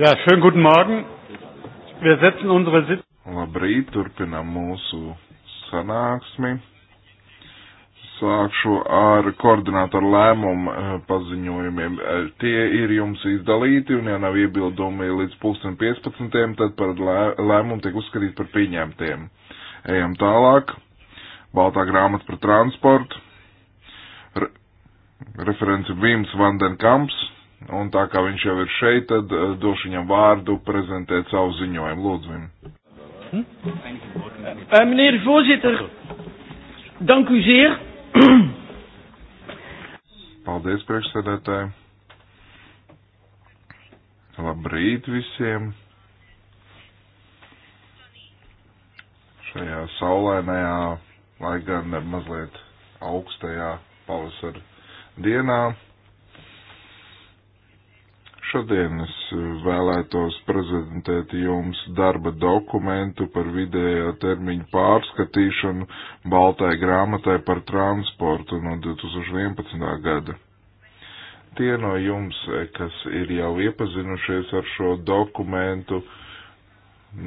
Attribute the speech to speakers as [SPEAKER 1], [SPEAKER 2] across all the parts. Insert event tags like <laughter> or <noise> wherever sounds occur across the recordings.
[SPEAKER 1] Jā, šodien guten morgen. Wir setzen unsere Sitzung. Labrīt, turpinām mūsu sanāksmi. Sākšu ar koordinātoru lēmumu eh, paziņojumiem. Eh, tie ir jums izdalīti, un ja nav iebildumi līdz 2015, tad par lēmumu tiek uzskatīt par pieņemtiem. Ejam tālāk. Baltā grāmata par transportu. Re referenci Vims Vandenkamps Un tā kā viņš jau ir šeit, tad eh, došu viņam vārdu prezentēt savu ziņojumu. Lūdzu, viņam.
[SPEAKER 2] Eh, eh, meneer de voorzitter, dank u zeer.
[SPEAKER 1] Paldies, priekšsēdētāji. Labrīt visiem. Šajā saulēnajā, lai gan mazliet augstajā pavasara dienā. Šodien es eh, vēlētos prezentēt jums darba dokumentu par vidējā termiņu pārskatīšanu Baltai grāmatai par transportu no 2011. gada. Tie no jums, eh, kas ir jau iepazinušies ar šo dokumentu,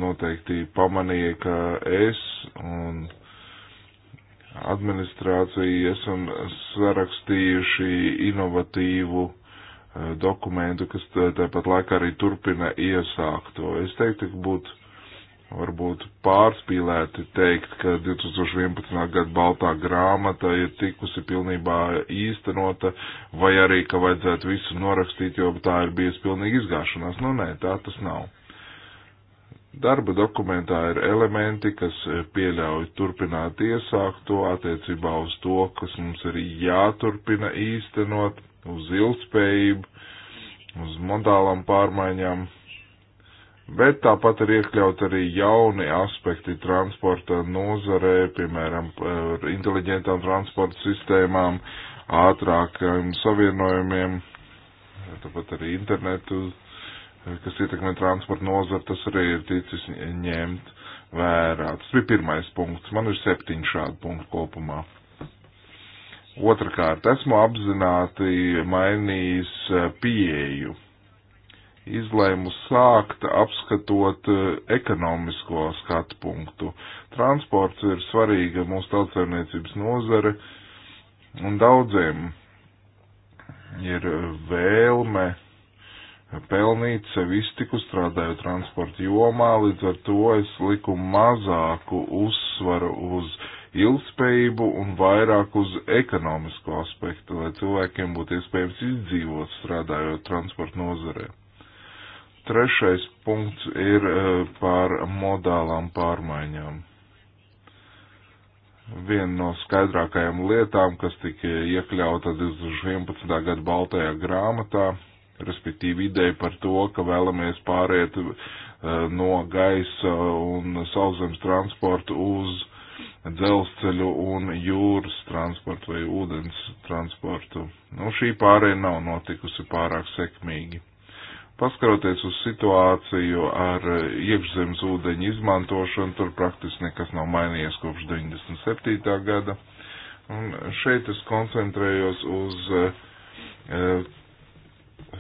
[SPEAKER 1] noteikti pamanīja, ka es un administrācija esam sarakstījuši inovatīvu dokumentu, kas tāpat laikā arī turpina iesākto. Es teiktu, ka būtu varbūt pārspīlēti teikt, ka 2011. gada baltā grāmata ir tikusi pilnībā īstenota, vai arī, ka vajadzētu visu norakstīt, jo tā ir bijusi pilnīgi izgāšanās. Nu, nē, tā tas nav. Darba dokumentā ir elementi, kas eh, pieļauj turpināt iesākto attiecībā uz to, kas mums ir jāturpina īstenot, uz ilgspējību, uz modālām pārmaiņām, bet tāpat ir iekļaut arī jauni aspekti transporta nozarē, piemēram, inteliģentām transporta sistēmām, ātrākiem savienojumiem, tāpat arī internetu kas ietekmē transporta nozaru, tas arī ir ticis ņemt vērā. Tas bija pirmais punkts. Man ir septiņi šādi punkti kopumā. Otrakārt, esmu apzināti mainījis eh, pieeju. Izlēmu sākt apskatot eh, ekonomisko skatu punktu. Transports ir svarīga mūsu tautsēmniecības nozare un daudziem ir eh, vēlme pelnīt sev iztiku strādājot transporta jomā, līdz ar to es liku mazāku uzsvaru uz ilgspējību un vairāk uz ekonomisko aspektu, lai cilvēkiem būtu iespējams izdzīvot strādājot transporta nozarē. Trešais punkts ir eh, par modālām pārmaiņām viena no skaidrākajām lietām, kas tika iekļauta 2011. gada Baltajā grāmatā, respektīvi ideja par to, ka vēlamies pāriet eh, no gaisa un sauszemes transportu uz dzelzceļu un jūras transportu vai ūdens transportu. Nu, šī pārēja nav notikusi pārāk sekmīgi. Paskaroties uz situāciju ar iekšzemes ūdeņu izmantošanu, tur praktiski nekas nav mainījies kopš 97. gada. Un šeit es koncentrējos uz uh,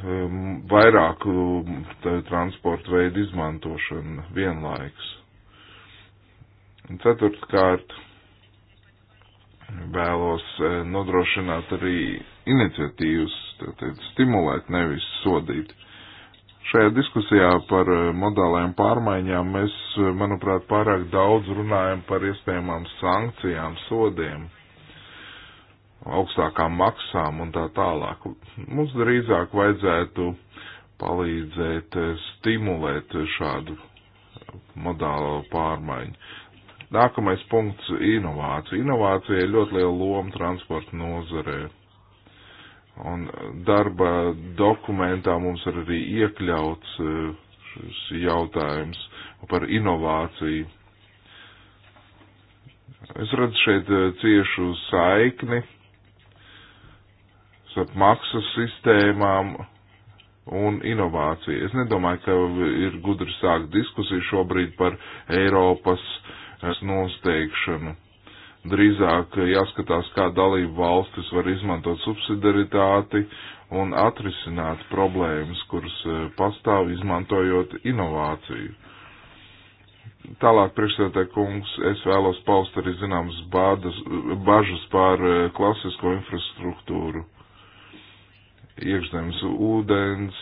[SPEAKER 1] Um, vairāku transporta veidu izmantošanu vienlaiks. Un ceturtkārt, vēlos uh, nodrošināt arī iniciatīvas, tātad stimulēt, nevis sodīt. Šajā diskusijā par uh, modālajām pārmaiņām mēs, uh, manuprāt, pārāk daudz runājam par iespējamām sankcijām, sodiem augstākām maksām un tā tālāk. Mums drīzāk vajadzētu palīdzēt eh, stimulēt šādu modālo pārmaiņu. Nākamais punkts - inovācija. Inovācija ir ļoti liela loma transporta nozarē. Un darba dokumentā mums ir arī iekļauts eh, šis jautājums par inovāciju. Es redzu šeit eh, ciešu saikni starp maksu sistēmām un inovāciju. Es nedomāju, ka ir gudri sākt diskusiju šobrīd par Eiropas eh, nosteikšanu. Drīzāk jāskatās, kā dalību valstis var izmantot subsidiaritāti un atrisināt problēmas, kuras eh, pastāv izmantojot inovāciju. Tālāk, priekšsēdētāj kungs, es vēlos paust arī zināmas bādas, bažas pār eh, klasisko infrastruktūru iekšzemes ūdens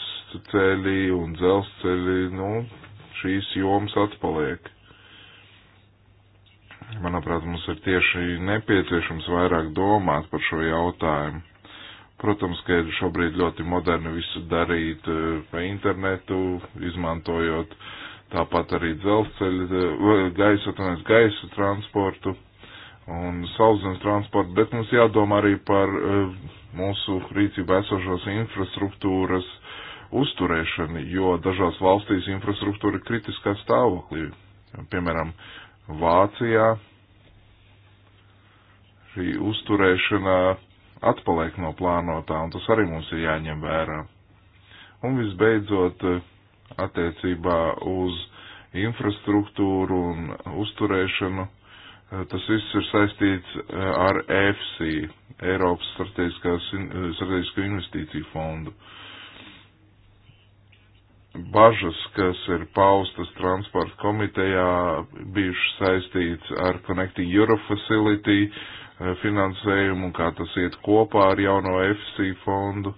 [SPEAKER 1] ceļi un dzelzceļi, nu, šīs jomas atpaliek. Manuprāt, mums ir tieši nepieciešams vairāk domāt par šo jautājumu. Protams, ka ir šobrīd ļoti moderni visu darīt eh, pa internetu, izmantojot tāpat arī dzelzceļa, eh, gaisa, gaisa transportu un sauszemes transportu, bet mums jādomā arī par eh, mūsu rīcībā esošos infrastruktūras uzturēšanu, jo dažās valstīs infrastruktūra ir kritiskā stāvoklī. Piemēram, Vācijā šī uzturēšana atpaliek no plānotā, un tas arī mums ir jāņem vērā. Un visbeidzot, eh, attiecībā uz infrastruktūru un uzturēšanu Eh, tas viss ir saistīts eh, ar EFSI, Eiropas eh, Strateģisko Investīciju fondu. Bažas, kas ir paustas transporta komitejā, bijušas saistīts ar Connecting Europe Facility finansējumu un kā tas iet kopā ar jauno EFSI fondu.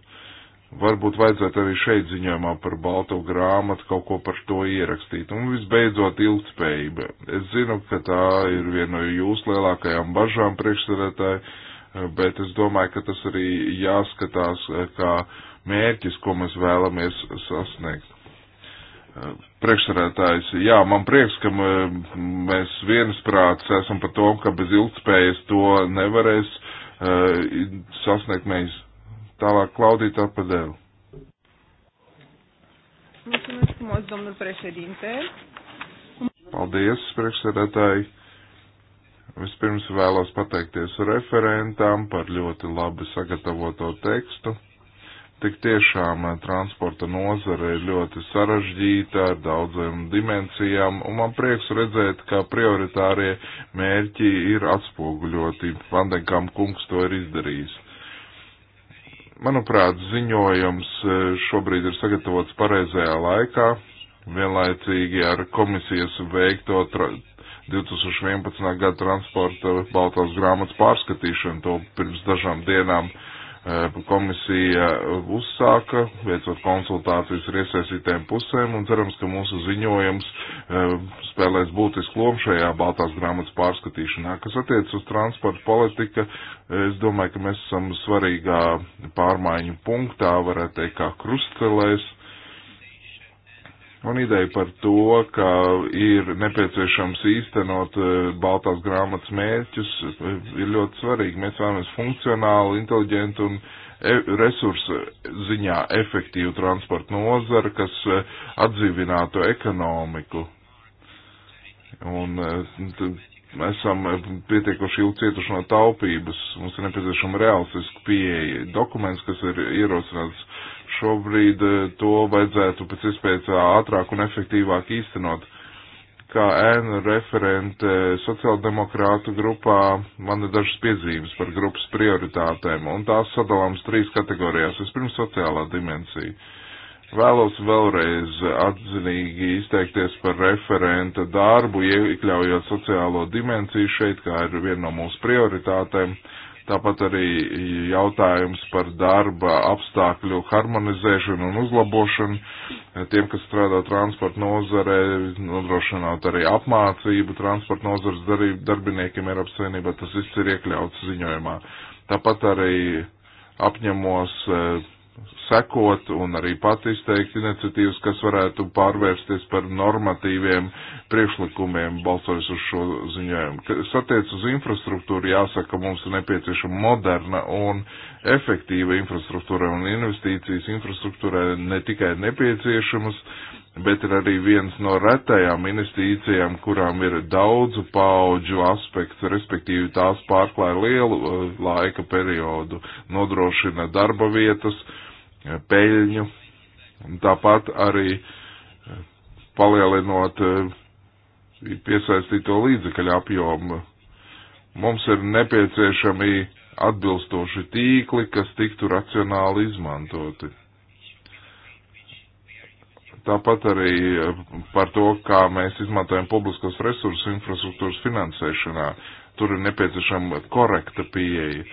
[SPEAKER 1] Varbūt vajadzētu arī šeit ziņojumā par balto grāmatu kaut ko par to ierakstīt. Un visbeidzot, ilgspējība. Es zinu, ka tā ir viena no jūsu lielākajām bažām priekšsēdētāji, bet es domāju, ka tas arī jāskatās kā mērķis, ko mēs vēlamies sasniegt. Priekšsarētājs, jā, man prieks, ka mēs viensprāts esam par to, ka bez ilgspējas to nevarēs eh, sasniegt mēs Tālāk Klaudija Torpedēlu. Paldies, priekšsēdētāji. Vispirms vēlos pateikties referentām par ļoti labi sagatavoto tekstu. Tik tiešām eh, transporta nozare ir ļoti sarežģīta ar daudziem dimensijām, un man prieks redzēt, ka prioritārie mērķi ir atspoguļoti. Vandenkam kungs to ir izdarījis. Manuprāt, ziņojums e, šobrīd ir sagatavots pareizajā laikā, vienlaicīgi ar komisijas veikto 2011. gada transporta Baltās grāmatas pārskatīšanu, to pirms dažām dienām uh, komisija uzsāka, veicot konsultācijas ar iesaistītēm pusēm, un cerams, ka mūsu ziņojums spēlēs būtisku lomu šajā Baltās grāmatas pārskatīšanā. Kas attiec uz transporta politika, es domāju, ka mēs esam svarīgā pārmaiņu punktā, varētu teikt, kā krustelēs Un ideja par to, ka ir nepieciešams īstenot e, Baltās grāmatas mērķus, ir ļoti svarīgi. Mēs vēlamies funkcionāli, inteliģentu un e resursu ziņā efektīvu transportu nozaru, kas e, atdzīvinātu ekonomiku. Un e, esam pietiekoši ilgi cietuši no taupības. Mums ir nepieciešama realistiska pieeja. Dokuments, kas ir ierosināts Šobrīd eh, to vajadzētu pēc iespējas ātrāk un efektīvāk īstenot. Kā ēnu referente sociāldemokrātu grupā man ir dažas piezīmes par grupas prioritātēm, un tās sadalāmas trīs kategorijās. Vispirms sociālā dimensija. Vēlos vēlreiz atzinīgi izteikties par referenta darbu, iekļaujot sociālo dimensiju šeit, kā ir viena no mūsu prioritātēm. Uh, Tāpat arī jautājums par darba apstākļu harmonizēšanu un uzlabošanu. Tiem, kas strādā transporta nozarē, nodrošināt arī apmācību transporta nozares darbiniekiem Eiropas Savienībā, tas viss ir iekļauts ziņojumā. Tāpat arī apņemos eh, sekot un arī pats izteikt iniciatīvas, kas varētu pārvērsties par normatīviem priekšlikumiem, balsojas uz šo ziņojumu. Satiec uz infrastruktūru, jāsaka, mums ir nepieciešama moderna un efektīva infrastruktūra un investīcijas infrastruktūrai ne tikai nepieciešamas, bet ir arī viens no retajām investīcijām, kurām ir daudzu pauģu aspekts, respektīvi tās pārklāja lielu eh, laika periodu, nodrošina darba vietas, uh, peļņu, tāpat arī palielinot eh, piesaistīto līdzekļu apjomu. Mums ir nepieciešami atbilstoši tīkli, kas tiktu racionāli izmantoti. Tāpat arī eh, par to, kā mēs izmantojam publiskos resursus infrastruktūras finansēšanā. Tur ir nepieciešama korekta pieeja.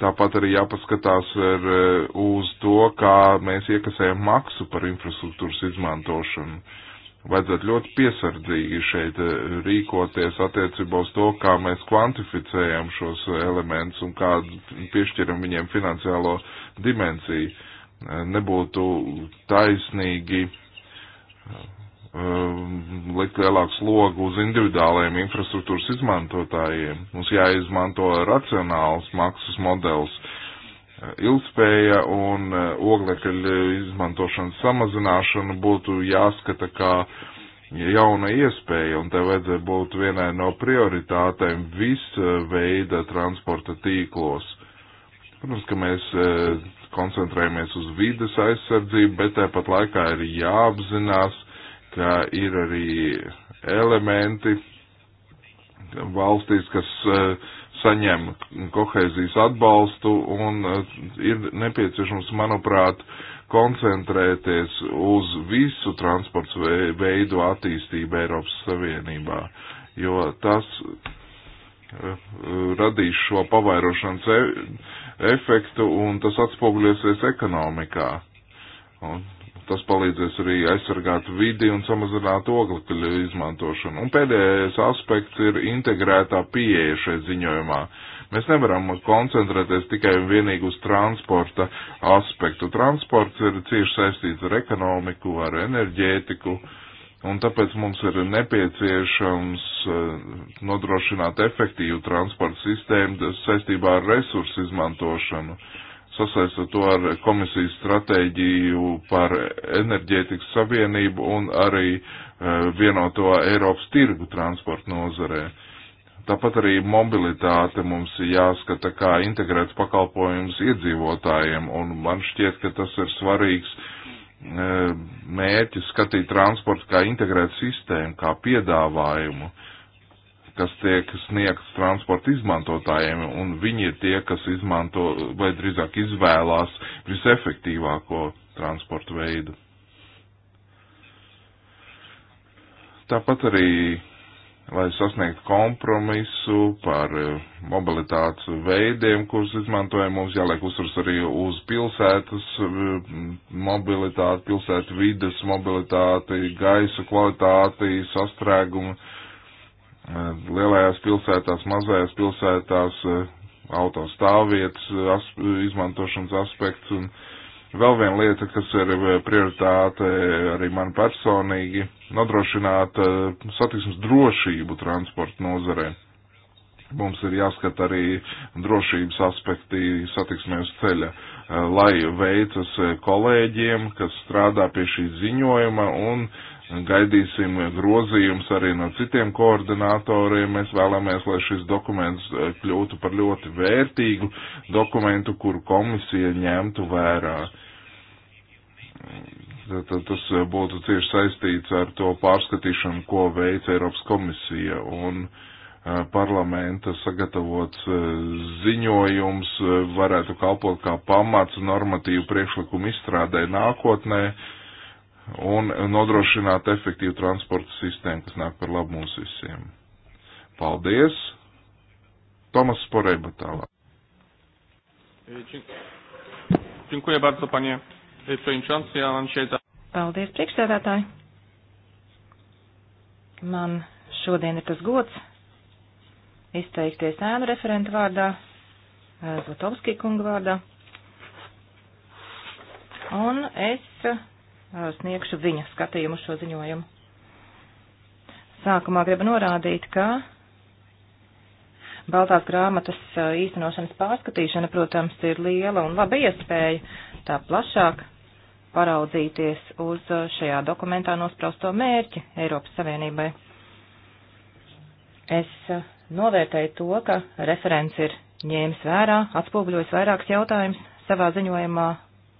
[SPEAKER 1] Tāpat arī jāpaskatās ar, eh, uz to, kā mēs iekasējam maksu par infrastruktūras izmantošanu. Vajadzētu ļoti piesardzīgi šeit eh, rīkoties attiecībā uz to, kā mēs kvantificējam šos elementus un kā piešķiram viņiem finansiālo dimensiju. Eh, nebūtu taisnīgi Um, likt lielāku slogu uz individuālajiem infrastruktūras izmantotājiem. Mums jāizmanto racionāls maksas modelis, uh, ilgspēja un uh, oglekļa izmantošanas samazināšana būtu jāskata kā jauna iespēja, un te vajadzētu būt vienai no prioritātēm visa veida transporta tīklos. Protams, ka mēs uh, koncentrējamies uz vides aizsardzību, bet tāpat laikā ir jāapzinās, ka ir arī elementi valstīs, kas e, saņem kohēzijas atbalstu un e, ir nepieciešams, manuprāt, koncentrēties uz visu transports veidu attīstību Eiropas Savienībā, jo tas e, radīs šo pavairošanas e efektu un tas atspoguļosies ekonomikā. Un Tas palīdzēs arī aizsargāt vidi un samazināt oglekļu izmantošanu. Un pēdējais aspekts ir integrētā pieeja šai ziņojumā. Mēs nevaram koncentrēties tikai un vienīgi uz transporta aspektu. Transports ir cieši saistīts ar ekonomiku, ar enerģētiku, un tāpēc mums ir nepieciešams eh, nodrošināt efektīvu transporta sistēmu saistībā ar resursu izmantošanu. Uh, sasaistot to ar komisijas stratēģiju par enerģētikas savienību un arī e, vienoto Eiropas tirgu transporta nozarē. Tāpat arī mobilitāte mums jāskata kā integrēts pakalpojums iedzīvotājiem, un man šķiet, ka tas ir svarīgs e, mērķis skatīt transportu kā integrētu sistēmu, kā piedāvājumu. Uh, kas tiek sniegts transporta izmantotājiem, un viņi ir tie, kas izmanto, vai drīzāk izvēlās visefektīvāko transporta veidu. Tāpat arī, lai sasniegtu kompromisu par eh, mobilitātes veidiem, kurus izmantojam, mums jāliek uzsvars arī uz pilsētas eh, mobilitāti, pilsētu vidas mobilitāti, gaisa kvalitāti, sastrēgumu lielajās pilsētās, mazajās pilsētās, autostāvvietas as, izmantošanas aspekts. Un vēl viena lieta, kas ir prioritāte arī man personīgi, nodrošināt satiksmes drošību transporta nozarē. Mums ir jāskat arī drošības aspekti satiksmē uz ceļa, lai veicas kolēģiem, kas strādā pie šī ziņojuma un uh, gaidīsim grozījums arī no citiem koordinatoriem. Mēs vēlamies, lai šis dokuments eh, kļūtu par ļoti vērtīgu dokumentu, kuru komisija ņemtu vērā. Tad tas būtu cieši saistīts ar to pārskatīšanu, ko veic Eiropas komisija un eh, parlamenta sagatavots eh, ziņojums varētu kalpot kā pamats normatīvu priekšlikumu izstrādē nākotnē un nodrošināt efektīvu transporta sistēmu, kas nāk par labu mums visiem. Paldies! Tomas Sporeba tālāk.
[SPEAKER 3] E, dziękuję bardzo, panie przewodniczący. Ja mam dzisiaj... Paldies, priekšsēdētāji! Man šodien ir tas gods izteikties ēnu referentu vārdā, Zlatovskī kunga vārdā. Un es Eh, sniegšu viņa skatījumu uz šo ziņojumu. Sākumā gribu norādīt, ka Baltās grāmatas eh, īstenošanas pārskatīšana, protams, ir liela un laba iespēja tā plašāk paraudzīties uz eh, šajā dokumentā nosprausto mērķi Eiropas Savienībai. Es novērtēju to, ka referents ir ņēmis vērā, atspoguļojis vairākus jautājumus savā ziņojumā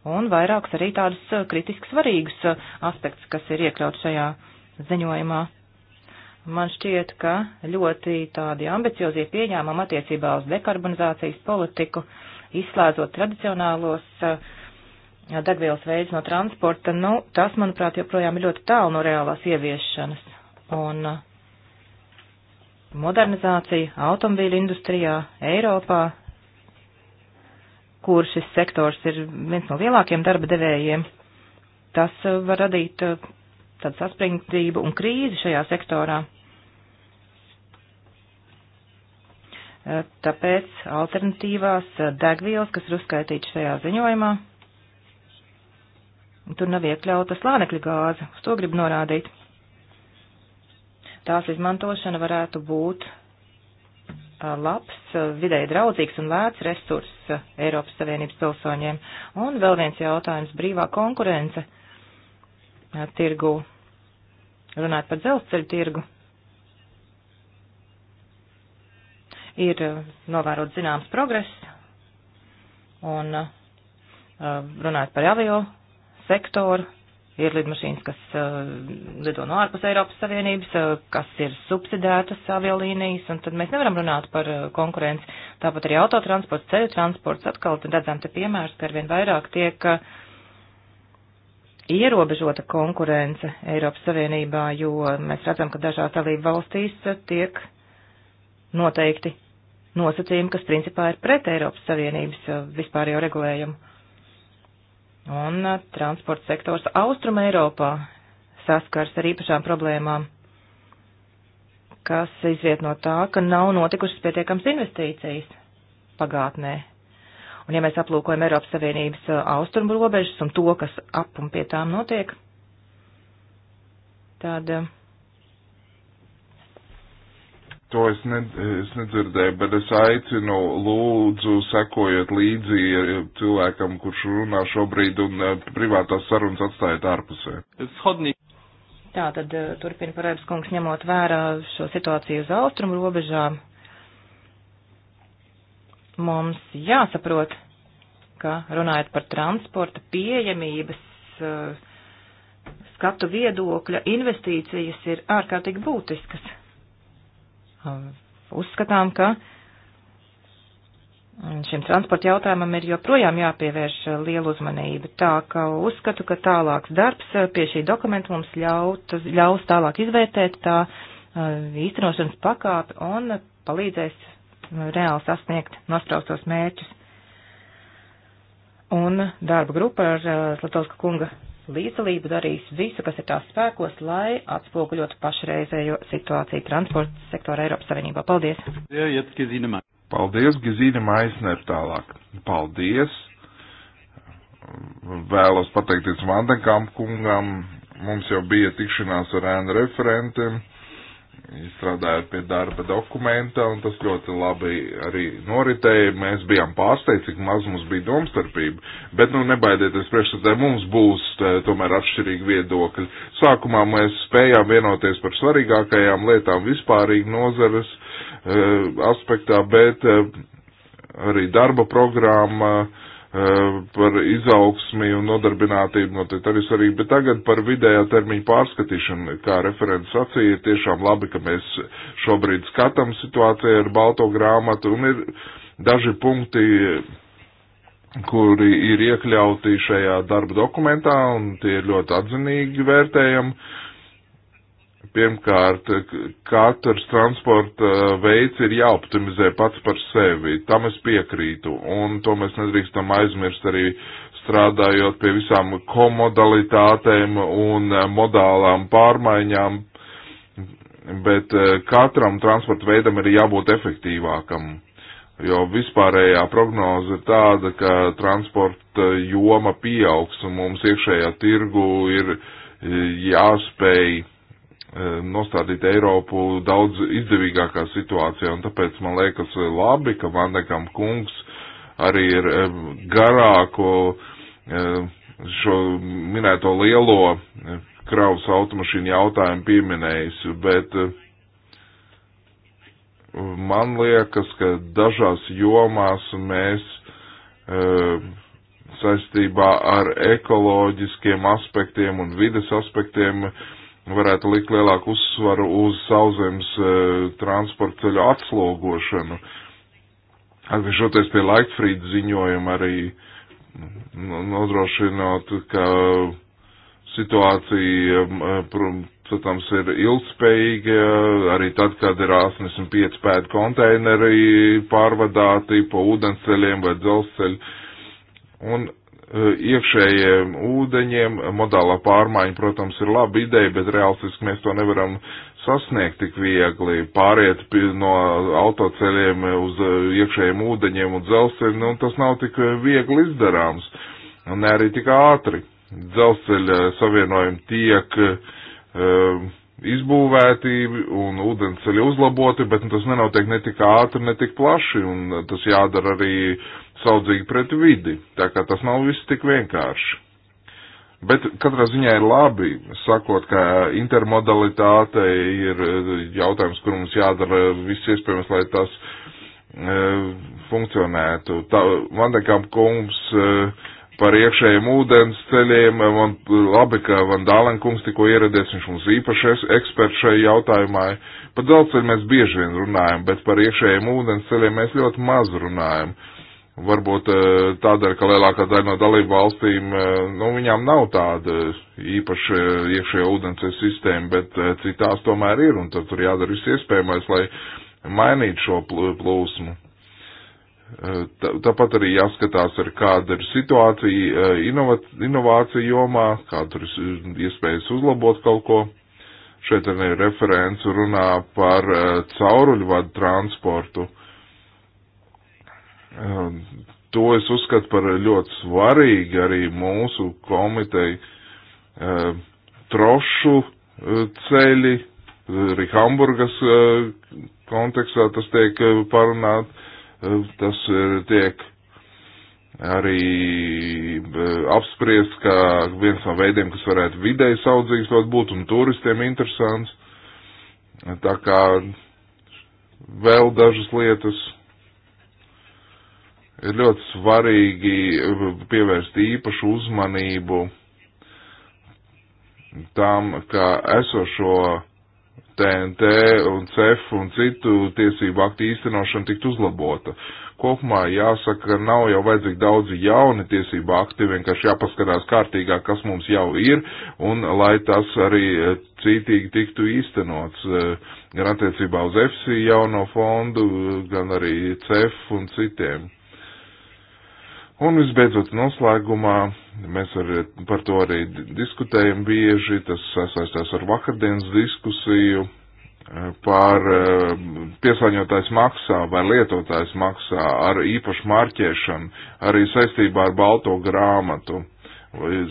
[SPEAKER 3] un vairākus arī tādus eh, kritiski svarīgus eh, aspektus, kas ir iekļauts šajā ziņojumā. Man šķiet, ka ļoti tādi ambiciozie pieņēmumi attiecībā uz dekarbonizācijas politiku, izslēdzot tradicionālos eh, degvielas veidus no transporta, nu, tas, manuprāt, joprojām ir ļoti tālu no reālās ieviešanas. Un modernizācija automobīļu industrijā Eiropā kur šis sektors ir viens no lielākiem darba devējiem, tas uh, var radīt uh, tādu saspringtību un krīzi šajā sektorā. Uh, tāpēc alternatīvās degvielas, kas ir uzskaitītas šajā ziņojumā, tur nav iekļauta slānekļa gāze, uz to gribu norādīt. Tās izmantošana varētu būt Uh, labs, uh, vidēji draudzīgs un lēts resurs uh, Eiropas Savienības pilsoņiem. Un vēl viens jautājums - brīvā konkurence tirgu. Runāt par dzelzceļu tirgu. Ir novērot zināms progress un runāt par avio sektoru Ir lidmašīnas, kas uh, lido no ārpus Eiropas Savienības, uh, kas ir subsidētas aviolīnijas, un tad mēs nevaram runāt par uh, konkurenci. Tāpat arī autotransports, ceļu transports, atkal redzam te piemērs, ka arvien vairāk tiek uh, ierobežota konkurence Eiropas Savienībā, jo mēs redzam, ka dažās dalību valstīs tiek noteikti nosacījumi, kas principā ir pret Eiropas Savienības vispārējo regulējumu. Un uh, transporta sektors Austrum Eiropā saskars ar īpašām problēmām, kas izriet no tā, ka nav notikušas pietiekams investīcijas pagātnē. Un ja mēs aplūkojam Eiropas Savienības uh, austrumu robežas un to, kas ap un pie tām notiek, tad uh,
[SPEAKER 1] To es, ne, es nedzirdēju, bet es aicinu, lūdzu, sekojiet līdzi cilvēkam, kurš runā šobrīd un eh, privātās sarunas atstājiet ārpusē.
[SPEAKER 3] Tā tad eh, turpina parēbs kungs ņemot vērā šo situāciju uz austrumu robežām. Mums jāsaprot, ka runājot par transporta pieejamības eh, skatu viedokļa, investīcijas ir ārkārtīgi būtiskas uzskatām, ka šim transporta jautājumam ir joprojām jāpievērš liela uzmanība. Tā ka uzskatu, ka tālāks darbs pie šī dokumenta mums ļaut, ļaus tālāk izvērtēt tā īstenošanas pakāpi un palīdzēs reāli sasniegt nospraustos mērķus. Un darba grupa ar Slatovska kunga līdzdalību darīs visu, kas ir tās spēkos, lai atspoguļotu pašreizējo situāciju transporta sektora Eiropas Savienībā. Paldies!
[SPEAKER 1] Paldies, Gezīna Maisner tālāk. Paldies! Vēlos pateikties Vandenkām kungam. Mums jau bija tikšanās ar ēnu referentiem strādājot pie darba dokumenta, un tas ļoti labi arī noritēja. Mēs bijām pārsteigti, cik maz mums bija domstarpība, bet, nu, nebaidieties priekšsēdē, mums būs eh, tomēr atšķirīgi viedokļi. Sākumā mēs spējām vienoties par svarīgākajām lietām vispārīgi nozares eh, aspektā, bet eh, arī darba programma Eh, par izaugsmi un nodarbinātību notiek arī svarīgi, bet tagad par vidējā termiņa pārskatīšanu, kā referents sacīja, ir tiešām labi, ka mēs šobrīd skatām situāciju ar balto grāmatu un ir daži punkti, kuri ir iekļauti šajā darba dokumentā un tie ir ļoti atzinīgi vērtējami Pirmkārt, katrs transporta uh, veids ir jāoptimizē pats par sevi, tam es piekrītu, un to mēs nedrīkstam aizmirst arī strādājot pie visām komodalitātēm un uh, modālām pārmaiņām, bet uh, katram transporta veidam ir jābūt efektīvākam, jo vispārējā prognoze ir tāda, ka transporta joma pieaugs un mums iekšējā tirgu ir jāspēj Eh, nostādīt Eiropu daudz izdevīgākā situācijā, un tāpēc man liekas labi, ka Vandekam kungs arī ir eh, garāko eh, šo minēto lielo kravas automašīnu jautājumu pieminējis, bet man liekas, ka dažās jomās mēs saistībā ar ekoloģiskiem aspektiem un vides aspektiem uh, varētu likt lielāku uzsvaru uz sauszemes e, transporta ceļu atslogošanu. Atgriežoties pie Laikfrīda ziņojuma, arī nodrošinot, ka situācija, e, protams, ir ilgspējīga, arī tad, kad ir 85 pēdu konteineri pārvadāti pa ūdensceļiem vai dzelzceļu. Un iekšējiem ūdeņiem. Modālā pārmaiņa, protams, ir laba ideja, bet realistiski mēs to nevaram sasniegt tik viegli. Pāriet no autoceļiem uz iekšējiem ūdeņiem un dzelzceļiem, nu, tas nav tik viegli izdarāms, un ne arī tik ātri. Dzelzceļa savienojumi tiek uh, izbūvēti un ūdensceļi uzlaboti, bet nu, tas nenotiek ne tik ātri, ne tik plaši, un tas jādara arī uh, saudzīgi pret vidi, tā kā tas nav viss tik vienkārši. Bet katrā ziņā ir labi, sakot, ka intermodalitāte ir e, jautājums, kur mums jādara viss iespējams, lai tas e, funkcionētu. Tā, man nekām kungs e, par iekšējiem ūdens ceļiem, e, man labi, ka Van Dālen kungs tikko ieradies, viņš mums īpaši eksperts šai jautājumā. Par dzelceļu mēs bieži vien runājam, bet par iekšējiem ūdens ceļiem mēs ļoti maz runājam. E, Varbūt eh, tādēļ, ka lielākā daļa no dalību valstīm, eh, nu, viņām nav tāda īpaša iekšējā ūdens sistēma, bet eh, citās tomēr ir, un tad tur jādara viss iespējamais, lai mainītu šo plūsmu. Tāpat arī jāskatās, ar kāda ir situācija inovāciju jomā, kā tur ir iespējas uzlabot kaut ko. Šeit arī referents runā par cauruļvadu transportu. Um, to es uzskatu par ļoti svarīgi arī mūsu komiteju um, trošu uh, ceļi, uh, arī Hamburgas uh, kontekstā tas tiek parunāt, tas tiek arī apspriest, kā viens no veidiem, kas varētu videi saudzīgs būt un turistiem interesants. Tā kā vēl dažas lietas ir ļoti svarīgi um, pievērst īpašu uzmanību tam, ka esošo TNT un CEF un citu tiesību aktu īstenošana tikt uzlabota. Kopumā jāsaka, ka nav jau vajadzīgi daudzi jauni tiesību akti, vienkārši jāpaskatās kārtīgāk, kas mums jau ir, un lai tas arī eh, cītīgi tiktu īstenots, eh, gan attiecībā uz EFSI jauno fondu, eh, gan arī CEF un citiem. Un visbeidzot, noslēgumā mēs ar, par to arī diskutējam bieži, tas sasaistās ar vakardienas diskusiju eh, par eh, piesāņotājs maksā vai lietotājs maksā ar īpašu marķēšanu, arī saistībā ar balto grāmatu.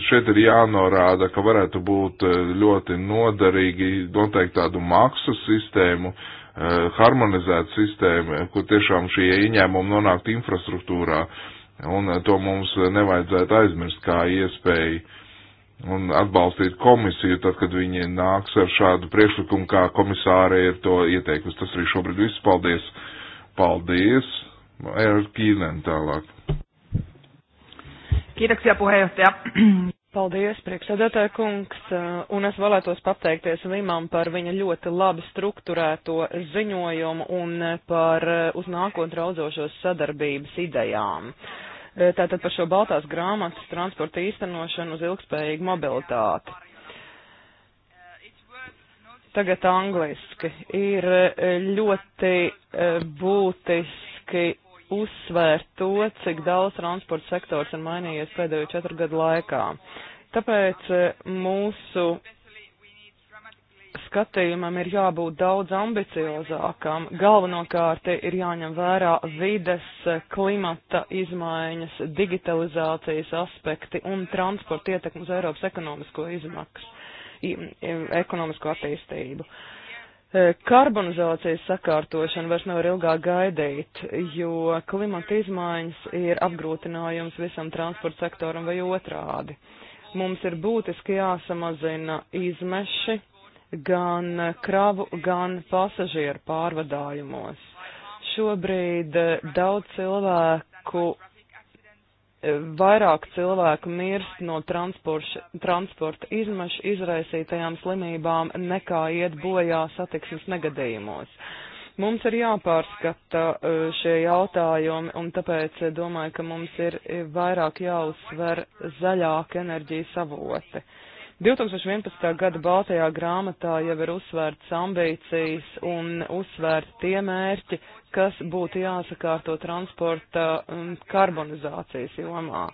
[SPEAKER 1] Šeit ir jānorāda, ka varētu būt eh, ļoti noderīgi noteikti tādu maksu sistēmu, harmonizētu sistēmu, kur tiešām šie ieņēmumi nonāktu infrastruktūrā. Uh, Un eh, to mums nevajadzētu aizmirst kā iespēju un atbalstīt komisiju, tad, kad viņi nāks ar šādu priekšlikumu, kā komisāre ir to ieteikusi. Tas arī šobrīd viss. Paldies! Paldies! Eir Kīlen tālāk.
[SPEAKER 2] Kiitoksia puheenjohtaja. <clears throat> Paldies, priekšsēdētāja kungs, eh, un es vēlētos pateikties Vimam par viņa ļoti labi strukturēto ziņojumu un par eh, uz nākotnē raudzošos sadarbības idejām. Uh, E, tātad par šo baltās grāmatas transporta īstenošanu uz ilgspējīgu mobilitāti. Tagad angliski ir e, ļoti e, būtiski uzsvērt to, cik daudz transporta sektors ir mainījies pēdējo četru gadu laikā. Tāpēc mūsu skatījumam ir jābūt daudz ambiciozākam. Galvenokārt ir jāņem vērā vides, klimata izmaiņas, digitalizācijas aspekti un transporta ietekmi uz Eiropas ekonomisko izmaksu, ekonomisko attīstību. E, karbonizācijas sakārtošana vairs nevar ilgāk gaidīt, jo klimata izmaiņas ir apgrūtinājums visam transporta sektoram vai otrādi. Mums ir būtiski jāsamazina izmeši gan kravu, gan pasažieru pārvadājumos. Šobrīd eh, daudz cilvēku, eh, vairāk cilvēku mirst no transporta izmašu izraisītajām slimībām nekā iet bojā satiksmes negadījumos. Mums ir jāpārskata eh, šie jautājumi, un tāpēc domāju, ka mums ir vairāk jāuzsver zaļāk enerģijas avoti. Uh, 2011. gada Baltajā grāmatā jau ir uzsvērts ambīcijas un uzsvērts tie mērķi, kas būtu jāsakārto transporta um, karbonizācijas jomā.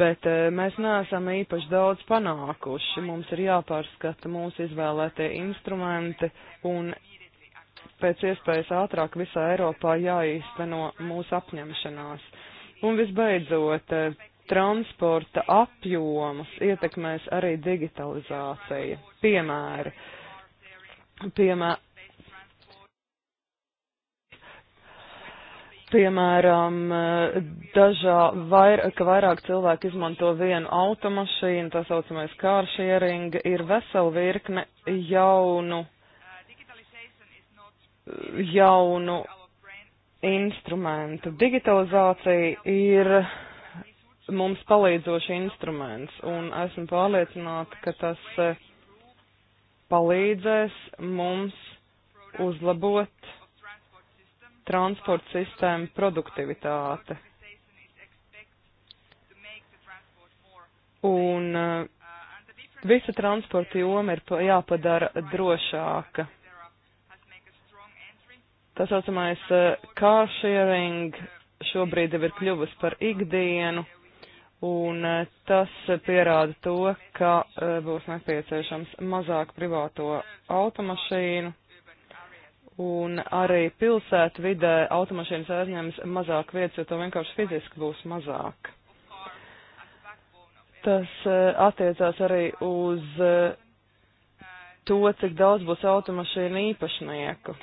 [SPEAKER 2] Bet eh, mēs neesam īpaši daudz panākuši. Mums ir jāpārskata mūsu izvēlētie instrumenti un pēc iespējas ātrāk visā Eiropā jāīsteno mūsu apņemšanās. Un visbeidzot, eh, transporta apjomus ietekmēs arī digitalizācija. Piemēri. Piemē, piemēram, dažā vair, ka vairāk cilvēku izmanto vienu automašīnu, tā saucamais kāršiering, ir vesela virkne jaunu, jaunu instrumentu. Digitalizācija ir mums palīdzoši instruments, un esmu pārliecināta, ka tas e, palīdzēs mums uzlabot transporta sistēmu produktivitāti. Un e, visa transporta joma ir jāpadara drošāka. Tā saucamais e, car sharing šobrīd jau ir kļuvusi par ikdienu un e, tas pierāda to, ka e, būs nepieciešams mazāk privāto automašīnu, un arī pilsētu vidē automašīnas aizņems mazāk vietas, jo to vienkārši fiziski būs mazāk. Tas e, attiecās arī uz to, cik daudz būs automašīnu īpašnieku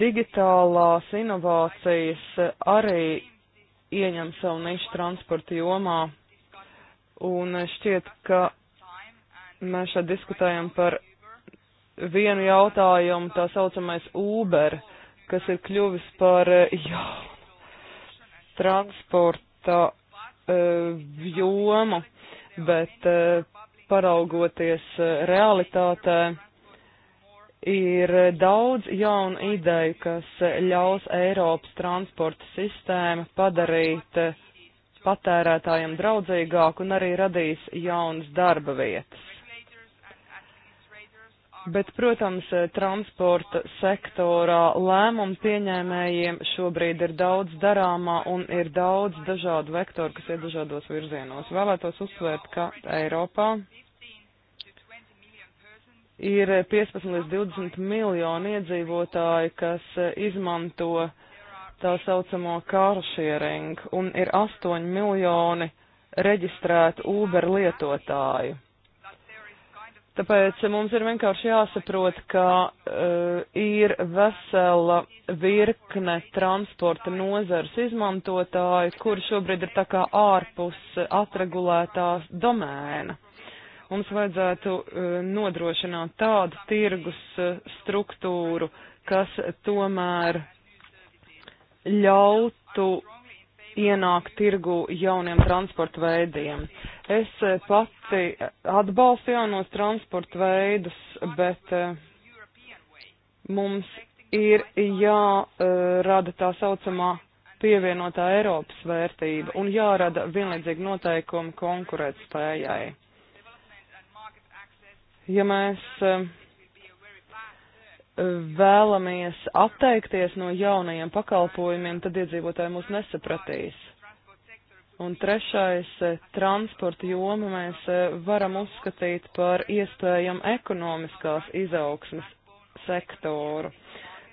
[SPEAKER 2] digitālās inovācijas arī ieņem savu nišu transporta jomā, un šķiet, ka mēs šeit diskutējam par vienu jautājumu, tā saucamais Uber, kas ir kļuvis par eh, jā, transporta eh, jomu, bet eh, paraugoties realitātē, ir daudz jaunu ideju, kas ļaus Eiropas transporta sistēmu padarīt patērētājiem draudzīgāku un arī radīs jaunas darba vietas. Bet, protams, transporta sektorā lēmumu pieņēmējiem šobrīd ir daudz darāmā un ir daudz dažādu vektoru, kas ir dažādos virzienos. Vēlētos uzsvērt, ka Eiropā ir 15 līdz 20 miljoni iedzīvotāji, kas eh, izmanto tā saucamo kāršiering, un ir 8 miljoni reģistrētu Uber lietotāju. Tāpēc mums ir vienkārši jāsaprot, ka uh, ir vesela virkne transporta nozars izmantotāju, kur šobrīd ir tā kā ārpus atregulētās domēna. Mums vajadzētu e, nodrošināt tādu tirgus e, struktūru, kas tomēr ļautu ienāk tirgu jauniem transporta veidiem. Es e, pati atbalstu jaunos transporta veidus, bet mums ir jārada tā saucamā pievienotā Eiropas vērtība un jārada vienlīdzīgi noteikumi konkurētspējai. Ja mēs eh, vēlamies atteikties no jaunajiem pakalpojumiem, tad iedzīvotāji mūs nesapratīs. Un trešais eh, - transporta joma mēs eh, varam uzskatīt par iespējamu ekonomiskās izaugsmas sektoru.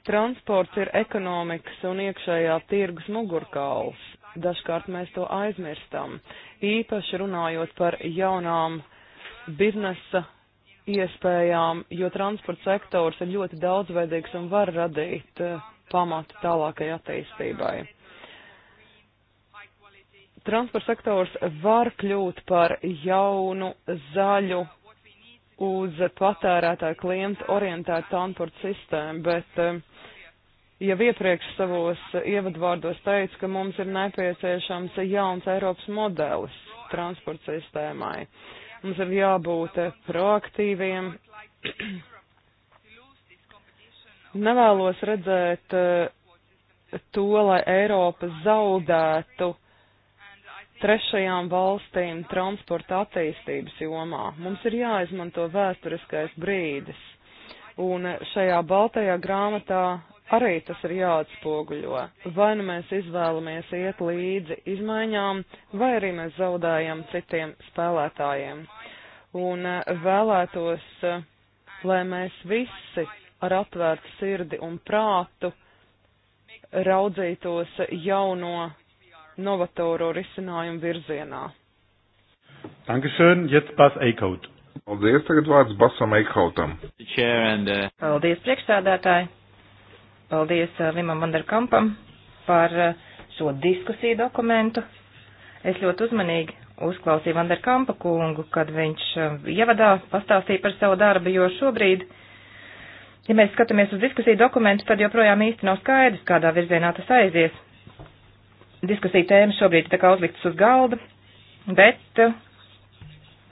[SPEAKER 2] Transports ir ekonomikas un iekšējā tirgus mugurkauls. Dažkārt mēs to aizmirstam, īpaši runājot par jaunām biznesa iespējām, jo transporta sektors ir ļoti daudzveidīgs un var radīt eh, pamatu tālākai attīstībai. Transporta sektors var kļūt par jaunu, zaļu, uz patērētāju klientu orientētu transporta sistēmu, bet eh, jau iepriekš savos ievadvārdos teicu, ka mums ir nepieciešams jauns Eiropas modelis transporta sistēmai. Uh, Mums ir jābūt proaktīviem.
[SPEAKER 3] <clears throat>
[SPEAKER 2] Nevēlos redzēt eh, to, lai Eiropa zaudētu trešajām valstīm transporta attīstības jomā. Mums ir jāizmanto vēsturiskais brīdis. Un šajā baltajā grāmatā arī tas ir jāatspoguļo. Vai nu mēs izvēlamies iet līdzi izmaiņām, vai arī mēs zaudējam citiem spēlētājiem. Un eh, vēlētos, eh, lai mēs visi ar atvērtu sirdi un prātu raudzītos jauno novatoru risinājumu virzienā.
[SPEAKER 1] Dankeschön, jetzt Bas Eikaut. Paldies, tagad vārds Basam Eikautam. Uh,
[SPEAKER 2] Paldies, priekšsādātāji.
[SPEAKER 3] Paldies Limam uh, Vanderkampam par uh, šo diskusiju dokumentu. Es ļoti uzmanīgi uzklausīju Vanderkampa kungu, kad viņš uh, ievadā pastāstīja par savu darbu, jo šobrīd, ja mēs skatāmies uz diskusiju dokumentu, tad joprojām īsti nav skaidrs, kādā virzienā tas aizies. Diskusija tēma šobrīd ir tā kā uzliktas uz galda, bet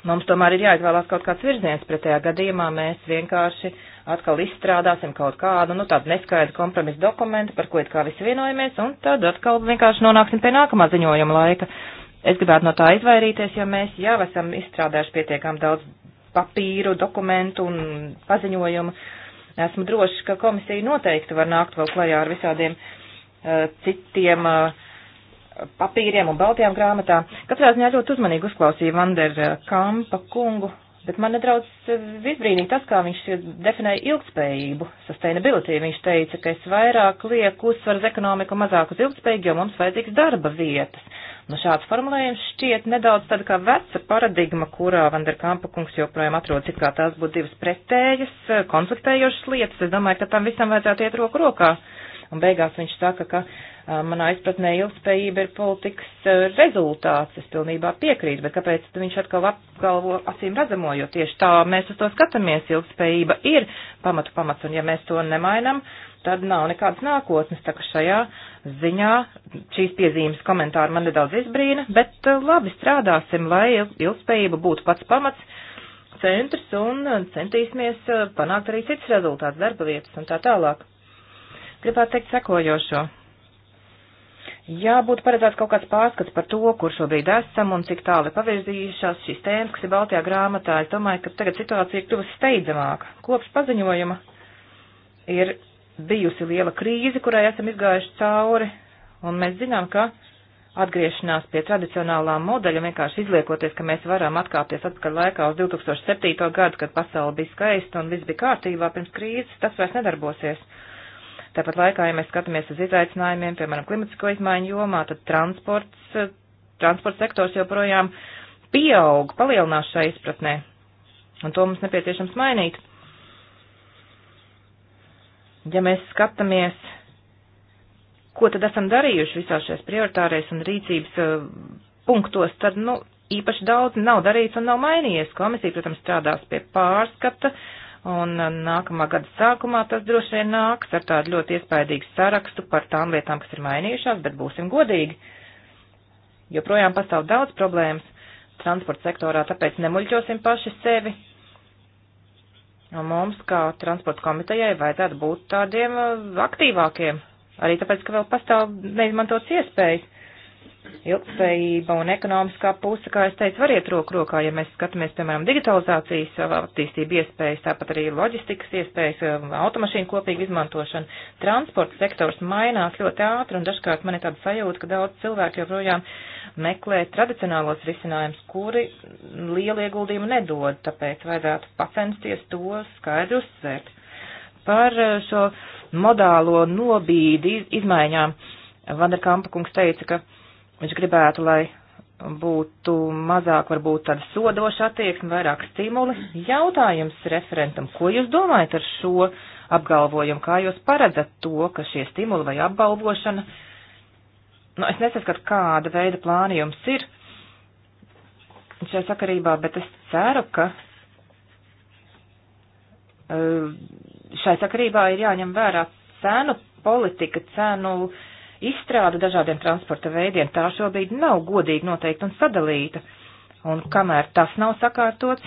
[SPEAKER 3] mums tomēr ir jāizvēlās kaut kāds virziens, pretējā gadījumā mēs vienkārši uh, atkal izstrādāsim kaut kādu, nu, tādu neskaidru kompromisu dokumentu, par ko it kā visi vienojamies, un tad atkal vienkārši nonāksim pie nākamā ziņojuma laika. Es gribētu no tā izvairīties, jo mēs jau esam izstrādājuši pietiekām daudz papīru, dokumentu un paziņojumu. Esmu droši, ka komisija noteikti var nākt vēl klajā ar visādiem uh, citiem uh, papīriem un baltajām grāmatām. Katrā ziņā ļoti uzmanīgi uzklausīja Vander eh, Kampa kungu Bet man nedaudz izbrīnīja tas, kā viņš definēja ilgspējību, sustainability. Viņš teica, ka es vairāk lieku uzsvaru uz ekonomiku, mazāk uz ilgspējību, jo mums vajadzīgs darba vietas. Nu, šāds formulējums šķiet nedaudz tāda kā veca paradigma, kurā Vanderkampa kungs joprojām atrodas, it kā tās būtu divas pretējas, konfliktējošas lietas. Es domāju, ka tam visam vajadzētu iet roku rokā. Un beigās viņš saka, ka Uh, manā izpratnē ilgspējība ir politikas uh, rezultāts, es pilnībā piekrītu, bet kāpēc viņš atkal apgalvo acīm redzamo, jo tieši tā mēs uz to skatāmies, ilgspējība ir pamatu pamats, un ja mēs to nemainam, tad nav nekādas nākotnes. Tā ka šajā ziņā šīs piezīmes komentāri man nedaudz izbrīna, bet uh, labi strādāsim, lai ilgspējība būtu pats pamats centrs un centīsimies panākt arī cits rezultāts, darba vietas un tā tālāk. Gribētu teikt sekojošo. Jā, būtu paredzēts kaut kāds pārskats par to, kur šobrīd esam un cik tālu ir pavirzījušās šīs tēmas, kas ir Baltijā grāmatā. Es domāju, ka tagad situācija ir kļuvusi steidzamāka. Kopš paziņojuma ir bijusi liela krīze, kurai esam izgājuši cauri, un mēs zinām, ka atgriešanās pie tradicionālā modeļa, vienkārši izliekoties, ka mēs varam atkāpties atpakaļ laikā uz 2007. gadu, kad pasauli bija skaista un viss bija kārtībā pirms krīzes, tas vairs nedarbosies. Tāpat laikā, ja mēs skatāmies uz izaicinājumiem, piemēram, klimatisko izmaiņu jomā, tad transports, eh, transports sektors joprojām pieaug, palielinās šai izpratnē. Un to mums nepieciešams mainīt. Ja mēs skatāmies, ko tad esam darījuši visās šajās prioritārais un rīcības eh, punktos, tad, nu, īpaši daudz nav darīts un nav mainījies. Komisija, protams, strādās pie pārskata Un uh, nākamā gada sākumā tas droši vien nāks ar tādu ļoti iespaidīgu sarakstu par tām lietām, kas ir mainījušās, bet būsim godīgi. Joprojām pastāv daudz problēmas transporta sektorā, tāpēc nemuļķosim paši sevi. Un mums, kā transporta komitejai, vajadzētu būt tādiem uh, aktīvākiem, arī tāpēc, ka vēl pastāv neizmantots iespējas ilgspējība un ekonomiskā puse, kā es teicu, var iet roku rokā, ja mēs skatāmies, piemēram, digitalizācijas uh, attīstību iespējas, tāpat arī loģistikas iespējas, um, automašīnu kopīgu izmantošanu. Transporta sektors mainās ļoti ātri, un dažkārt man ir tāda sajūta, ka daudz cilvēku joprojām meklē tradicionālos risinājumus, kuri lielu ieguldījumu nedod, tāpēc vajadzētu pacensties to skaidri uzsvērt. Par uh, šo modālo nobīdi izmaiņām Vanderkampa kungs teica, ka Viņš gribētu, lai būtu mazāk varbūt tāda sodoša attieksme, vairāk stimuli. Jautājums referentam, ko jūs domājat ar šo apgalvojumu? Kā jūs paredzat to, ka šie stimuli vai apbalvošana, nu, es nesaskatu, kāda veida plāni jums ir šajā sakarībā, bet es ceru, ka eh, šai sakarībā ir jāņem vērā cenu politika, cenu uh, izstrāda dažādiem transporta veidiem, tā šobrīd nav godīgi noteikta un sadalīta. Un kamēr tas nav sakārtots,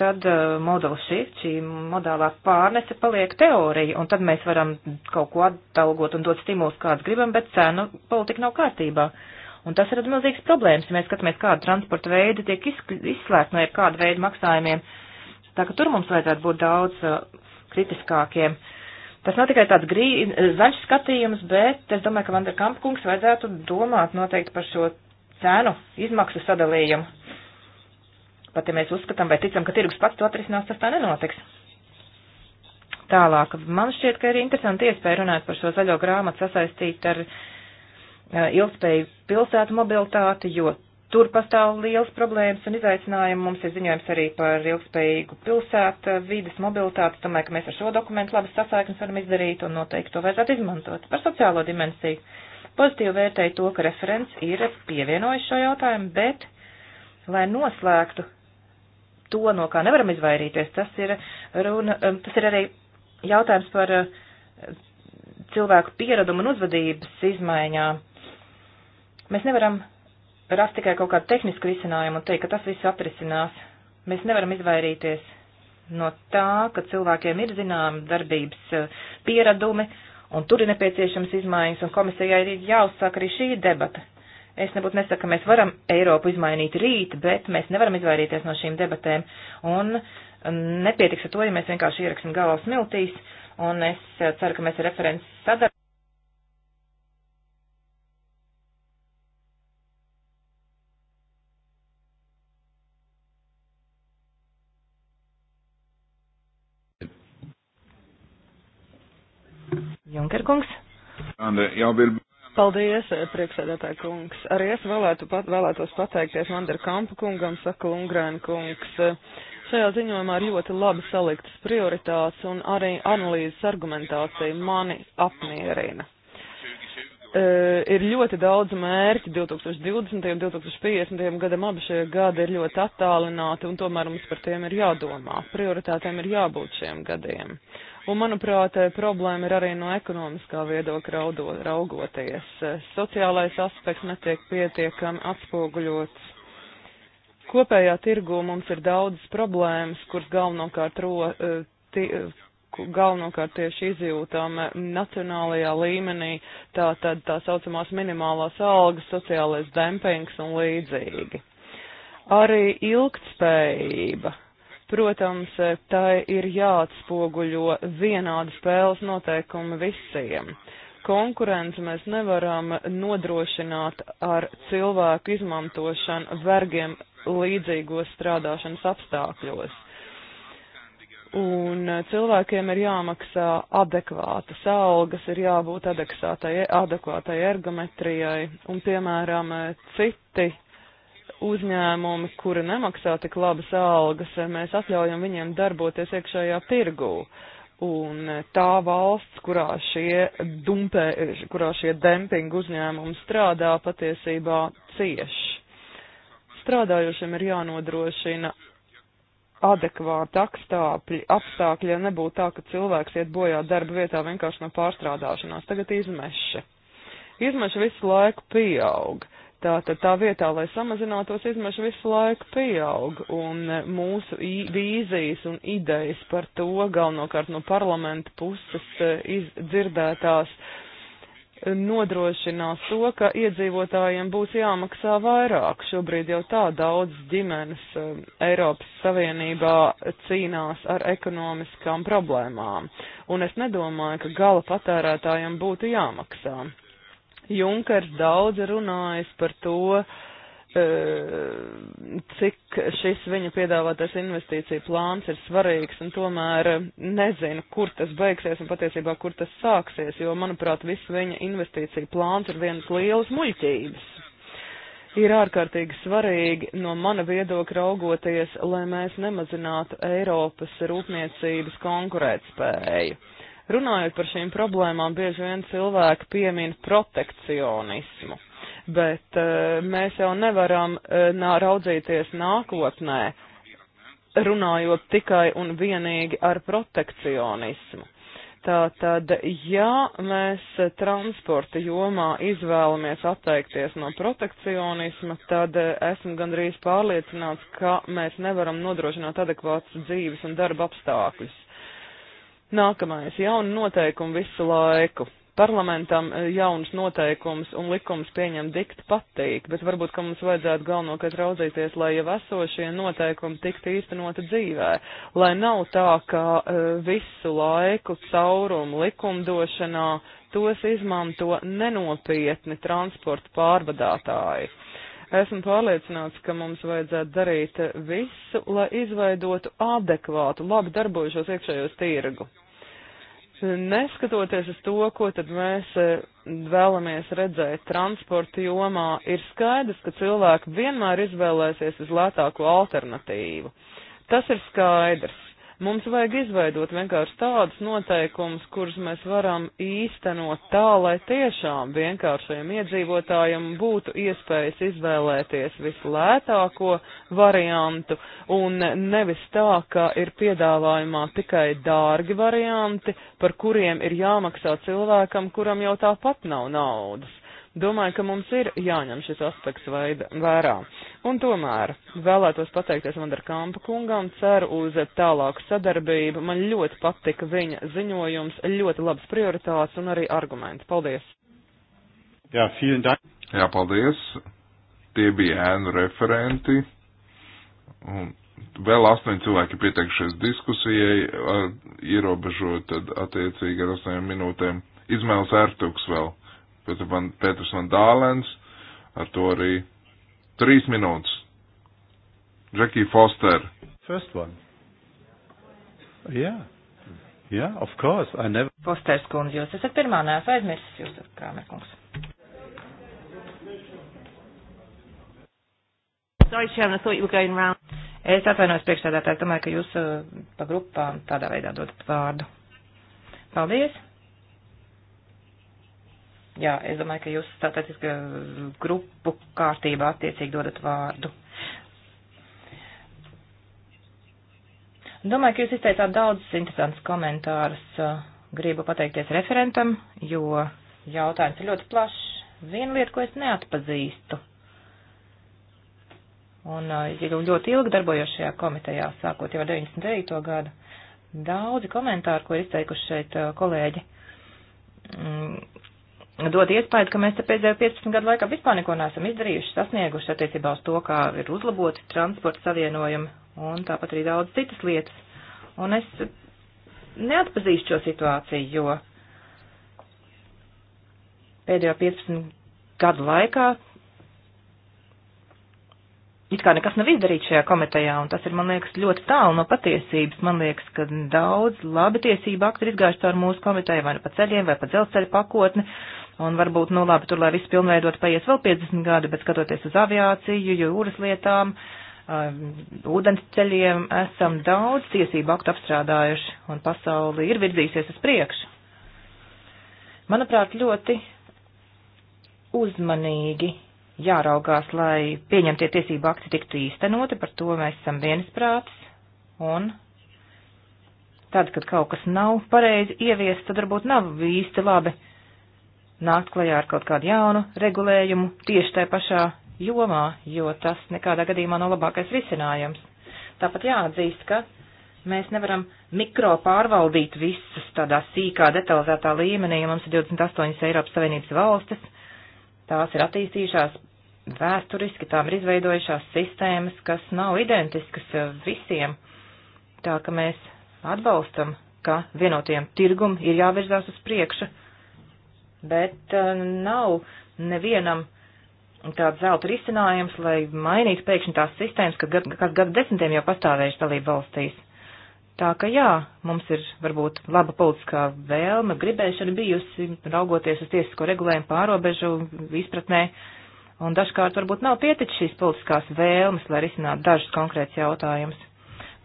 [SPEAKER 3] tad uh, modela shift, šī modālā pārnese paliek teorija, un tad mēs varam kaut ko atalgot un dot stimulus, kāds gribam, bet cenu politika nav kārtībā. Un tas ir milzīgs problēmas, ja mēs skatāmies, kāda transporta veida tiek izslēgta no jebkāda veida maksājumiem. Tā ka tur mums vajadzētu būt daudz uh, kritiskākiem. Uh, Tas nav tikai tāds grī, zaļš skatījums, bet es domāju, ka Vanderkamp kungs vajadzētu domāt noteikti par šo cēnu izmaksu sadalījumu. Pat ja mēs uzskatām vai ticam, ka tirgus pats to atrisinās, tas tā nenotiks. Tālāk, man šķiet, ka ir interesanti iespēja runāt par šo zaļo grāmatu sasaistīt ar uh, ilgspēju pilsētu mobilitāti, jo Tur pastāv liels problēmas un izaicinājumi. Mums ir ziņojums arī par ilgspējīgu pilsētu, vidas mobilitāti. Domāju, ka mēs ar šo dokumentu labas sasāknes varam izdarīt un noteikti to vajadzētu izmantot. Par sociālo dimensiju. Pozitīvi vērtēju to, ka referents ir pievienojis šo jautājumu, bet, lai noslēgtu to, no kā nevaram izvairīties, tas ir, runa, um, tas ir arī jautājums par uh, cilvēku pieredumu un uzvedības izmaiņām. Mēs nevaram rast tikai kaut kādu tehnisku risinājumu un teikt, ka tas viss atrisinās. Mēs nevaram izvairīties no tā, ka cilvēkiem ir zināmi darbības eh, pieradumi, un tur ir nepieciešams izmaiņas, un komisijai ir jāuzsāk arī šī debata. Es nebūtu nesaku, ka mēs varam Eiropu izmainīt rīt, bet mēs nevaram izvairīties no šīm debatēm, un eh, nepietiks ar to, ja mēs vienkārši ieraksim galvā smiltīs, un es eh, ceru, ka mēs ar
[SPEAKER 2] referents sadarbojamies. Eh, Paldies, eh, priekšsēdētāji kungs. Arī es vēlētu pat, vēlētos pateikties Mandara Kampa kungam, saka Lungrēna kungs. Šajā ziņojumā ir ļoti labi saliktas prioritātes un arī analīzes argumentācija mani apmierina. E, ir ļoti daudz mērķi 2020. un 2050. gadam, abi šie gadi ir ļoti attālināti un tomēr mums par tiem ir jādomā. Prioritātēm ir jābūt šiem gadiem. Un, manuprāt, eh, problēma ir arī no ekonomiskā viedokļa raugoties. Eh, sociālais aspekts netiek pietiekami atspoguļots. Kopējā tirgu mums ir daudz problēmas, kuras galvenokārt, ro, eh, ti, galvenokārt tieši izjūtām nacionālajā līmenī, tā tad tā saucamās minimālās algas, sociālais dempings un līdzīgi. Arī ilgtspējība Protams, eh, tai ir jāatspoguļo vienādi spēles noteikumi visiem. Konkurenci mēs nevaram nodrošināt ar cilvēku izmantošanu vergiem līdzīgos strādāšanas apstākļos. Un eh, cilvēkiem ir jāmaksā adekvātas algas, ir jābūt adekvātai ergometrijai, un, piemēram, eh, citi uzņēmumi, kuri nemaksā tik labas algas, mēs atļaujam viņiem darboties iekšējā tirgū. Un tā valsts, kurā šie, dumpē, kurā šie dempingu uzņēmumi strādā, patiesībā cieš. Strādājošiem ir jānodrošina adekvāti apstākļi, apstākļi, ja nebūtu tā, ka cilvēks iet bojā darba vietā vienkārši no pārstrādāšanās. Tagad izmeša. Izmeša visu laiku pieaug. Tātad tā vietā, lai samazinātos izmeši, visu laiku pieaug, un e, mūsu vīzijas un idejas par to, galvenokārt no parlamenta puses e, izdzirdētās, e, nodrošinās to, ka iedzīvotājiem būs jāmaksā vairāk. Šobrīd jau tā daudz ģimenes Eiropas Savienībā cīnās ar ekonomiskām problēmām, un es nedomāju, ka gala patērētājiem būtu jāmaksā. Junkers daudz runājis par to, e, cik šis viņa piedāvātais investīcija plāns ir svarīgs, un tomēr nezinu, kur tas beigsies un patiesībā, kur tas sāksies, jo, manuprāt, viss viņa investīcija plāns ir vienas lielas muļķības. Ir ārkārtīgi svarīgi no mana viedokļa raugoties, lai mēs nemazinātu Eiropas rūpniecības konkurētspēju. Runājot par šīm problēmām, bieži vien cilvēki piemin protekcionismu, bet uh, mēs jau nevaram uh, nā, raudzīties nākotnē, runājot tikai un vienīgi ar protekcionismu. Tātad, ja mēs transporta jomā izvēlamies atteikties no protekcionisma, tad eh, esmu gandrīz pārliecināts, ka mēs nevaram nodrošināt adekvātas dzīves un darba apstākļus. Nākamais - jauni noteikumi visu laiku. Parlamentam eh, jaunas noteikums un likums pieņem dikti patīk, bet varbūt, ka mums vajadzētu galvenokārt raudzīties, lai jau esošie noteikumi tiktu īstenoti dzīvē, lai nav tā, ka uh, visu laiku caurumu likumdošanā tos izmanto nenopietni transporta pārvadātāji. Uh, Esmu pārliecināts, ka mums vajadzētu darīt visu, lai izveidotu adekvātu, labi darbojušos iekšējos tirgu. Neskatoties uz to, ko tad mēs e, vēlamies redzēt transporta jomā, ir skaidrs, ka cilvēki vienmēr izvēlēsies vislētāko alternatīvu. Tas ir skaidrs. Mums vajag izveidot vienkārši tādus noteikumus, kurus mēs varam īstenot tā, lai tiešām vienkāršajam iedzīvotājam būtu iespējas izvēlēties vislētāko variantu un nevis tā, ka ir piedāvājumā tikai dārgi varianti, par kuriem ir jāmaksā cilvēkam, kuram jau tāpat nav naudas. Domāju, ka mums ir jāņem šis aspekts vaida, vērā. Un tomēr vēlētos pateikties Vandar Kampa kungam, ceru uz tālāku sadarbību. Man ļoti patika viņa ziņojums, ļoti labas prioritātes un arī argumenti. Paldies!
[SPEAKER 1] Jā, Jā paldies! Tie bija ēnu referenti. Un vēl astoņi cilvēki pieteikšies diskusijai, ar, ierobežot tad attiecīgi ar astoņiem minūtēm. Izmēls Ertuks vēl. Pēters man, Pēters man Dālens, ar to arī trīs minūtes. Džekija Foster. First one. Yeah. Yeah, of course. I never.
[SPEAKER 3] Fosters kundze, jūs esat pirmā, neesmu aizmirsis jūs, Krāmer kungs. Sorry, Chairman, I thought you were going round. Es atvainojos priekšstādātāju, domāju, ka jūs uh, pa grupām tādā veidā dodat vārdu. Paldies! Jā, es domāju, ka jūs tātad eh, grupu kārtībā attiecīgi dodat vārdu. Domāju, ka jūs izteicāt daudz interesants komentārus. Gribu pateikties referentam, jo jautājums ir ļoti plašs. Viena lieta, ko es neatpazīstu, un eh, jau ļoti ilgi darbojos šajā komitejā, sākot jau ar 99. gadu, daudzi komentāri, ko ir izteikuši šeit eh, kolēģi, mm, dod iespēju, ka mēs te pēdējo 15 gadu laikā vispār neko neesam izdarījuši, sasnieguši attiecībā uz to, kā ir uzlaboti transporta savienojumi un tāpat arī daudz citas lietas. Un es neatpazīšu šo situāciju, jo pēdējo 15 gadu laikā it kā nekas nav izdarīts šajā komitejā, un tas ir, man liekas, ļoti tālu no patiesības. Man liekas, ka daudz labi tiesība akti ir izgājuši caur mūsu komiteju, vai nu pa ceļiem, vai pa dzelzceļa pakotni, Un varbūt, nu labi, tur, lai viss pilnveidot, paies vēl 50 gadi, bet skatoties uz aviāciju, jūras lietām, uh, um, ūdens ceļiem, esam daudz tiesību aktu apstrādājuši, un pasauli ir virzīsies uz priekšu. Manuprāt, ļoti uzmanīgi jāraugās, lai pieņemtie tiesību akti tiktu īstenoti, par to mēs esam viensprātis, un tad, kad kaut kas nav pareizi ieviests, tad varbūt nav īsti labi nākt klajā ar kaut kādu jaunu regulējumu tieši tajā pašā jomā, jo tas nekādā gadījumā nav labākais risinājums. Tāpat jāatzīst, ka mēs nevaram mikro pārvaldīt visus tādā sīkā, detalizētā līmenī, ja mums ir 28 Eiropas Savienības valstis, tās ir attīstījušās vēsturiski, tām ir izveidojušās sistēmas, kas nav identiskas visiem, tā ka mēs atbalstam, ka vienotiem tirgum ir jāvirzās uz priekšu bet eh, nav nevienam tāds zelta risinājums, lai mainītu pēkšņi tās sistēmas, kas gadu, kas gadu desmitiem jau pastāvējuši dalību valstīs. Tā ka jā, mums ir varbūt laba politiskā vēlme, gribēšana bijusi, raugoties uz tiesisko regulējumu pārobežu izpratnē, un dažkārt varbūt nav pieticis šīs politiskās vēlmes, lai risinātu dažus konkrēts jautājumus.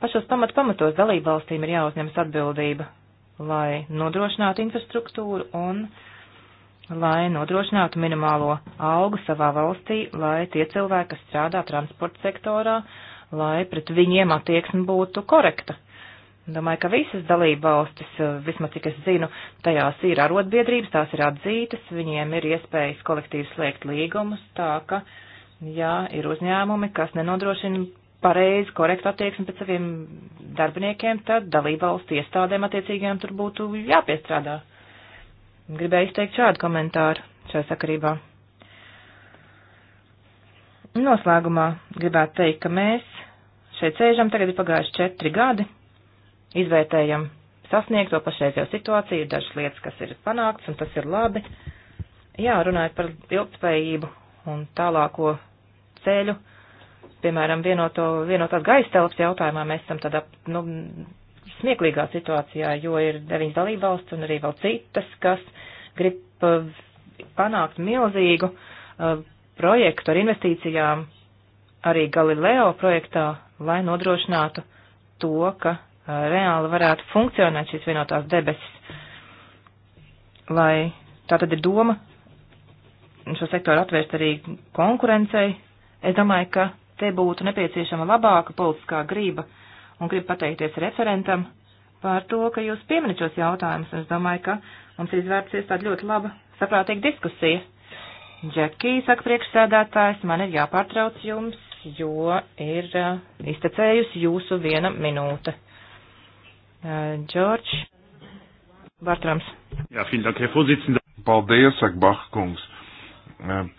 [SPEAKER 3] Pašos pamat pamatos dalību valstīm ir jāuzņemas atbildība, lai nodrošinātu infrastruktūru un uh, lai nodrošinātu minimālo algu savā valstī, lai tie cilvēki, kas strādā transporta sektorā, lai pret viņiem attieksme būtu korekta. Domāju, ka visas dalība valstis, eh, vismaz cik es zinu, tajās ir arotbiedrības, tās ir atzītas, viņiem ir iespējas kolektīvi slēgt līgumus, tā ka, jā, ir uzņēmumi, kas nenodrošina pareizi, korektu attieksmi pret saviem darbiniekiem, tad dalība valsts iestādēm attiecīgajām tur būtu jāpiestrādā. Gribēju izteikt šādu komentāru šajā sakarībā. Noslēgumā gribētu teikt, ka mēs šeit sēžam, tagad ir pagājuši četri gadi, izvērtējam sasniegto pašreizējo situāciju, dažas lietas, kas ir panākts, un tas ir labi. Jā, runājot par ilgspējību un tālāko ceļu, piemēram, vienoto, vienotās gaisa telpas jautājumā mēs esam tādā, nu, smieklīgā situācijā, jo ir deviņas dalībvalsts un arī vēl citas, kas grib eh, panākt milzīgu uh, projektu ar investīcijām arī Galileo projektā, lai nodrošinātu to, ka uh, reāli varētu funkcionēt šīs vienotās debesis. Lai tā tad ir doma šo sektoru atvērst arī konkurencei, es domāju, ka te būtu nepieciešama labāka politiskā grība uh, un gribu pateikties referentam par to, ka jūs pieminat šos jautājumus, un es domāju, ka mums izvērsies tāda ļoti laba, saprātīga diskusija. Džekija, saka priekšsēdētājs, man ir jāpārtrauc jums, jo ir uh, iztecējusi jūsu viena minūte. Uh, Džordž uh, Bartrams.
[SPEAKER 1] Jā, vielen dank, Herr Vorsitzender. Paldies, saka Bahkungs. Uh,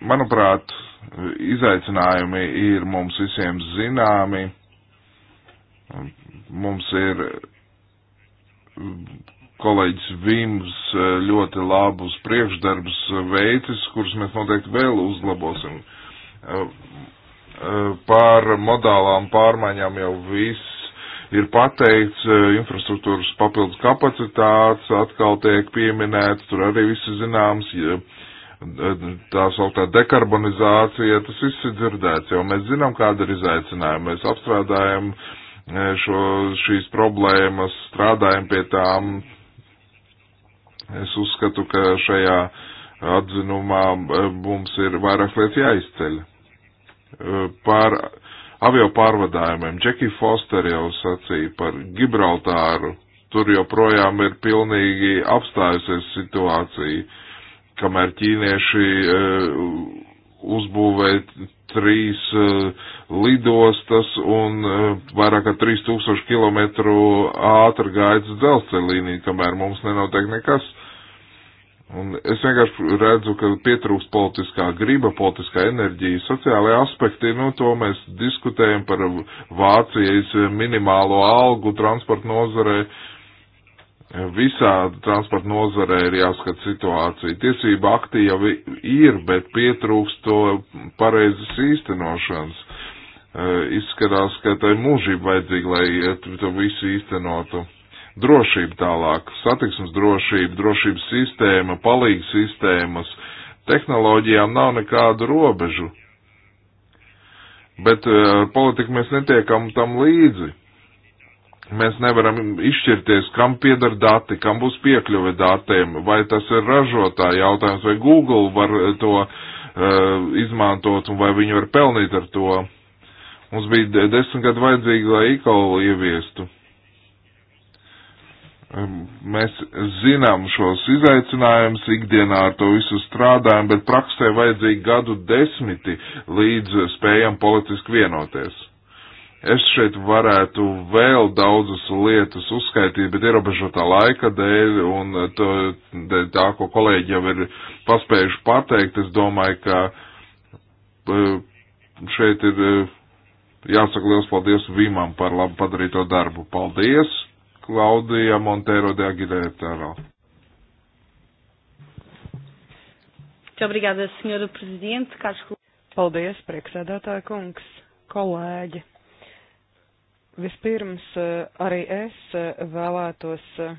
[SPEAKER 1] Manuprāt, izaicinājumi ir mums visiem zināmi. Mums ir kolēģis Vims ļoti labus priekšdarbus veicis, kurus mēs noteikti vēl uzlabosim. Par modālām pārmaiņām jau viss ir pateikts, infrastruktūras papildus kapacitātes atkal tiek pieminēts, tur arī viss zināms. Ja tā sauktā dekarbonizācija, tas viss ir dzirdēts, jo mēs zinām, kāda ir izaicinājuma. Mēs apstrādājam e, šo, šīs problēmas, strādājam pie tām. Es uzskatu, ka šajā atzinumā e, mums ir vairāk lietas jāizceļ. E, par avio pārvadājumiem. Džeki Foster jau sacīja par Gibraltāru. Tur joprojām ir pilnīgi apstājusies situācija. Uh, kamēr ķīnieši eh, uzbūvē trīs eh, lidostas un eh, vairāk kā 3000 km ātri gaitas dzelzceļa līnija, kamēr mums nenotiek nekas. Un es vienkārši redzu, ka pietrūks politiskā griba, politiskā enerģija, sociālajā aspektī, nu to mēs diskutējam par Vācijas minimālo algu transporta nozarei. Uh, visā transporta nozarē ir jāskat situācija. Tiesība akti jau ir, bet pietrūkst to pareizes īstenošanas. E, izskatās, ka tai mūžība vajadzīga, lai e, to visu īstenotu. Drošība tālāk, satiksmes drošība, drošības sistēma, palīgs sistēmas, tehnoloģijām nav nekādu robežu. Bet e, ar politiku mēs netiekam tam līdzi Mēs nevaram izšķirties, kam pieder dati, kam būs piekļuve datiem, vai tas ir ražotāja jautājums, vai Google var to uh, izmantot un vai viņi var pelnīt ar to. Mums bija desmit gadi vajadzīgi, lai ICOL ieviestu. Mēs zinām šos izaicinājumus, ikdienā ar to visu strādājam, bet praksē vajadzīgi gadu desmiti, līdz spējam politiski vienoties. Es šeit varētu vēl daudzus lietas uzskaitīt, bet ierobežotā laika dēļ un to, dēļ tā, ko kolēģi jau ir paspējuši pateikt, es domāju, ka eh, šeit ir eh, jāsaka liels paldies Vimam par labu padarīto darbu. Paldies, Klaudija Montero de Aguilera.
[SPEAKER 2] Paldies, prieksēdētāja kungs, kolēģi. Vispirms eh, arī es eh, vēlētos eh,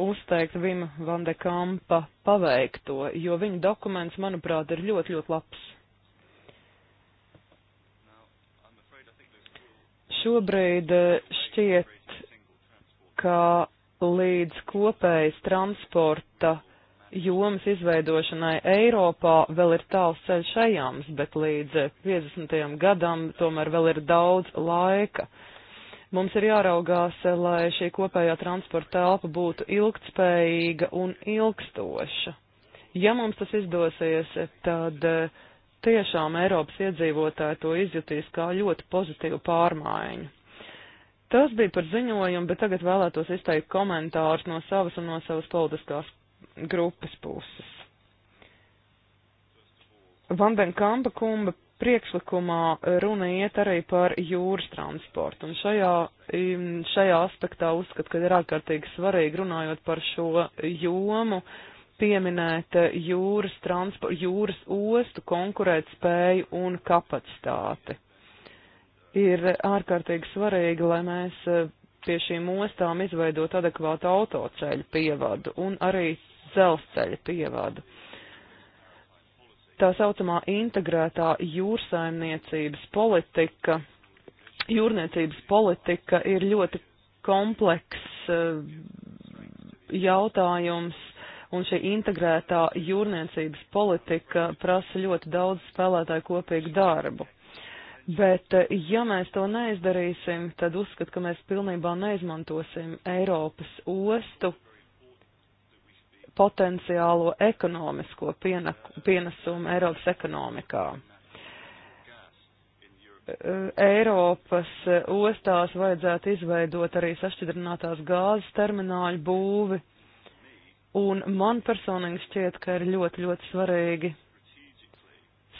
[SPEAKER 2] uzteikt Vima Vandekampa paveikto, jo viņa dokuments, manuprāt, ir ļoti, ļoti labs. Šobrīd šķiet, ka līdz kopējas transporta jomas izveidošanai Eiropā vēl ir tāls ceļš ejams, bet līdz 50. gadam tomēr vēl ir daudz laika. Uh, Mums ir jāraugās, lai šī kopējā transporta telpa būtu ilgtspējīga un ilgstoša. Ja mums tas izdosies, tad eh, tiešām Eiropas iedzīvotāji to izjutīs kā ļoti pozitīvu pārmaiņu. Tas bija par ziņojumu, bet tagad vēlētos izteikt komentārus no savas un no savas politiskās grupas puses. Vandenkampa kumba priekšlikumā runa iet arī par jūras transportu, un šajā, šajā aspektā uzskat, ka ir ārkārtīgi svarīgi runājot par šo jomu, pieminēt jūras transportu, jūras ostu konkurēt spēju un kapacitāti. Ir ārkārtīgi svarīgi, lai mēs pie šīm ostām izveidot adekvātu autoceļu pievadu un arī dzelzceļa pievadu. Uh, tā saucamā integrētā jūrsaimniecības politika, jūrniecības politika ir ļoti komplekss eh, jautājums, un šī integrētā jūrniecības politika prasa ļoti daudz spēlētāju kopīgu darbu. Bet, eh, ja mēs to neizdarīsim, tad uzskat, ka mēs pilnībā neizmantosim Eiropas ostu potenciālo ekonomisko pienesumu Eiropas ekonomikā. Eiropas ostās vajadzētu izveidot arī sašķidrinātās gāzes termināļu būvi, un man personīgi šķiet, ka ir ļoti, ļoti svarīgi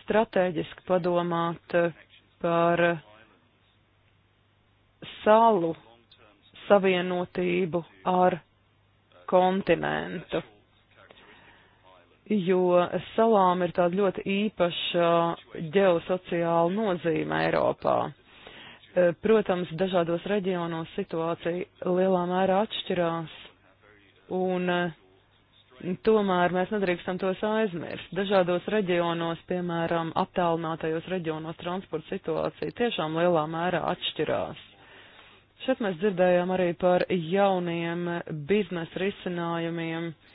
[SPEAKER 2] strateģiski padomāt par salu savienotību ar kontinentu jo salām ir tāda ļoti īpaša ģeosociāla nozīme Eiropā. E, protams, dažādos reģionos situācija lielā mērā atšķirās, un e, tomēr mēs nedrīkstam tos aizmirst. Dažādos reģionos, piemēram, aptālinātajos reģionos transporta situācija tiešām lielā mērā atšķirās. Šeit mēs dzirdējām arī par jauniem biznesa risinājumiem, uh,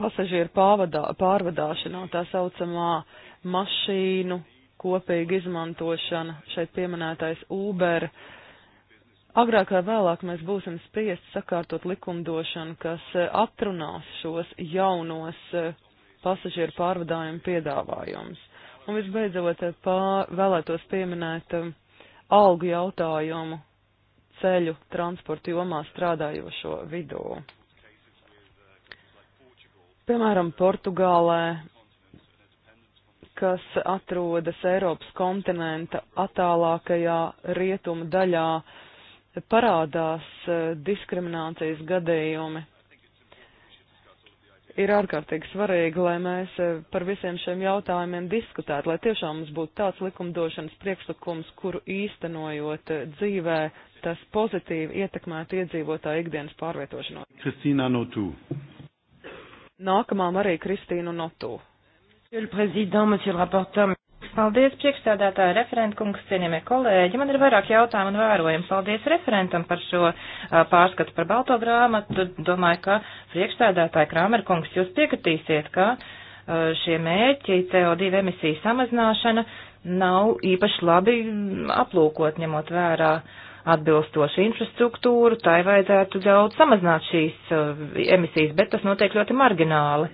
[SPEAKER 2] pasažieru pārvadā, pārvadāšanā, tā saucamā mašīnu kopīga izmantošana, šeit pieminētais Uber. Agrāk vai vēlāk mēs būsim spiest sakārtot likumdošanu, kas eh, atrunās šos jaunos eh, pasažieru pārvadājumu piedāvājumus. Un visbeidzot, eh, pār, vēlētos pieminēt algu jautājumu ceļu transporta jomā strādājošo vidū. Piemēram, Portugālē, kas atrodas Eiropas kontinenta attālākajā rietuma daļā, parādās e, diskriminācijas gadījumi. Ir ārkārtīgi svarīgi, lai mēs e, par visiem šiem jautājumiem diskutētu, lai tiešām mums būtu tāds likumdošanas priekšlikums, kuru īstenojot e, dzīvē, tas pozitīvi ietekmētu iedzīvotāju ikdienas pārvietošanos.
[SPEAKER 1] Kristīna Notu.
[SPEAKER 2] Nākamā Marija Kristīna Notū.
[SPEAKER 3] Paldies, priekšstādātāja referentkungs, cienījamie kolēģi. Man ir vairāk jautājumu un vērojumu. Paldies referentam par šo uh, pārskatu par balto grāmatu. Domāju, ka priekšstādātāja Krāmerkungs jūs piekritīsiet, ka uh, šie mērķi CO2 emisiju samazināšana nav īpaši labi aplūkot, ņemot vērā uh, atbilstošu infrastruktūru, tai vajadzētu daudz samazināt šīs uh, emisijas, bet tas notiek ļoti margināli.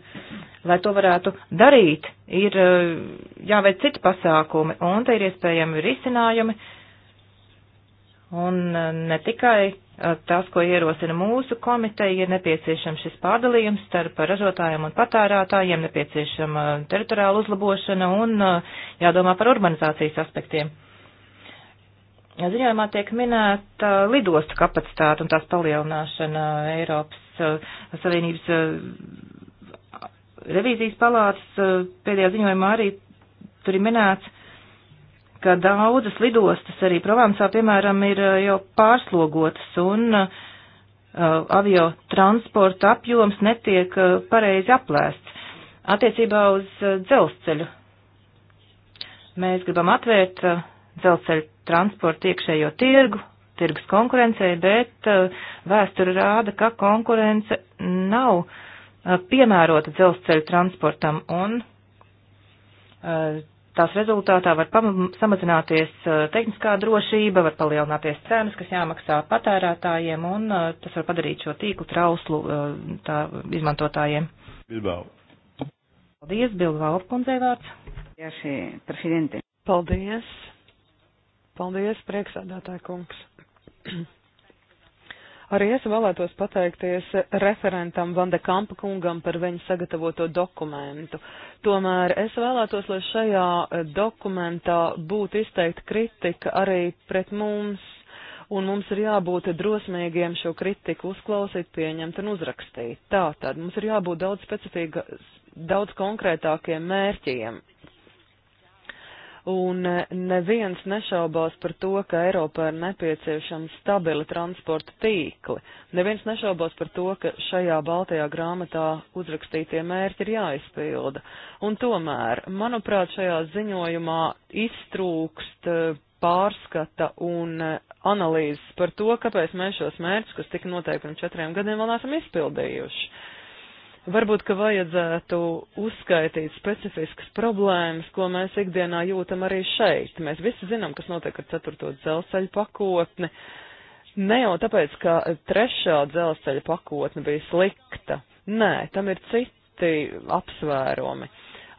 [SPEAKER 3] Lai to varētu darīt, ir uh, jāveic citi pasākumi, un te ir iespējami risinājumi, un uh, ne tikai tas, ko ierosina mūsu komiteja, ir nepieciešams šis pārdalījums starp ražotājiem un patērētājiem, nepieciešama teritoriāla uzlabošana un jādomā par urbanizācijas aspektiem. Ziņojumā tiek minēta uh, lidostu kapacitāte un tās palielināšana uh, Eiropas uh, Savienības revīzijas palātas pēdējā ziņojumā arī tur ir minēts, ka daudzas lidostas arī Provansā, piemēram, ir jau pārslogotas un avio transporta apjoms netiek pareizi aplēsts. Attiecībā uz dzelzceļu mēs gribam atvērt uh, dzelzceļa transporta iekšējo tirgu, tirgus konkurencei, bet uh, vēsture rāda, ka konkurence nav uh, piemērota dzelzceļa transportam un uh, tās rezultātā var samazināties tehniskā drošība, var palielināties cenas, kas jāmaksā patērētājiem un tas var padarīt šo tīklu trauslu tā izmantotājiem. Bilbao. Paldies, Bilbao, kundzei
[SPEAKER 2] vārds. Paldies. Paldies, prieksādātāja kungs. <clears throat> Arī es vēlētos pateikties referentam Vanda Kampa kungam par viņu sagatavoto dokumentu. Tomēr es vēlētos, lai šajā eh, dokumentā būtu izteikta kritika arī pret mums, un mums ir jābūt drosmīgiem šo kritiku uzklausīt, pieņemt un uzrakstīt. Tātad mums ir jābūt daudz specifīga, daudz konkrētākiem mērķiem un e, neviens nešaubās par to, ka Eiropā ir nepieciešama stabila transporta tīkli. Neviens nešaubās par to, ka šajā Baltajā grāmatā uzrakstītie mērķi ir jāizpilda. Un tomēr, manuprāt, šajā ziņojumā iztrūkst e, pārskata un e, analīzes par to, kāpēc mēs šos mērķus, kas tika noteikti pirms četriem gadiem, vēl neesam izpildījuši. Varbūt, ka vajadzētu uzskaitīt specifiskas problēmas, ko mēs ikdienā jūtam arī šeit. Mēs visi zinām, kas notiek ar ceturto dzelzceļa pakotni. Ne jau tāpēc, ka trešā dzelzceļa pakotne bija slikta. Nē, tam ir citi apsvērumi.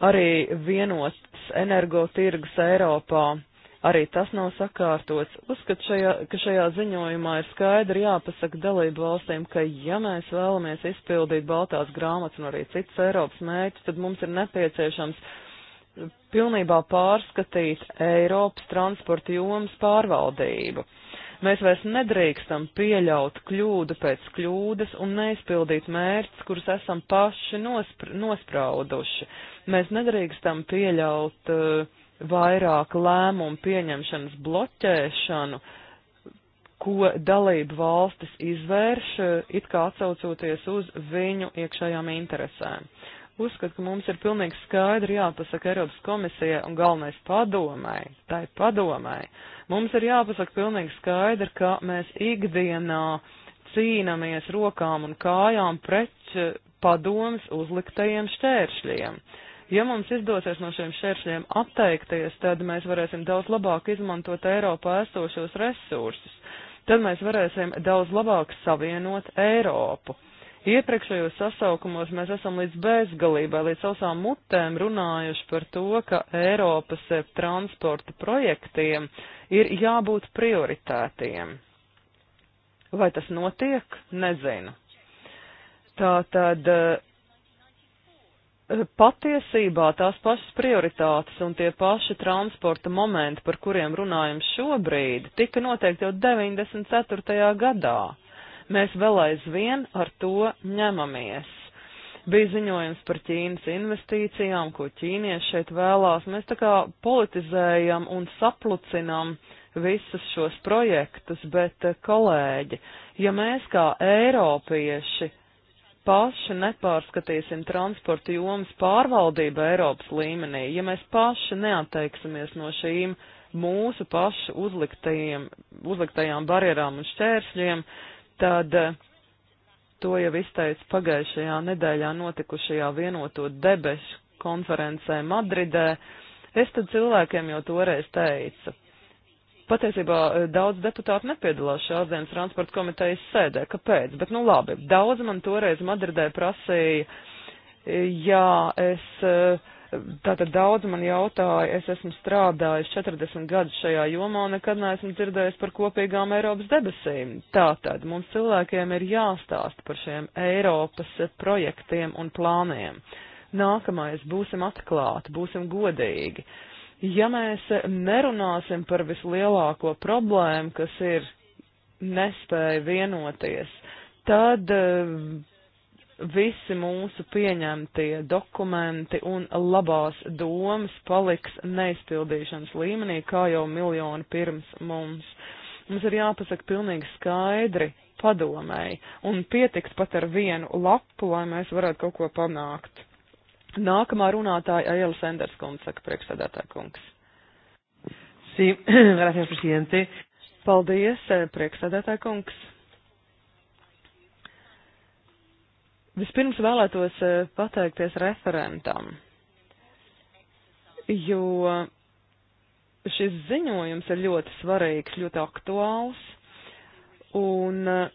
[SPEAKER 2] Arī vienots energotirgus Eiropā Arī tas nav sakārtots. Uzskatu, šajā, ka šajā ziņojumā ir skaidri jāpasaka dalību valstīm, ka ja mēs vēlamies izpildīt Baltās grāmatas un arī citas Eiropas mērķus, tad mums ir nepieciešams pilnībā pārskatīt Eiropas transporta jomas pārvaldību. Mēs vairs nedrīkstam pieļaut kļūdu pēc kļūdas un neizpildīt mērķus, kurus esam paši nospr nosprauduši. Mēs nedrīkstam pieļaut uh, vairāk lēmumu pieņemšanas bloķēšanu, ko dalību valstis izvērš, it kā atsaucoties uz viņu iekšējām interesēm. Uzskatu, ka mums ir pilnīgi skaidri jāpasaka Eiropas komisijai un galvenais padomai, tai padomai. Mums ir jāpasaka pilnīgi skaidri, ka mēs ikdienā cīnamies rokām un kājām pret padomas uzliktajiem šķēršļiem. Uh, Ja mums izdosies no šiem šķēršļiem atteikties, tad mēs varēsim daudz labāk izmantot Eiropā esošos resursus. Tad mēs varēsim daudz labāk savienot Eiropu. Iepriekšējos sasaukumos mēs esam līdz bezgalībai, līdz sausām mutēm runājuši par to, ka Eiropas eh, transporta projektiem ir jābūt prioritētiem. Vai tas notiek? Nezinu. Tā tad eh, Patiesībā tās pašas prioritātes un tie paši transporta momenti, par kuriem runājam šobrīd, tika noteikti jau 94. gadā. Mēs vēl aizvien ar to ņemamies. Bija ziņojums par Ķīnas investīcijām, ko ķīnieši šeit vēlās. Mēs tā kā politizējam un saplucinam visus šos projektus, bet, eh, kolēģi, ja mēs kā eiropieši paši nepārskatīsim transporta jomas pārvaldību Eiropas līmenī, ja mēs paši neatteiksimies no šīm mūsu pašu uzliktajām barjerām un šķēršļiem, tad eh, to jau izteica pagājušajā nedēļā notikušajā vienoto debešu konferencē Madridē. Es tad cilvēkiem jau toreiz teicu, Patiesībā e, daudz deputātu nepiedalās šās dienas transporta komitejas sēdē. Kāpēc? Bet nu labi, daudz man toreiz Madridē prasīja, e, jā, es. E, tātad daudz man jautāja, es esmu strādājis 40 gadus šajā jomā un nekad neesmu dzirdējis par kopīgām Eiropas debesīm. Tātad mums cilvēkiem ir jāstāst par šiem Eiropas projektiem un plāniem. Nākamais, būsim atklāti, būsim godīgi. Uh, Ja mēs nerunāsim par vislielāko problēmu, kas ir nespēja vienoties, tad eh, visi mūsu pieņemtie dokumenti un labās domas paliks neizpildīšanas līmenī, kā jau miljoni pirms mums. Mums ir jāpasaka pilnīgi skaidri padomēji, un pietiks pat ar vienu lapu, lai mēs varētu kaut ko panākt. Nākamā runātāja Aila Sanders kundze, saka priekšsēdētāja kungs. Sí, <clears throat> gracias, presidente. Paldies, eh, priekšsēdētāja kungs. Vispirms vēlētos eh, pateikties referentam, jo šis ziņojums ir ļoti svarīgs, ļoti aktuāls, un eh,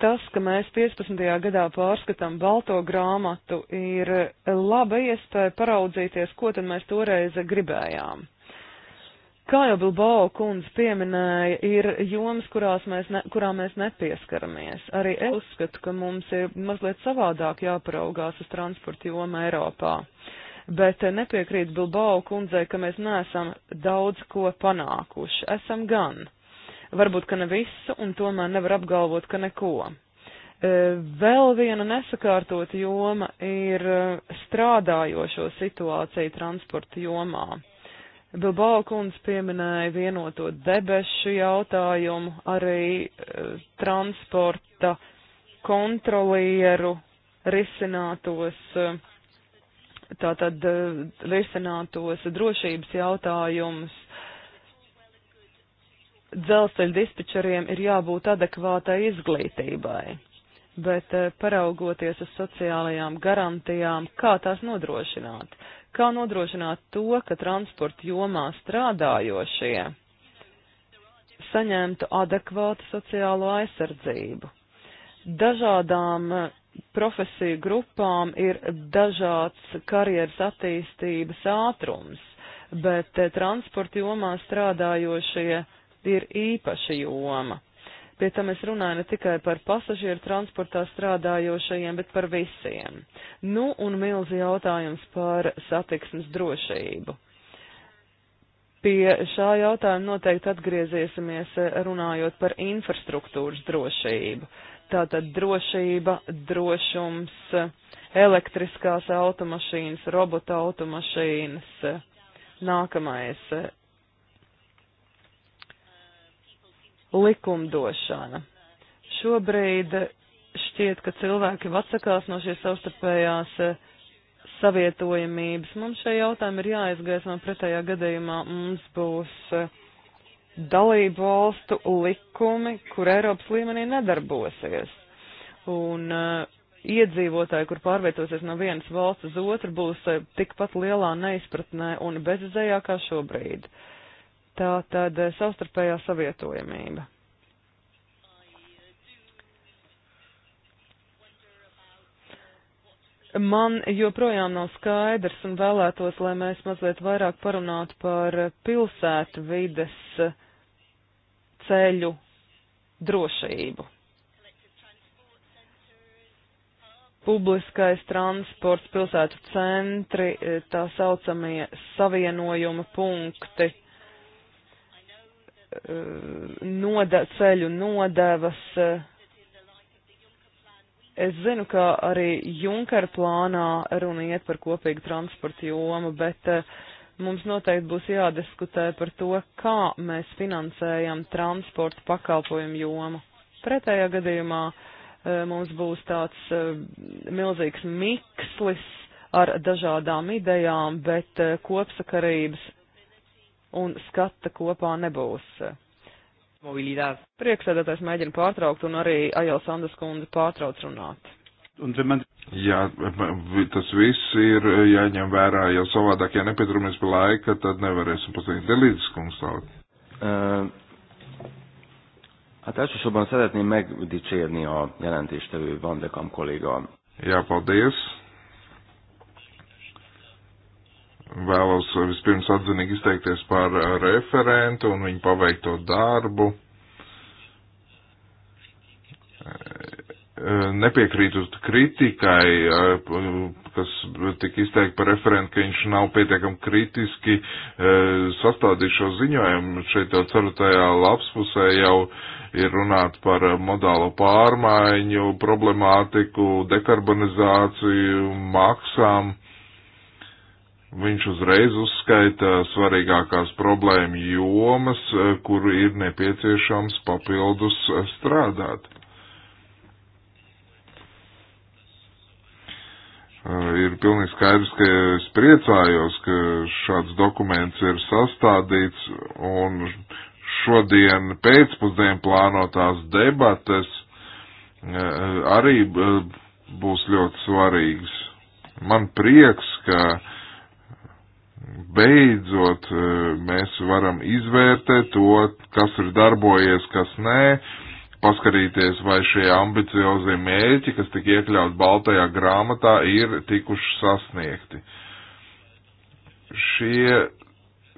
[SPEAKER 2] tas, ka mēs 15. gadā pārskatām balto grāmatu, ir laba iespēja paraudzīties, ko tad mēs toreiz gribējām. Kā jau Bilbao kundze pieminēja, ir jomas, kurās mēs, ne, kurā mēs nepieskaramies. Arī es uzskatu, ka mums ir mazliet savādāk jāparaugās uz transporta jomu Eiropā. Bet nepiekrīt Bilbao kundzei, ka mēs neesam daudz ko panākuši. Esam gan. Varbūt, ka ne visu, un tomēr nevar apgalvot, ka neko. E, vēl viena nesakārtota joma ir e, strādājošo situācija transporta jomā. Bilbao kundze pieminēja vienoto debešu jautājumu, arī e, transporta kontrolieru risinātos, tātad risinātos drošības jautājumus dzelzceļa dispečeriem ir jābūt adekvātai izglītībai, bet eh, paraugoties uz sociālajām garantijām, kā tās nodrošināt? Kā nodrošināt to, ka transporta jomā strādājošie saņemtu adekvātu sociālo aizsardzību? Dažādām eh, profesiju grupām ir dažāds karjeras attīstības ātrums, bet eh, transporta jomā strādājošie ir īpaša joma. Pie tam es runāju ne tikai par pasažieru transportā strādājošajiem, bet par visiem. Nu, un milzi jautājums par satiksmes drošību. Pie šā jautājuma noteikti atgriezīsimies runājot par infrastruktūras drošību. Tātad drošība, drošums, elektriskās automašīnas, robota automašīnas, nākamais likumdošana. Šobrīd šķiet, ka cilvēki atsakās no šīs savstarpējās eh, savietojamības. Mums šie jautājumi ir jāizgaismo, pretējā gadījumā mums būs eh, dalību valstu likumi, kur Eiropas līmenī nedarbosies. Un uh, iedzīvotāji, kur pārvietosies no vienas valsts uz otru, būs tikpat lielā neizpratnē un bezizējā kā šobrīd. Uh, Tā tad eh, savstarpējā savietojamība. Man joprojām nav skaidrs un vēlētos, lai mēs mazliet vairāk parunātu par pilsētu vides ceļu drošību. Publiskais transports, pilsētu centri, eh, tā saucamie savienojuma punkti, Eh, noda, ceļu nodevas. Es zinu, ka arī Junkera plānā runa iet par kopīgu transporta jomu, bet eh, mums noteikti būs jādiskutē par to, kā mēs finansējam transporta pakalpojumu jomu. Pretējā gadījumā eh, mums būs tāds milzīgs mikslis ar dažādām idejām, bet kopsakarības un skata kopā nebūs. Mobilitāte. Prieksēdētājs mēģina pārtraukt un arī Ajala Sandas kundze pārtrauc runāt.
[SPEAKER 1] Un te man... Jā, tas viss ir jāņem vērā, jo savādāk, ja nepietrūmies pie laika, tad nevarēsim pasniegt delīdzes kungs tālāk. Hát elsősorban szeretném megdicsérni a jelentéstevő Van de Kamp kollégám. Ja, paldies. Vēlos vispirms atzinīgi izteikties par uh, referentu un viņu paveikto darbu. Uh, Nepiekrītu kritikai, uh, kas tika izteikta par referentu, ka viņš nav pietiekami kritiski sastādījis šo ziņojumu. Šeit jau ceturtajā lapspusē jau ir runāt par modālo pārmaiņu, problemātiku, dekarbonizāciju, maksām. Viņš uzreiz uzskaita svarīgākās problēma jomas, eh, kur ir nepieciešams papildus eh, strādāt. Eh, ir pilnīgi skaidrs, ka es priecājos, ka šāds dokuments ir sastādīts un šodien pēcpusdien plānotās debates arī būs ļoti svarīgas. Man prieks, ka beidzot eh, mēs varam izvērtēt to, kas ir darbojies, kas nē, paskatīties, vai šie ambiciozie mēķi, kas tik iekļaut baltajā grāmatā, ir tikuši sasniegti. Šie,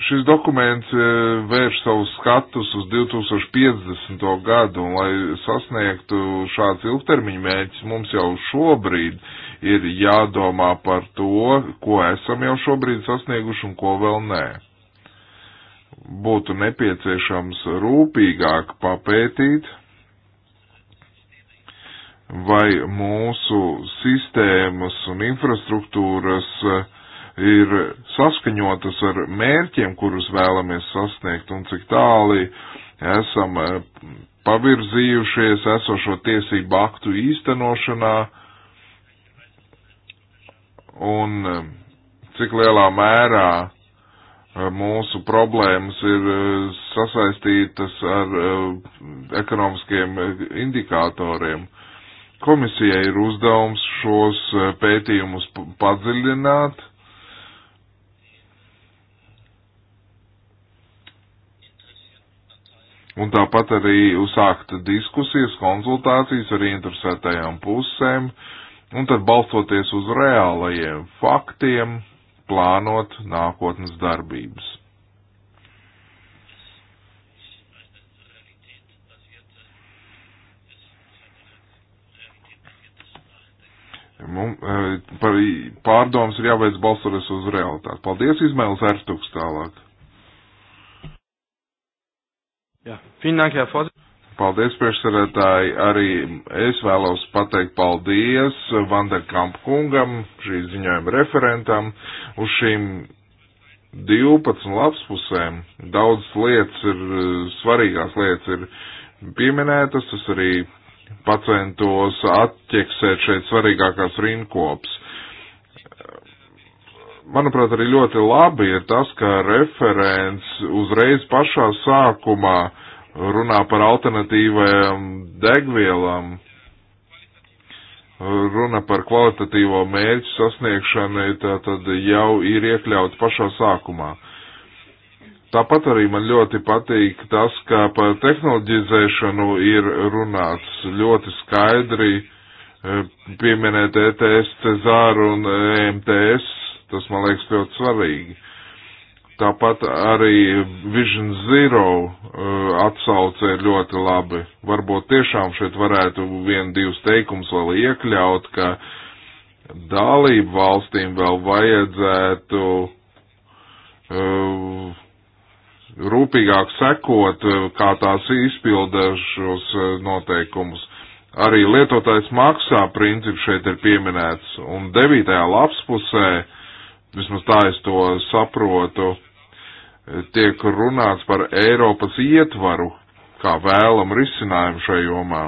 [SPEAKER 1] šis dokuments eh, vērš savus skatus uz 2050. gadu, un lai sasniegtu šāds ilgtermiņa mēķis, mums jau šobrīd uh, ir jādomā par to, ko esam jau šobrīd sasnieguši un ko vēl nē. Būtu nepieciešams rūpīgāk papētīt, vai mūsu sistēmas un infrastruktūras eh, ir saskaņotas ar mērķiem, kurus vēlamies sasniegt, un cik tāli esam eh, pavirzījušies esošo tiesību aktu īstenošanā, uh, un eh, cik lielā mērā eh, mūsu problēmas ir eh, sasaistītas ar ekonomiskiem indikatoriem. Komisijai ir uzdevums šos pētījumus padziļināt. Un tāpat arī uzsākt diskusijas, konsultācijas ar interesētajām pusēm, uh, Un tad balstoties uz reālajiem faktiem, plānot nākotnes darbības. Eh, pārdomas ir jāveic balstoties uz realitāti. Paldies, Izmēls Ertuks tālāk. Ja, vielen Dank, Herr Vorsitzender. Paldies, priekšsarētāji. Arī es vēlos pateikt paldies Vanderkamp kungam, šī ziņojuma referentam, uz šīm 12 lapspusēm. Daudz lietas ir, svarīgās lietas ir pieminētas, es arī pacientos atķeksēt šeit svarīgākās rinkops. Manuprāt, arī ļoti labi ir tas, ka referents uzreiz pašā sākumā uh, runā par alternatīvajām degvielām, runa par kvalitatīvo mērķu sasniegšanu, tā tad jau ir iekļauts pašā sākumā. Tāpat arī man ļoti patīk tas, ka par tehnoloģizēšanu ir runāts ļoti skaidri, e, pieminēt ETS, Cezāru un EMTS, tas man liekas ļoti svarīgi. Tāpat arī Vision Zero uh, atsauce ir ļoti labi. Varbūt tiešām šeit varētu vien divus teikumus vēl iekļaut, ka dalību valstīm vēl vajadzētu uh, rūpīgāk sekot, uh, kā tās izpilda šos uh, noteikumus. Arī lietotājs maksā princips šeit ir pieminēts, un devītajā lapspusē uh, vismaz tā es to saprotu, tiek runāts par Eiropas ietvaru kā vēlam risinājumu šai jomā.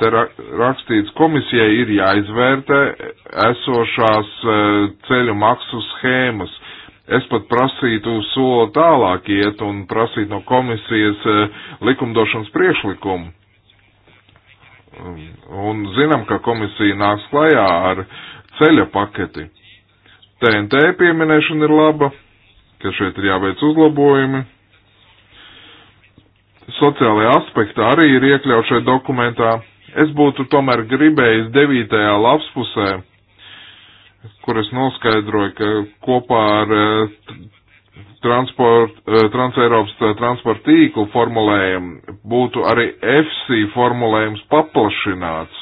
[SPEAKER 1] Te rakstīts, komisijai ir jāizvērtē esošās e, ceļu maksu schēmas. Es pat prasītu soli tālāk iet un prasītu no komisijas e, likumdošanas priekšlikumu. Un zinām, ka komisija nāks klajā ar ceļa paketi TNT pieminēšana ir laba, ka šeit ir jāveic uzlabojumi. Sociālajā aspektā arī ir iekļaut šajā dokumentā. Es būtu tomēr gribējis 9. lapspusē, kur es noskaidroju, ka kopā ar eh, transport, eh, Transeiropas eh, transporta tīklu formulējumu būtu arī FC formulējums paplašināts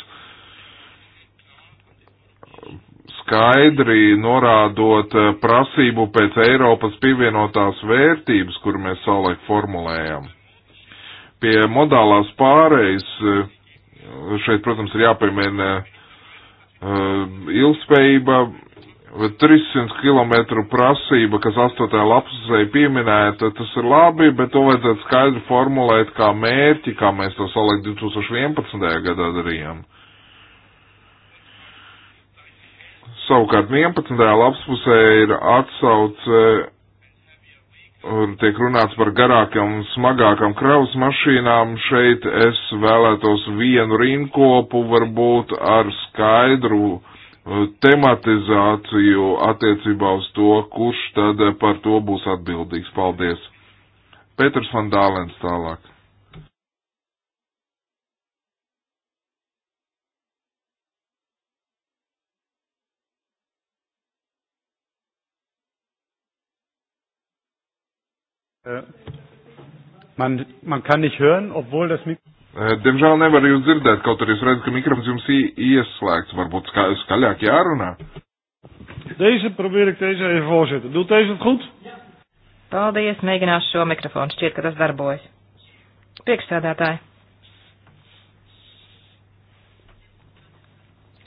[SPEAKER 1] skaidri norādot eh, prasību pēc Eiropas pievienotās vērtības, kur mēs savulaik formulējam. Pie modālās pārejas eh, šeit, protams, ir jāpiemēna eh, ilgspējība, 300 km prasība, kas 8. lapsē pieminēta, tas ir labi, bet to vajadzētu skaidri formulēt kā mērķi, kā mēs to savulaik 2011. gadā darījām. Savukārt 11. lapspusē ir atsauce un tiek runāts par garākam un smagākam kravas mašīnām. Šeit es vēlētos vienu rinkopu varbūt ar skaidru eh, tematizāciju attiecībā uz to, kurš tad par to būs atbildīgs. Paldies! Pēters van Dālens tālāk. Äh,
[SPEAKER 2] man, man kann nicht
[SPEAKER 1] hören, obwohl das Mikro. Äh, diemžēl nevar jūs dzirdēt, kaut arī es redzu, ka mikrofons jums ieslēgts. Varbūt ska skaļāk jārunā. Deze probeer ik deze even voorzetten. Doet deze het goed?
[SPEAKER 3] Paldies, mēģināšu šo mikrofonu. Šķiet, ka tas darbojas. Priekšsēdētāji.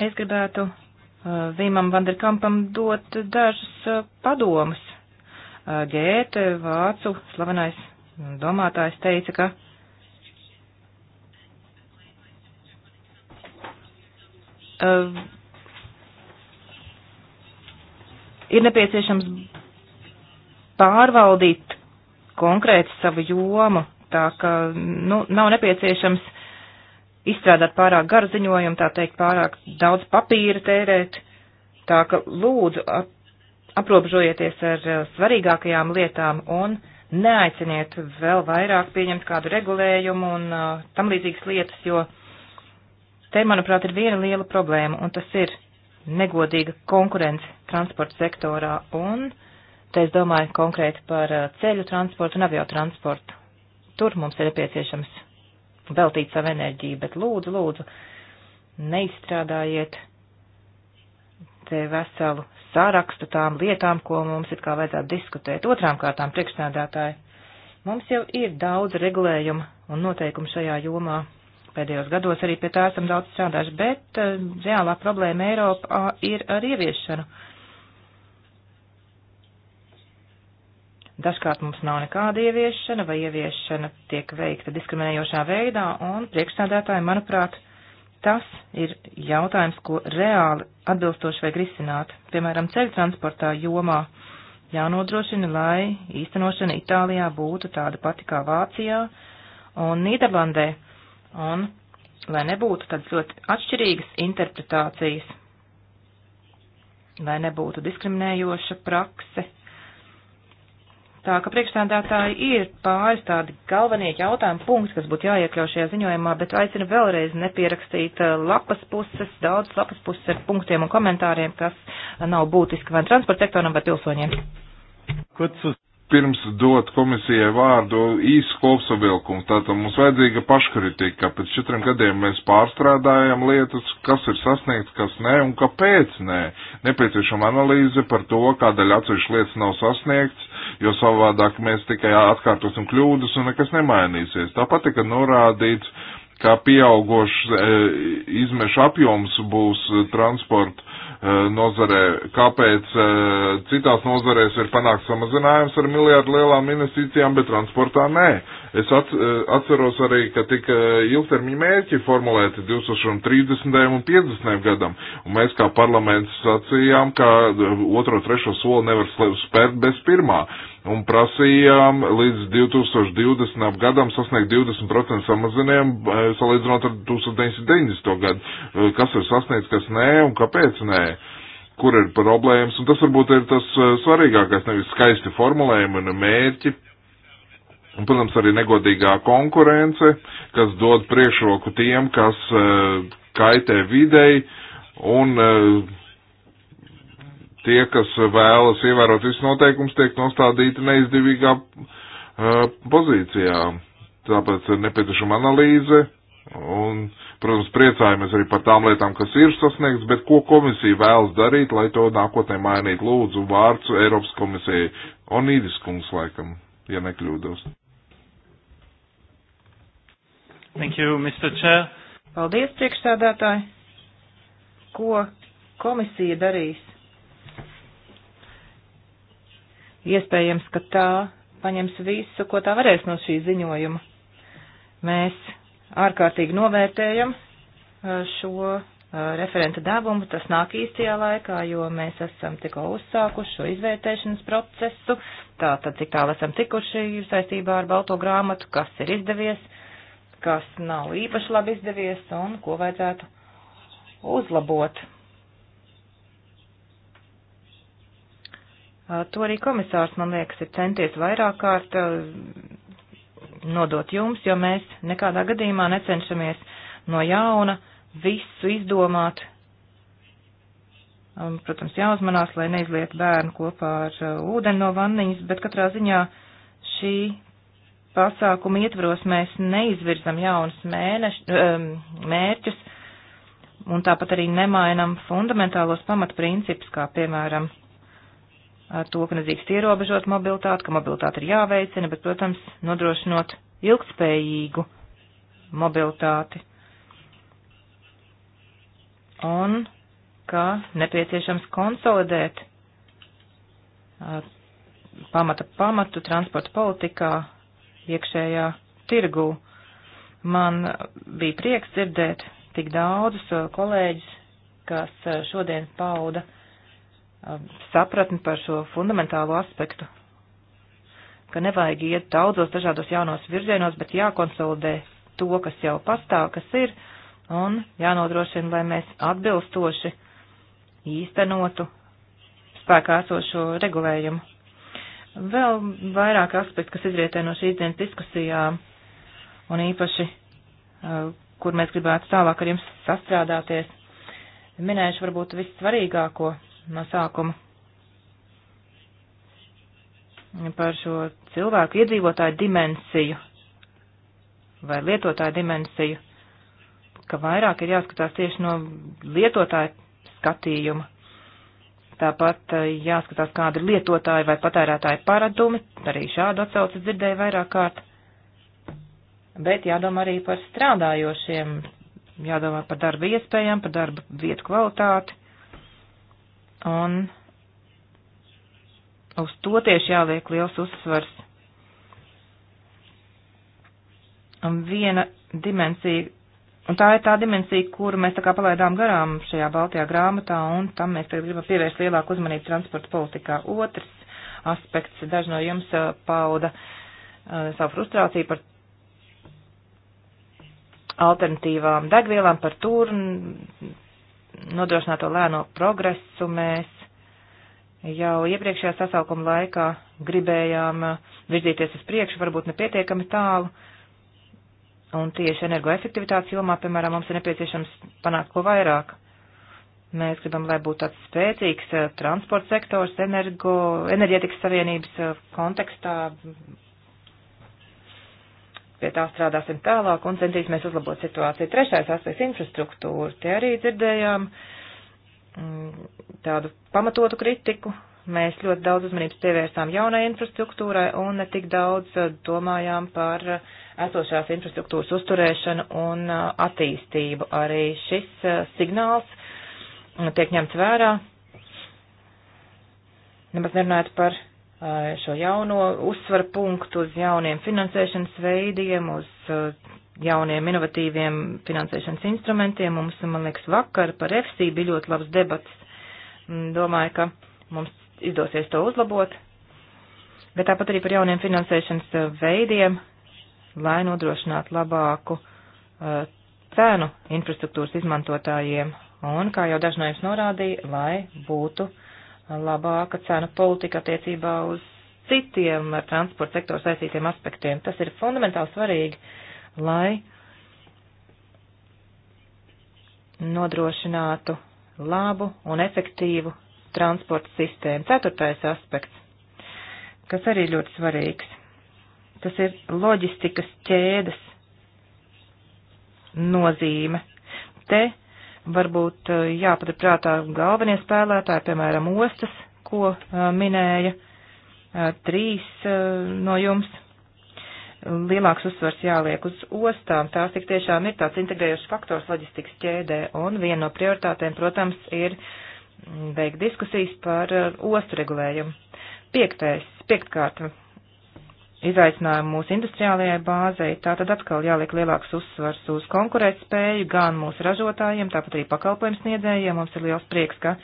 [SPEAKER 3] Es gribētu uh, Vīmam Vanderkampam dot dažas uh, padomas Gēte, vācu slavenais domātājs, teica, ka uh, ir nepieciešams pārvaldīt konkrēti savu jomu, tā ka nu, nav nepieciešams izstrādāt pārāk garu ziņojumu, tā teikt, pārāk daudz papīra tērēt, tā ka lūdzu aprobežojieties ar eh, svarīgākajām lietām un neaiciniet vēl vairāk pieņemt kādu regulējumu un uh, tam līdzīgas lietas, jo te, manuprāt, ir viena liela problēma, un tas ir negodīga konkurence transporta sektorā, un te es domāju konkrēti par eh, ceļu transportu un aviotransportu. Tur mums ir nepieciešams veltīt savu enerģiju, bet lūdzu, lūdzu, neizstrādājiet te veselu sārakstu tām lietām, ko mums it kā vajadzētu diskutēt. Otrām kārtām priekšsēdētāji. Mums jau ir daudz regulējumu un noteikumu šajā jomā. Pēdējos gados arī pie tā esam daudz strādājuši, bet eh, reālā problēma Eiropā ir ar ieviešanu. Dažkārt mums nav nekāda ieviešana vai ieviešana tiek veikta diskriminējošā veidā un priekšstādātāji, manuprāt, uh, Tas ir jautājums, ko reāli atbilstoši vajag risināt. Piemēram, ceļu transportā jomā jānodrošina, lai īstenošana Itālijā būtu tāda pati kā Vācijā un Nīderlandē, un lai nebūtu tādas ļoti atšķirīgas interpretācijas, lai nebūtu diskriminējoša prakse Tā ka priekšstādātāji ir pāris tādi galvenie jautājumi punkti, kas būtu jāiekļau šajā ziņojumā, bet aicinu vēlreiz nepierakstīt eh, lapas puses, daudz lapas puses ar punktiem un komentāriem, kas eh, nav būtiski vai transporta sektoram vai pilsoņiem.
[SPEAKER 1] Kurz uz pirms dot komisijai vārdu īsu kopsavilkumu. Tātad mums vajadzīga paškritika. Pēc četriem gadiem mēs pārstrādājam lietas, kas ir sasniegts, kas nē un kāpēc nē. Nepieciešama analīze par to, kādēļ atsevišķas lietas nav sasniegts, jo savādāk mēs tikai atkārtosim kļūdas un nekas nemainīsies. Tāpat tika norādīts, kā pieaugošs e, izmešu apjoms būs e, transporta e, nozarē, kāpēc e, citās nozarēs ir panākts samazinājums ar miljārdu lielām investīcijām, bet transportā nē. Es at, e, atceros arī, ka tika e, ilgtermiņa mērķi formulēti 2030. un 50. gadam, un mēs kā parlaments sacījām, ka otro, trešo soli nevar spērt bez pirmā. Uh, un prasījām līdz 2020. gadam sasniegt 20% samazinājumu, eh, salīdzinot ar 1990. gadu, eh, kas ir sasniegts, kas nē un kāpēc nē, kur ir problēmas, un tas varbūt ir tas eh, svarīgākais, nevis skaisti formulējumi un mērķi. Un, protams, arī negodīgā konkurence, kas dod priekšroku tiem, kas kaitē videi un uh, tie, kas vēlas ievērot visus noteikumus, tiek nostādīti neizdevīgā uh, pozīcijā. Tāpēc ir nepieciešama analīze un, protams, priecājamies arī par tām lietām, kas ir sasniegts, bet ko komisija vēlas darīt, lai to nākotnē mainītu. Lūdzu, vārds Eiropas komisijai Onīdis kungs laikam, ja nekļūdos.
[SPEAKER 3] Thank you, Mr. Chair. Paldies, priekšsēdētāji. Ko komisija darīs Iespējams, ka tā paņems visu, ko tā varēs no šī ziņojuma. Mēs ārkārtīgi novērtējam šo referenta devumu. Tas nāk īstajā laikā, jo mēs esam tikko uzsākuši šo izvērtēšanas procesu. Tātad, cik tālu esam tikuši saistībā ar balto grāmatu, kas ir izdevies, kas nav īpaši labi izdevies un ko vajadzētu uzlabot. To arī komisārs, man liekas, ir centies vairāk kārt nodot jums, jo mēs nekādā gadījumā necenšamies no jauna visu izdomāt. Protams, jāuzmanās, lai neizliet bērnu kopā ar ūdeni no vanniņas, bet katrā ziņā šī pasākuma ietvaros mēs neizvirzam jaunus mēneš, mērķus un tāpat arī nemainam fundamentālos pamatprincipus, kā piemēram ar to, ka nedrīkst ierobežot mobilitāti, ka mobilitāte ir jāveicina, bet, protams, nodrošinot ilgspējīgu mobilitāti. Un ka nepieciešams konsolidēt pamata pamatu transporta politikā iekšējā tirgū. Man bija prieks dzirdēt tik daudzus kolēģus, kas šodien pauda uh, Um, sapratni par šo fundamentālo aspektu, ka nevajag iet daudzos dažādos jaunos virzienos, bet jākonsolidē to, kas jau pastāv, kas ir, un jānodrošina, lai mēs atbilstoši īstenotu spēkā esošo regulējumu. Vēl vairāk aspektu, kas izrietē no šīs dienas diskusijām, un īpaši, uh, kur mēs gribētu tālāk ar jums sastrādāties, minēšu varbūt vissvarīgāko no sākuma par šo cilvēku iedzīvotāju dimensiju vai lietotāju dimensiju, ka vairāk ir jāskatās tieši no lietotāju skatījuma. Tāpat eh, jāskatās, kāda ir lietotāja vai patērētāja paradumi, arī šādu atsauci dzirdēju vairāk kārt. Bet jādomā arī par strādājošiem, jādomā par darba iespējām, par darba vietu kvalitāti, Un uz to tieši jāliek liels uzsvars. Un viena dimensija, un tā ir tā dimensija, kuru mēs tā kā palaidām garām šajā Baltijā grāmatā, un tam mēs tagad gribam pievērst lielāku uzmanību transporta politikā. Otrs aspekts, daži no jums uh, pauda uh, savu frustrāciju par alternatīvām degvielām, par tur, nodrošināto lēno progresu mēs jau iepriekšējā sasaukuma laikā gribējām uh, virzīties uz priekšu, varbūt nepietiekami tālu. Un tieši energoefektivitātes jomā, piemēram, mums ir nepieciešams panākt ko vairāk. Mēs gribam, lai būtu tāds spēcīgs uh, transporta sektors, energo, enerģētikas savienības uh, kontekstā, pie tā strādāsim tālāk un centīsimies uzlabot situāciju. Trešais aspekts - infrastruktūra. Te arī dzirdējām mm, tādu pamatotu kritiku. Mēs ļoti daudz uzmanības pievērsām jaunai infrastruktūrai un ne tik daudz eh, domājām par eh, esošās infrastruktūras uzturēšanu un eh, attīstību. Arī šis signāls mm, tiek ņemts vērā. Nemaz nerunājot par Eh, šo jauno uzsvaru punktu uz jauniem finansēšanas veidiem, uz eh, jauniem inovatīviem finansēšanas instrumentiem. Mums, man liekas, vakar par FC bija ļoti labs debats. Mm, domāju, ka mums izdosies to uzlabot. Bet tāpat arī par jauniem finansēšanas eh, veidiem, lai nodrošinātu labāku cenu infrastruktūras izmantotājiem. Un, kā jau dažnājums norādīja, lai būtu uh, labāka cena politika attiecībā uz citiem ar transporta sektoru saistītiem aspektiem. Tas ir fundamentāli svarīgi, lai nodrošinātu labu un efektīvu transporta sistēmu. Ceturtais aspekts, kas arī ļoti svarīgs, tas ir loģistikas ķēdes nozīme. Te varbūt eh, jāpaturprātā galvenie spēlētāji, piemēram, ostas, ko eh, minēja eh, trīs no jums. Lielāks uzsvars jāliek uz ostām. Tās tik tiešām ir tāds integrējošs faktors loģistikas ķēdē, un viena no prioritātēm, protams, ir mm, veikt diskusijas par ostu regulējumu. Piektais, piektkārt, izaicinājumu mūsu industriālajai bāzei, tā tad atkal jāliek lielāks uzsvars uz konkurētspēju gan mūsu ražotājiem, tāpat arī pakalpojums sniedzējiem. Mums ir liels prieks, ka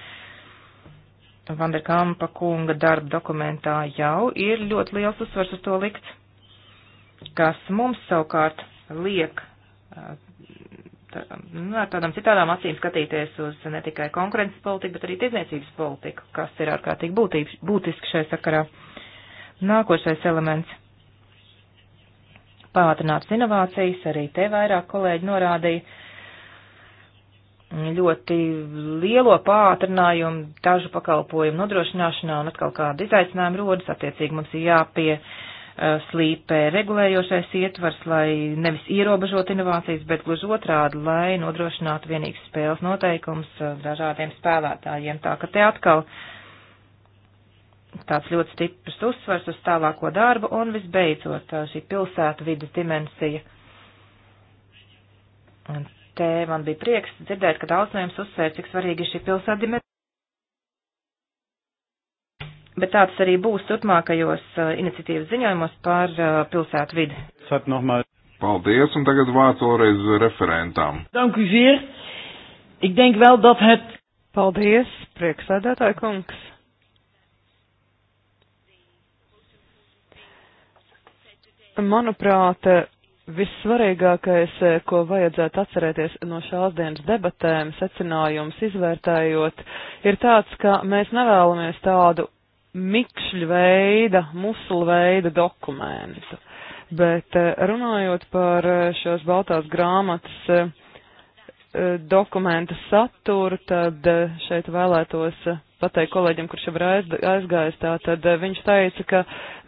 [SPEAKER 3] Vanderkampa kunga darba dokumentā jau ir ļoti liels uzsvars uz to likt, kas mums savukārt liek tā, nu, ar tādām citādām acīm skatīties uz ne tikai konkurences politiku, bet arī tirdzniecības politiku, kas ir ārkārtīgi būtīgs, būtiski šai sakarā. Nākošais elements pātrinātas inovācijas, arī te vairāk kolēģi norādīja ļoti lielo pātrinājumu dažu pakalpojumu nodrošināšanā un atkal kāda izaicinājuma rodas, attiecīgi mums ir jāpie eh, slīpē regulējošais ietvars, lai nevis ierobežot inovācijas, bet gluži otrādi, lai nodrošinātu vienīgas spēles noteikums eh, dažādiem spēlētājiem. Tā ka te atkal uh, tāds ļoti stiprs uzsvars uz tālāko darbu un visbeidzot šī pilsētu vidas dimensija. Un te man bija prieks dzirdēt, ka daudz no jums uzsvēr, cik svarīgi ir šī pilsētu dimensija. Bet tāds arī būs turpmākajos iniciatīvas ziņojumos par pilsētu vidi.
[SPEAKER 1] Paldies, un tagad vārds vēlreiz referentām.
[SPEAKER 2] Danku zier. Ik denk vēl, dat het. Paldies, prieksēdētāji kungs. Manuprāt, Vissvarīgākais, ko vajadzētu atcerēties no šās dienas debatēm, secinājums izvērtējot, ir tāds, ka mēs nevēlamies tādu mikšļu veida, muslu veida dokumentu. Bet eh, runājot par eh, šos baltās grāmatas eh, dokumentu saturu, tad šeit vēlētos pateikt kolēģim, kurš jau ir aizgājis, tā tad eh, viņš teica, ka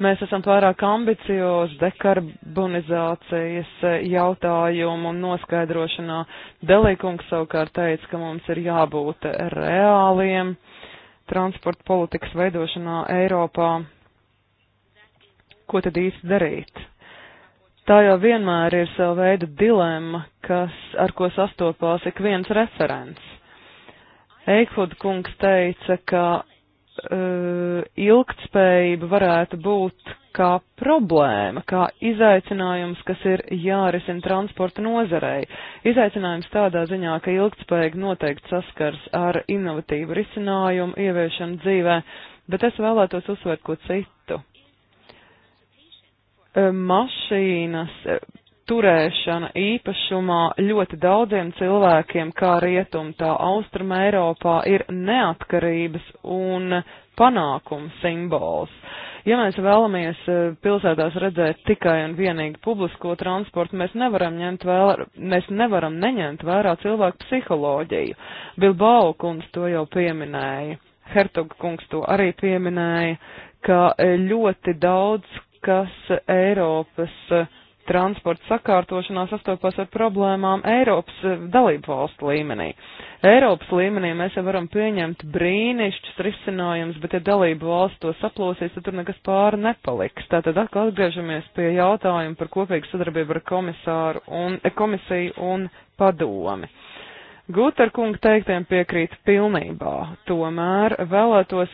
[SPEAKER 2] mēs esam pārāk ambiciozi dekarbonizācijas eh, jautājumu un noskaidrošanā. Delīkungs savukārt teica, ka mums ir jābūt reāliem transporta politikas veidošanā Eiropā. Ko tad īsti darīt? Tā jau vienmēr ir sava veida dilemma, kas, ar ko sastopās ik viens referents Eikfud kungs teica, ka uh, ilgtspējība varētu būt kā problēma, kā izaicinājums, kas ir jārisina transporta nozarei. Izaicinājums tādā ziņā, ka ilgtspējīgi noteikti saskars ar inovatīvu risinājumu ieviešanu dzīvē, bet es vēlētos uzsvērt ko citu. E, mašīnas turēšana īpašumā ļoti daudziem cilvēkiem, kā rietum tā austrum Eiropā, ir neatkarības un panākuma simbols. Ja mēs vēlamies eh, pilsētās redzēt tikai un vienīgi publisko transportu, mēs nevaram, ņemt vērā, mēs nevaram neņemt vērā cilvēku psiholoģiju. Bilbao kungs to jau pieminēja, Hertoga kungs to arī pieminēja, ka eh, ļoti daudz kas Eiropas uh, transporta sakārtošanā sastopas ar problēmām Eiropas eh, dalību valstu līmenī. Eiropas līmenī mēs jau varam pieņemt brīnišķus risinājumus, bet ja dalību valsts to saplosīs, tad tur nekas pāri nepaliks. Tātad atkal atgriežamies pie jautājuma par kopīgu sadarbību ar komisāru un eh, komisiju un padomi. Gutar kunga teiktiem piekrīt pilnībā, tomēr vēlētos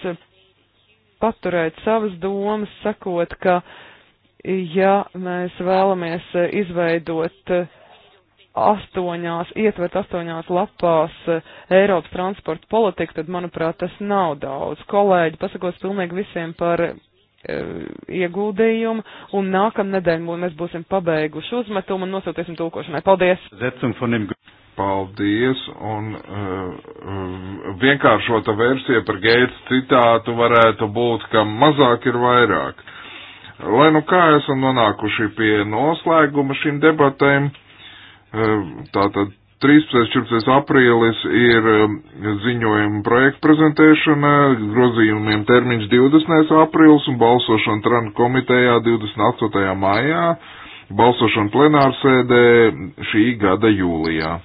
[SPEAKER 2] paturēt savas domas, sakot, ka uh, ja mēs vēlamies izveidot astoņās, ietvert astoņās lapās Eiropas transporta politiku, tad, manuprāt, tas nav daudz. Kolēģi, pasakos pilnīgi visiem par e, ieguldījumu, un nākamnedēļ mēs būsim pabeiguši uzmetumu un nosūtīsim
[SPEAKER 1] tulkošanai. Paldies! Paldies, un uh, vienkāršota versija par Gētas citātu varētu būt, ka mazāk ir vairāk. Lai nu kā esam nonākuši pie noslēguma šīm debatēm, e, tātad 13. 14. aprīlis ir e, ziņojuma projekta prezentēšana, grozījumiem termiņš 20. aprīlis un balsošana TRAN komitejā 28. maijā, balsošana plenārsēdē šī gada jūlijā.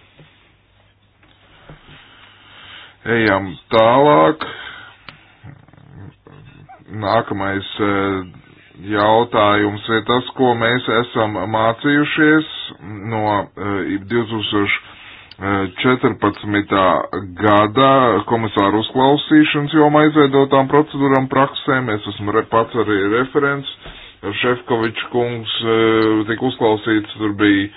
[SPEAKER 1] Ejam tālāk. Nākamais e, jautājums ir tas, ko mēs esam mācījušies no 2014. Eh, gada komisāru uzklausīšanas jomā izveidotām procedūram praksēm. Es esmu re, pats arī referents. Šefkovičs kungs eh, tika uzklausīts, tur bija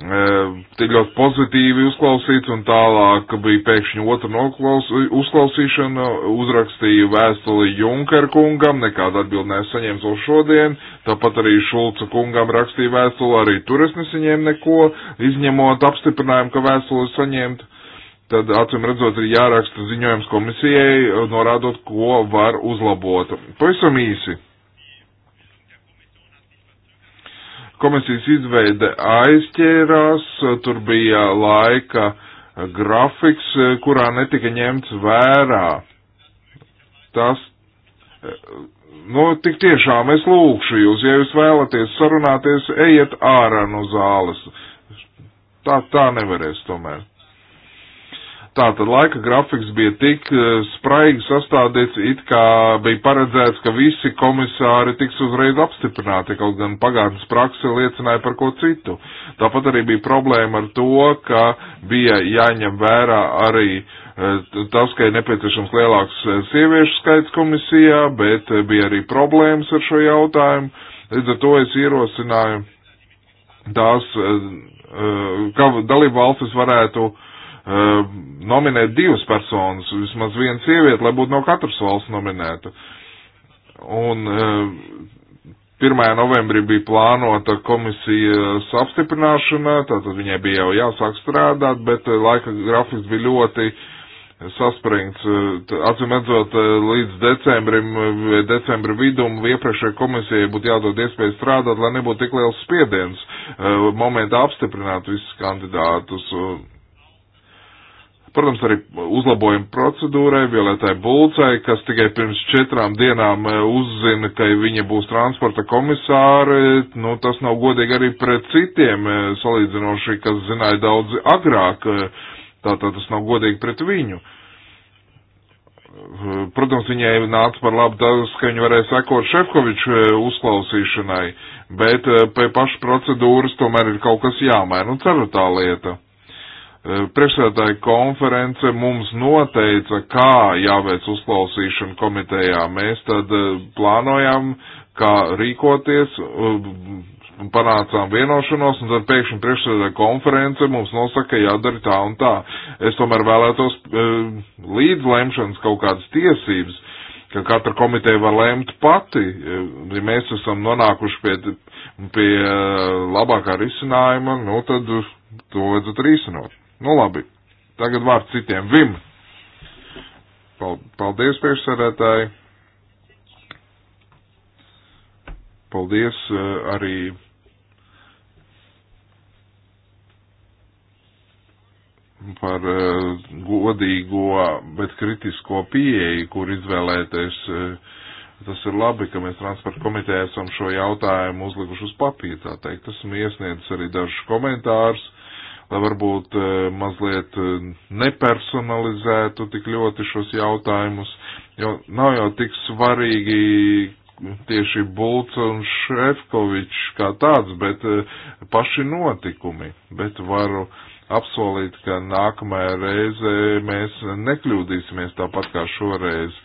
[SPEAKER 1] tik ļoti pozitīvi uzklausīts, un tālāk bija pēkšņi otra noklaus, uzklausīšana, uzrakstīju vēstuli Junker kungam, nekāda atbild nesaņēmu vēl šodien, tāpat arī Šulca kungam rakstīju vēstuli, arī tur es nesaņēmu neko, izņemot apstiprinājumu, ka vēstuli saņemt. Tad, acīm redzot, ir jāraksta ziņojums komisijai, norādot, ko var uzlabot. Pavisam īsi komisijas izveide aizķērās, tur bija laika grafiks, kurā netika ņemts vērā. Tas, nu, tik tiešām es lūkšu jūs, ja jūs vēlaties sarunāties, ejiet ārā no zāles. Tā, tā nevarēs tomēr. Tātad laika grafiks bija tik eh, spraigi sastādīts, it kā bija paredzēts, ka visi komisāri tiks uzreiz apstiprināti, kaut gan pagātnes prakse liecināja par ko citu. Tāpat arī bija problēma ar to, ka bija jāņem vērā arī eh, tas, ka ir nepieciešams lielāks eh, sieviešu skaits komisijā, bet bija arī problēmas ar šo jautājumu. Līdz ar to es ierosināju tās, ka dalību valstis varētu Ehm, nominēt divas personas, vismaz viena sieviete, lai būtu no katras valsts nominēta. Un 1. Ehm, novembrī bija plānota komisijas apstiprināšana, tātad viņai bija jau jāsāk strādāt, bet eh, laika grafiks bija ļoti saspringts. Eh, Atcīm redzot, eh, līdz decembrim, decembra vidum iepriekšējai komisijai būtu jādod iespēju strādāt, lai nebūtu tik liels spiediens momentā apstiprināt visus kandidātus. Un, Protams, arī uzlabojumi procedūrai, Violetai Bulcai, kas tikai pirms četrām dienām eh, uzzina, ka viņa būs transporta komisāre, nu tas nav godīgi arī pret citiem, eh, salīdzinoši, kas zināja daudz agrāk, eh, tātad tas nav godīgi pret viņu. Protams, viņai nāca par labu tas, ka viņa varēja sekot Šefkoviču uzklausīšanai, bet pie paša procedūras tomēr ir kaut kas jāmaina, nu ceru tā lieta. Eh, priekšsēdētāja konference mums noteica, kā jāveic uzklausīšana komitejā. Mēs tad eh, plānojam, kā rīkoties, eh, panācām vienošanos, un tad pēkšņi priekšsēdētāja konference mums nosaka, jādara tā un tā. Es tomēr vēlētos līdzlemšanas kaut kādas tiesības, ka katra komiteja var lēmt pati. Ja mēs esam nonākuši pie, pie labākā risinājuma, nu tad to vajadzētu risināt. Nu labi, tagad vārds citiem. Vim! Paldies, priekšsarētāji! Paldies eh, arī par eh, godīgo, bet kritisko pieeju, kur izvēlēties. Eh, tas ir labi, ka mēs transporta komitē esam šo jautājumu uzlikuši uz papīra, tā teikt. Tas iesniedz arī dažus komentārus lai varbūt e, mazliet e, nepersonalizētu tik ļoti šos jautājumus, jo nav jau tik svarīgi tieši Bulc un Šefkovičs kā tāds, bet e, paši notikumi, bet varu apsolīt, ka nākamajā reize mēs nekļūdīsimies tāpat kā šoreiz.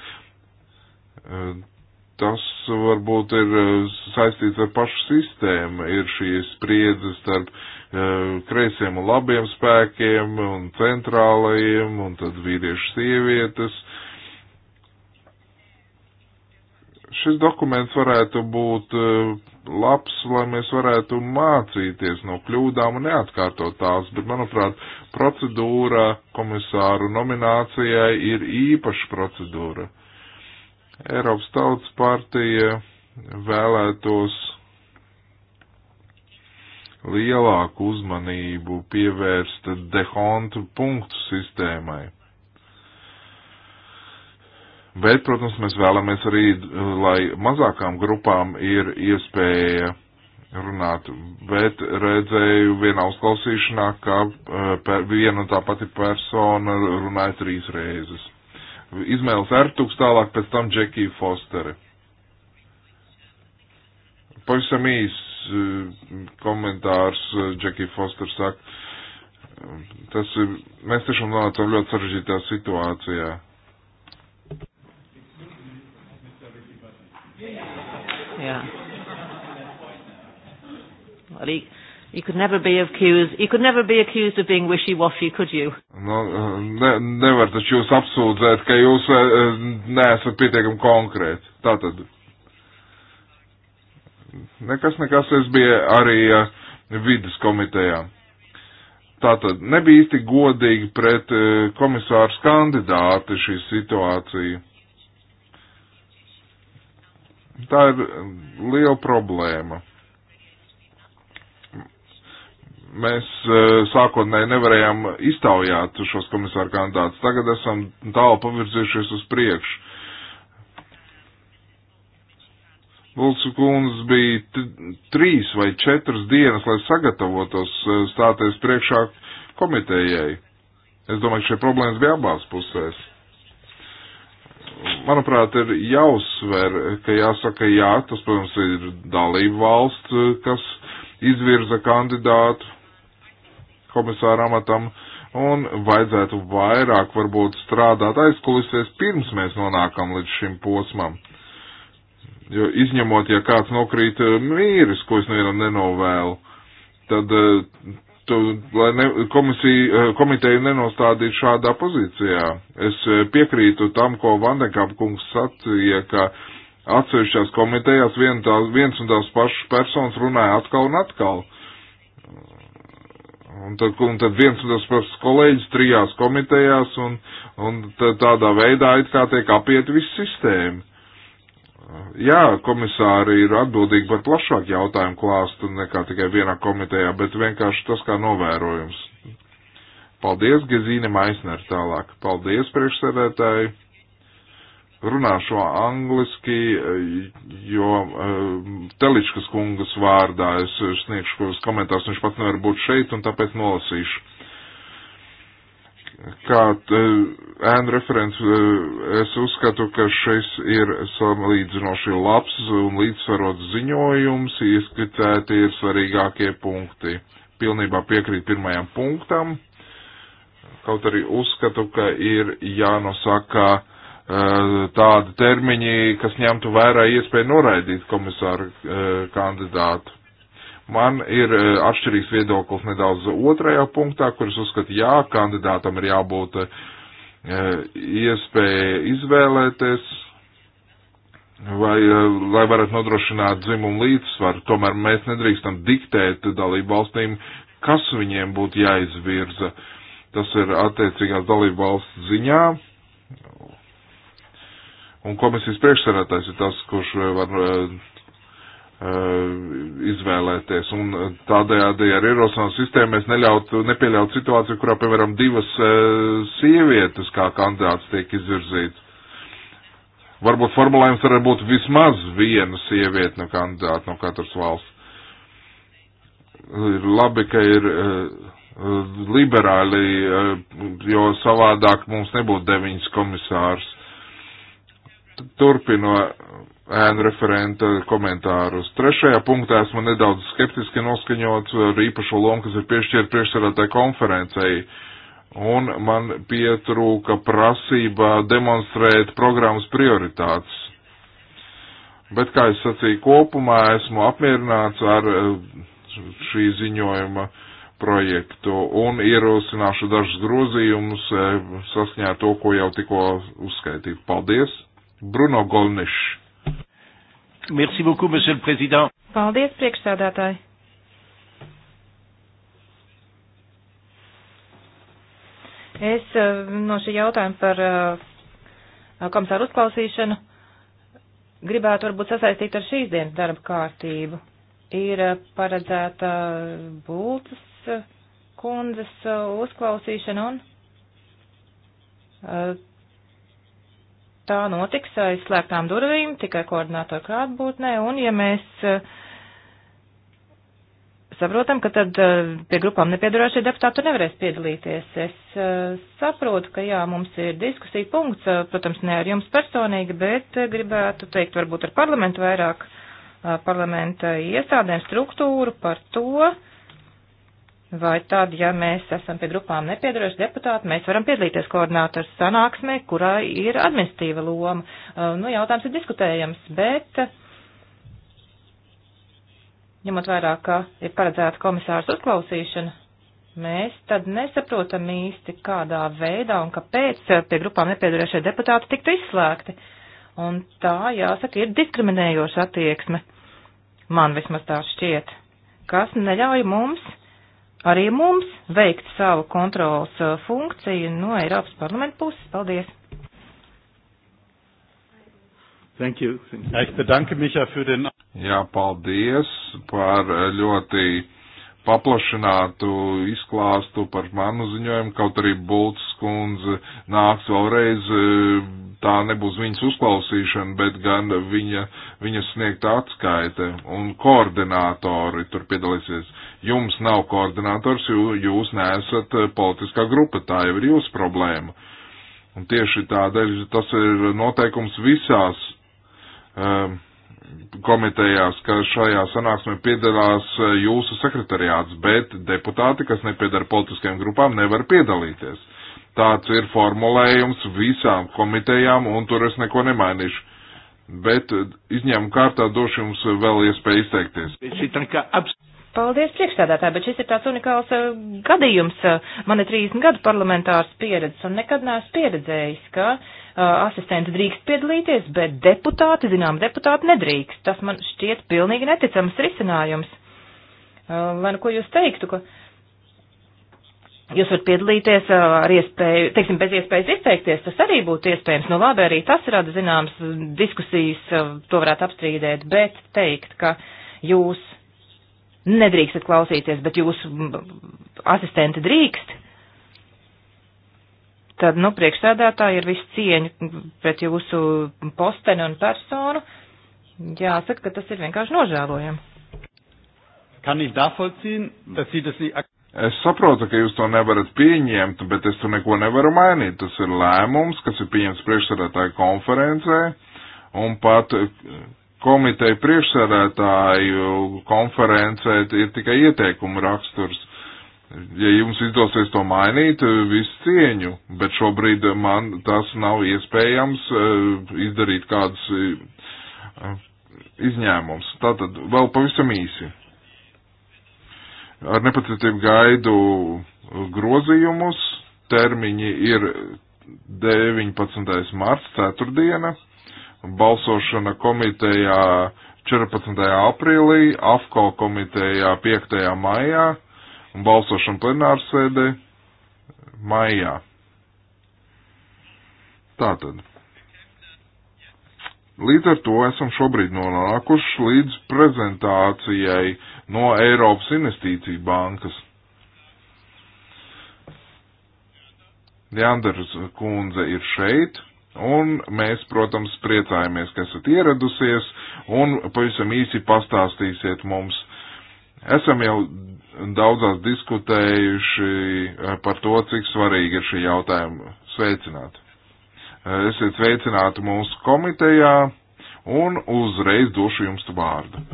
[SPEAKER 1] Tas varbūt ir saistīts ar pašu sistēmu, ir šī spriedze starp uh, Eh, kreisiem un labiem spēkiem un centrālajiem un tad vīriešu sievietes. Šis dokuments varētu būt eh, labs, lai mēs varētu mācīties no kļūdām un neatkārtot tās, bet, manuprāt, procedūra komisāru nominācijai ir īpaša procedūra. Eiropas Tautas partija vēlētos lielāku uzmanību pievērst dehontu punktu sistēmai. Bet, protams, mēs vēlamies arī, lai mazākām grupām ir iespēja runāt, bet redzēju vienā uzklausīšanā, ka uh, viena un tā pati persona runāja trīs reizes. Izmēls Ertuks tālāk pēc tam Džekija Fosteri. Pavisam īs komentārs, Džekija eh, Foster saka. Tas ir, mēs tiešām nonācām ļoti sarežģītā situācijā.
[SPEAKER 2] Yeah. Well,
[SPEAKER 3] he, you could never be accused. You could never be accused of being wishy-washy, could you?
[SPEAKER 1] No, eh, ne, nevar taču jūs apsūdzēt, ka jūs eh, neesat pietiekami konkrēti. Tātad nekas, nekas, es biju arī eh, vidas komitejā. Tātad nebija īsti godīgi pret eh, komisārs kandidāti šī situācija. Tā ir eh, liela problēma. Mēs sākotnēji nevarējām iztaujāt šos komisāru kandidātus. Tagad esam tālu pavirzījušies uz priekšu. Lūksu kundze bija trīs vai četras dienas, lai sagatavotos eh, stāties priekšā komitejai. Es domāju, ka šie problēmas bija abās pusēs. Manuprāt, ir jāuzsver, ka jāsaka jā, tas, protams, ir dalība valsts, eh, kas izvirza kandidātu komisāra amatam, un vajadzētu vairāk varbūt strādāt aizkulisēs, pirms mēs nonākam līdz šim posmam. Jo izņemot, ja kāds nokrīt eh, mīris, ko es nevienam nenovēlu, tad eh, tu, lai ne, komisija, eh, komiteja nenostādītu šādā pozīcijā. Es piekrītu tam, ko Vandekāpa kungs sacīja, ka atsevišķās komitejās vien tā, viens un tās pašas personas runāja atkal un atkal. Un tad, un tad viens un tas pats kolēģis trijās komitejās, un, un tādā veidā it kā tiek apiet visu sistēmu. Jā, komisāri ir atbildīgi par plašāku jautājumu klāstu nekā tikai vienā komitejā, bet vienkārši tas kā novērojums. Paldies, Gezīne Maisner, tālāk. Paldies, priekšsēdētāji. Runāšu angliski, jo eh, Teličkas kungas vārdā es sniegšu kādus komentārus, viņš pat nevar būt šeit, un tāpēc nolasīšu kā ēnu referents, e, es uzskatu, ka šis ir salīdzinoši labs un līdzsvarots ziņojums, ieskatēti ir svarīgākie punkti. Pilnībā piekrīt pirmajam punktam, kaut arī uzskatu, ka ir jānosaka e, tādi termiņi, kas ņemtu vērā iespēju noraidīt komisāru e, kandidātu Man ir e, atšķirīgs viedoklis nedaudz otrajā punktā, kuras uzskata, jā, kandidātam ir jābūt e, iespēja izvēlēties, vai, e, lai varētu nodrošināt dzimumu līdzsvaru. Tomēr mēs nedrīkstam diktēt dalību valstīm, kas viņiem būtu jāizvirza. Tas ir attiecīgās dalību valsts ziņā. Un komisijas priekšsarētājs ir tas, kurš var uh, Uh, izvēlēties. Un tādējādi ar ierosinātu sistēmu mēs neļautu, nepieļautu situāciju, kurā, piemēram, divas uh, sievietes kā kandidāts tiek izvirzīts. Varbūt formulējums varētu būt vismaz viena sieviete no kandidāta no katras valsts. Ir labi, ka ir uh, liberāli, jo savādāk mums nebūtu deviņas komisārs. Turpino ēnu referenta komentārus. Trešajā punktā esmu nedaudz skeptiski noskaņots ar īpašo lomu, kas ir piešķirta priekšsēdētāja konferencei. Un man pietrūka prasība demonstrēt programmas prioritātes. Bet, kā es sacīju, kopumā esmu apmierināts ar eh, šī ziņojuma projektu un ierosināšu dažus grozījumus eh, saskaņā ar to, ko jau tikko uzskaitīju. Paldies! Bruno Golnišs. Merci beaucoup, monsieur le président.
[SPEAKER 3] Paldies, priekšsēdētāji. Es eh, no šī jautājuma par eh, komisāru uzklausīšanu gribētu varbūt sasaistīt ar šīs dienas darba kārtību. Ir eh, paredzēta Bultas kundzes uzklausīšana un tā notiks aizslēgtām durvīm, tikai koordinātoru klātbūtnē, un ja mēs eh, saprotam, ka tad eh, pie grupām nepiedarāšie deputāti nevarēs piedalīties. Es eh, saprotu, ka jā, mums ir diskusija punkts, protams, ne ar jums personīgi, bet gribētu teikt varbūt ar parlamentu vairāk parlamenta iestādēm struktūru par to, uh, Vai tad, ja mēs esam pie grupām nepiedaroši deputāti, mēs varam piedalīties koordinātors sanāksmē, kurā ir administratīva loma? Uh, nu, jautājums ir diskutējams, bet ņemot vērā, ka ir paredzēta komisārs uzklausīšana, mēs tad nesaprotam īsti, kādā veidā un kāpēc pie grupām nepiedarošie deputāti tiktu izslēgti. Un tā, jāsaka, ir diskriminējoša attieksme. Man vismaz tā šķiet, kas neļauj mums arī mums veikt savu kontrolas uh, funkciju no Eiropas parlamenta puses. Paldies!
[SPEAKER 1] Thank you. Thank you. Es bedanke mich ja für den. Jā, paldies par uh, ļoti paplašinātu izklāstu par manu ziņojumu, kaut arī Bults kundze nāks vēlreiz, uh, tā nebūs viņas uzklausīšana, bet gan viņa, viņa sniegta atskaite un koordinātori tur piedalīsies. Jums nav koordinators, jo jūs neesat eh, politiskā grupa, tā jau ir jūsu problēma. Un tieši tādēļ tas ir noteikums visās um, komitejās, ka šajā sanāksmē piedalās eh, jūsu sekretariāts, bet deputāti, kas nepiedara politiskajām grupām, nevar piedalīties. Tāds ir formulējums visām komitejām, un tur es neko nemainīšu. Bet eh, izņēmu kārtā došu jums vēl iespēju izteikties.
[SPEAKER 3] Paldies priekšstādātāji, bet šis ir tāds unikāls uh, gadījums. Eh, man ir 30 gadu parlamentārs pieredze un nekad neesmu pieredzējis, ka uh, asistenti drīkst piedalīties, bet deputāti, zinām, deputāti nedrīkst. Tas man šķiet pilnīgi neticams risinājums. Uh, lai nu ko jūs teiktu, ka. Jūs varat piedalīties ar iespēju, teiksim, bez iespējas izteikties, tas arī būtu iespējams. Nu, labi, arī tas rada zināmas diskusijas, to varētu apstrīdēt, bet teikt, ka jūs nedrīkstat klausīties, bet jūsu asistenti drīkst, tad, nu, priekšsēdētāji ir viss cieņu pret jūsu posteni un personu. Jāsaka, ka tas ir
[SPEAKER 2] vienkārši nožēlojami.
[SPEAKER 1] Es saprotu, ka jūs to nevarat pieņemt, bet es tur neko nevaru mainīt. Tas ir lēmums, kas ir pieņemts priekšsēdētāju konferencē, un pat komiteju priekšsēdētāju konferencē ir tikai ieteikuma raksturs. Ja jums izdosies to mainīt, visu cieņu, bet šobrīd man tas nav iespējams eh, izdarīt kādus eh, izņēmums. Tātad vēl pavisam īsi. Ar nepacietību gaidu grozījumus. Termiņi ir 19. marts, ceturtdiena balsošana komitejā 14. aprīlī, AFCO komitejā 5. maijā un balsošana plenārsēdē maijā. Tātad. Līdz ar to esam šobrīd nonākuši līdz prezentācijai no Eiropas Investīcija bankas. Janders kundze ir šeit, Un mēs, protams, priecājamies, ka esat ieradusies un pavisam īsi pastāstīsiet mums. Esam jau daudzās diskutējuši eh, par to, cik svarīgi ir šī jautājuma sveicināt. Eh, esiet sveicināti mūsu komitejā un uzreiz došu jums vārdu.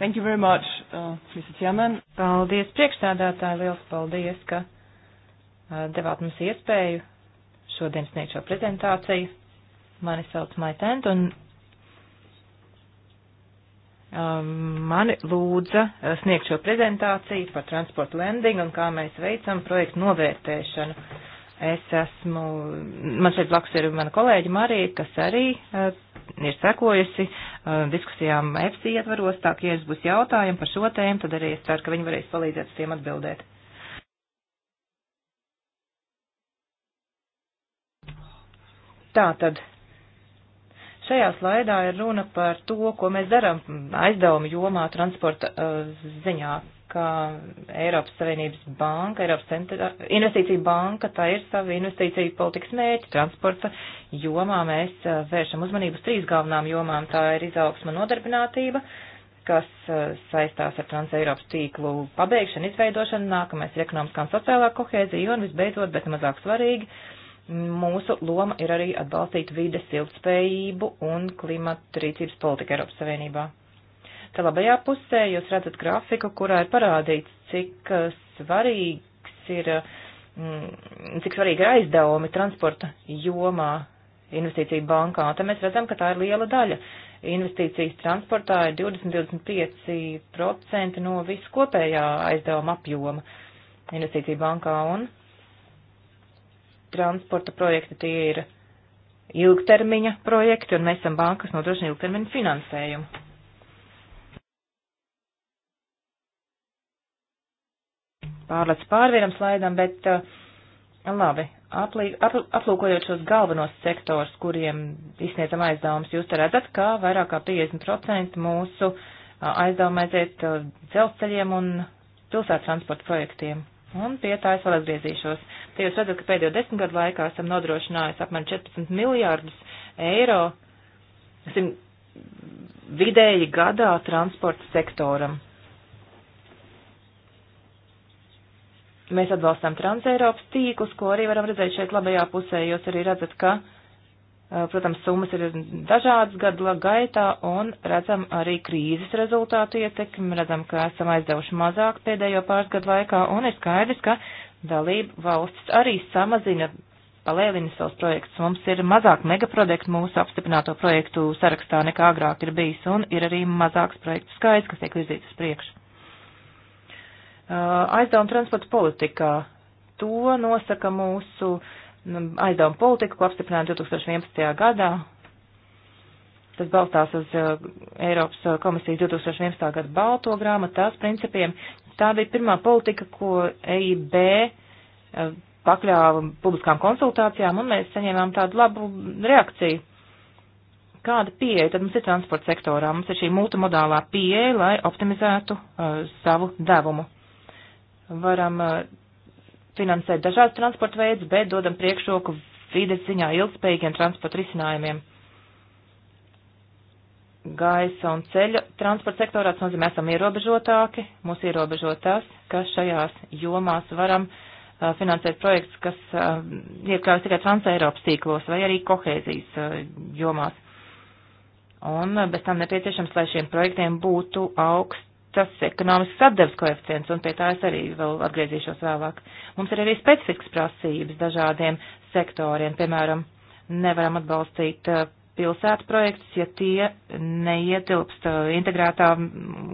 [SPEAKER 3] Thank you very much, uh, Mr. Chairman. Paldies priekšstādātāji, liels paldies, ka uh, devāt mums iespēju šodien sniegt šo prezentāciju. Mani sauc Maitent un um, mani lūdza uh, sniegt šo prezentāciju par transportu lendingu un kā mēs veicam projektu novērtēšanu. Es esmu, man šeit blakus ir mana kolēģa Marija, kas arī uh, ir sekojusi uh, diskusijām EFSI ietvaros, tā ka, ja es būs jautājumi par šo tēmu, tad arī es ceru, ka viņi varēs palīdzēt uz tiem atbildēt. Tā tad. Šajā slaidā ir runa par to, ko mēs darām aizdevumu jomā transporta uh, ziņā ka Eiropas Savienības banka, Eiropas centra, investīcija banka, tā ir sava investīcija politikas mērķa transporta jomā. Mēs uh, vēršam uzmanību uz trīs galvenām jomām. Tā ir izaugsma nodarbinātība, kas uh, saistās ar Trans-Eiropas tīklu pabeigšanu, izveidošanu, nākamais ir ekonomiskā un sociālā kohēzija un visbeidzot, bet mazāk svarīgi, mūsu loma ir arī atbalstīt vides ilgspējību un klimata rīcības politiku Eiropas Savienībā. Te labajā pusē jūs redzat grafiku, kurā ir parādīts, cik eh, svarīgs ir, eh, mm, cik svarīgi ir aizdevumi transporta jomā investīciju bankā. Te mēs redzam, ka tā ir liela daļa. Investīcijas transportā ir 20-25% no visu kopējā aizdevuma apjoma investīciju bankā un transporta projekti tie ir ilgtermiņa projekti, un mēs esam bankas nodrošina ilgtermiņa finansējumu. pārlec pārvienam slaidam, bet uh, labi, aplī, ap, aplūkojot šos galvenos sektors, kuriem izsniedzam aizdevumus, jūs redzat, ka vairāk kā 50% mūsu uh, aizdevuma aiziet uh, dzelzceļiem un pilsētu transporta projektiem. Un pie tā es vēl atgriezīšos. Te jūs redzat, ka pēdējo desmit gadu laikā esam nodrošinājusi apmēram 14 miljārdus eiro. Esam vidēji gadā transporta sektoram. Mēs atbalstām Transeiropas tīklus, ko arī varam redzēt šeit labajā pusē. Jūs arī redzat, ka, protams, summas ir dažādas gadu gaitā un redzam arī krīzes rezultātu ietekmi. Redzam, ka esam aizdevuši mazāk pēdējo pāris gadu laikā un ir skaidrs, ka dalība valstis arī samazina, palielina savus projektus. Mums ir mazāk megaprojektu mūsu apstiprināto projektu sarakstā nekā agrāk ir bijis un ir arī mazāks projektu skaits, kas tiek virzīts uz priekšu. Uh, aizdevuma transporta politikā. To nosaka mūsu nu, aizdevuma politika, ko apstiprināja 2011. gadā. Tas balstās uz uh, Eiropas uh, komisijas 2011. gada balto grāmatu tās principiem. Tā bija pirmā politika, ko EIB pakļāva publiskām konsultācijām, un mēs saņēmām tādu labu reakciju. Kāda pieeja tad mums ir transporta sektorā? Mums ir šī multimodālā pieeja, lai optimizētu uh, savu devumu varam uh, finansēt dažādas transporta veids, bet dodam priekšroku vides ziņā ilgspējīgiem transporta risinājumiem. Gaisa un ceļu transporta sektorā tas nozīmē, esam ierobežotāki, mūs ierobežo tas, ka šajās jomās varam uh, finansēt projekts, kas uh, iekļaujas tikai Transeiropas tīklos vai arī kohēzijas uh, jomās. Un uh, bez tam nepieciešams, lai šiem projektiem būtu augsts tas ekonomisks atdevs koeficients, un pie tā es arī vēl atgriezīšos vēlāk. Mums ir arī specifisks prasības dažādiem sektoriem, piemēram, nevaram atbalstīt uh, pilsētu projektus, ja tie neietilpst uh, integrētā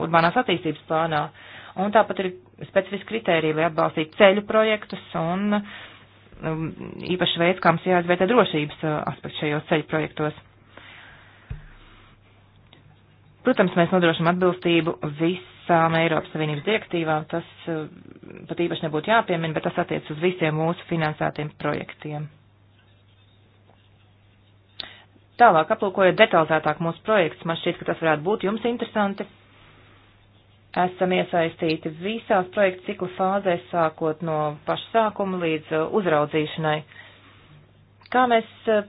[SPEAKER 3] urbānās attīstības plānā. Un tāpat ir specifiski kriteriji, lai atbalstītu ceļu projektus un um, īpaši veids, kā mums jāizvērtē drošības uh, aspekts šajos ceļu projektos. Protams, mēs nodrošam atbilstību visām Eiropas Savienības direktīvām, tas eh, pat īpaši nebūtu jāpiemina, bet tas attiec uz visiem mūsu finansētiem projektiem. Tālāk, aplūkojot detalizētāk mūsu projekts, man šķiet, ka tas varētu būt jums interesanti. Esam iesaistīti visās projekta cikla fāzēs, sākot no paša sākuma līdz eh, uzraudzīšanai. Kā mēs eh,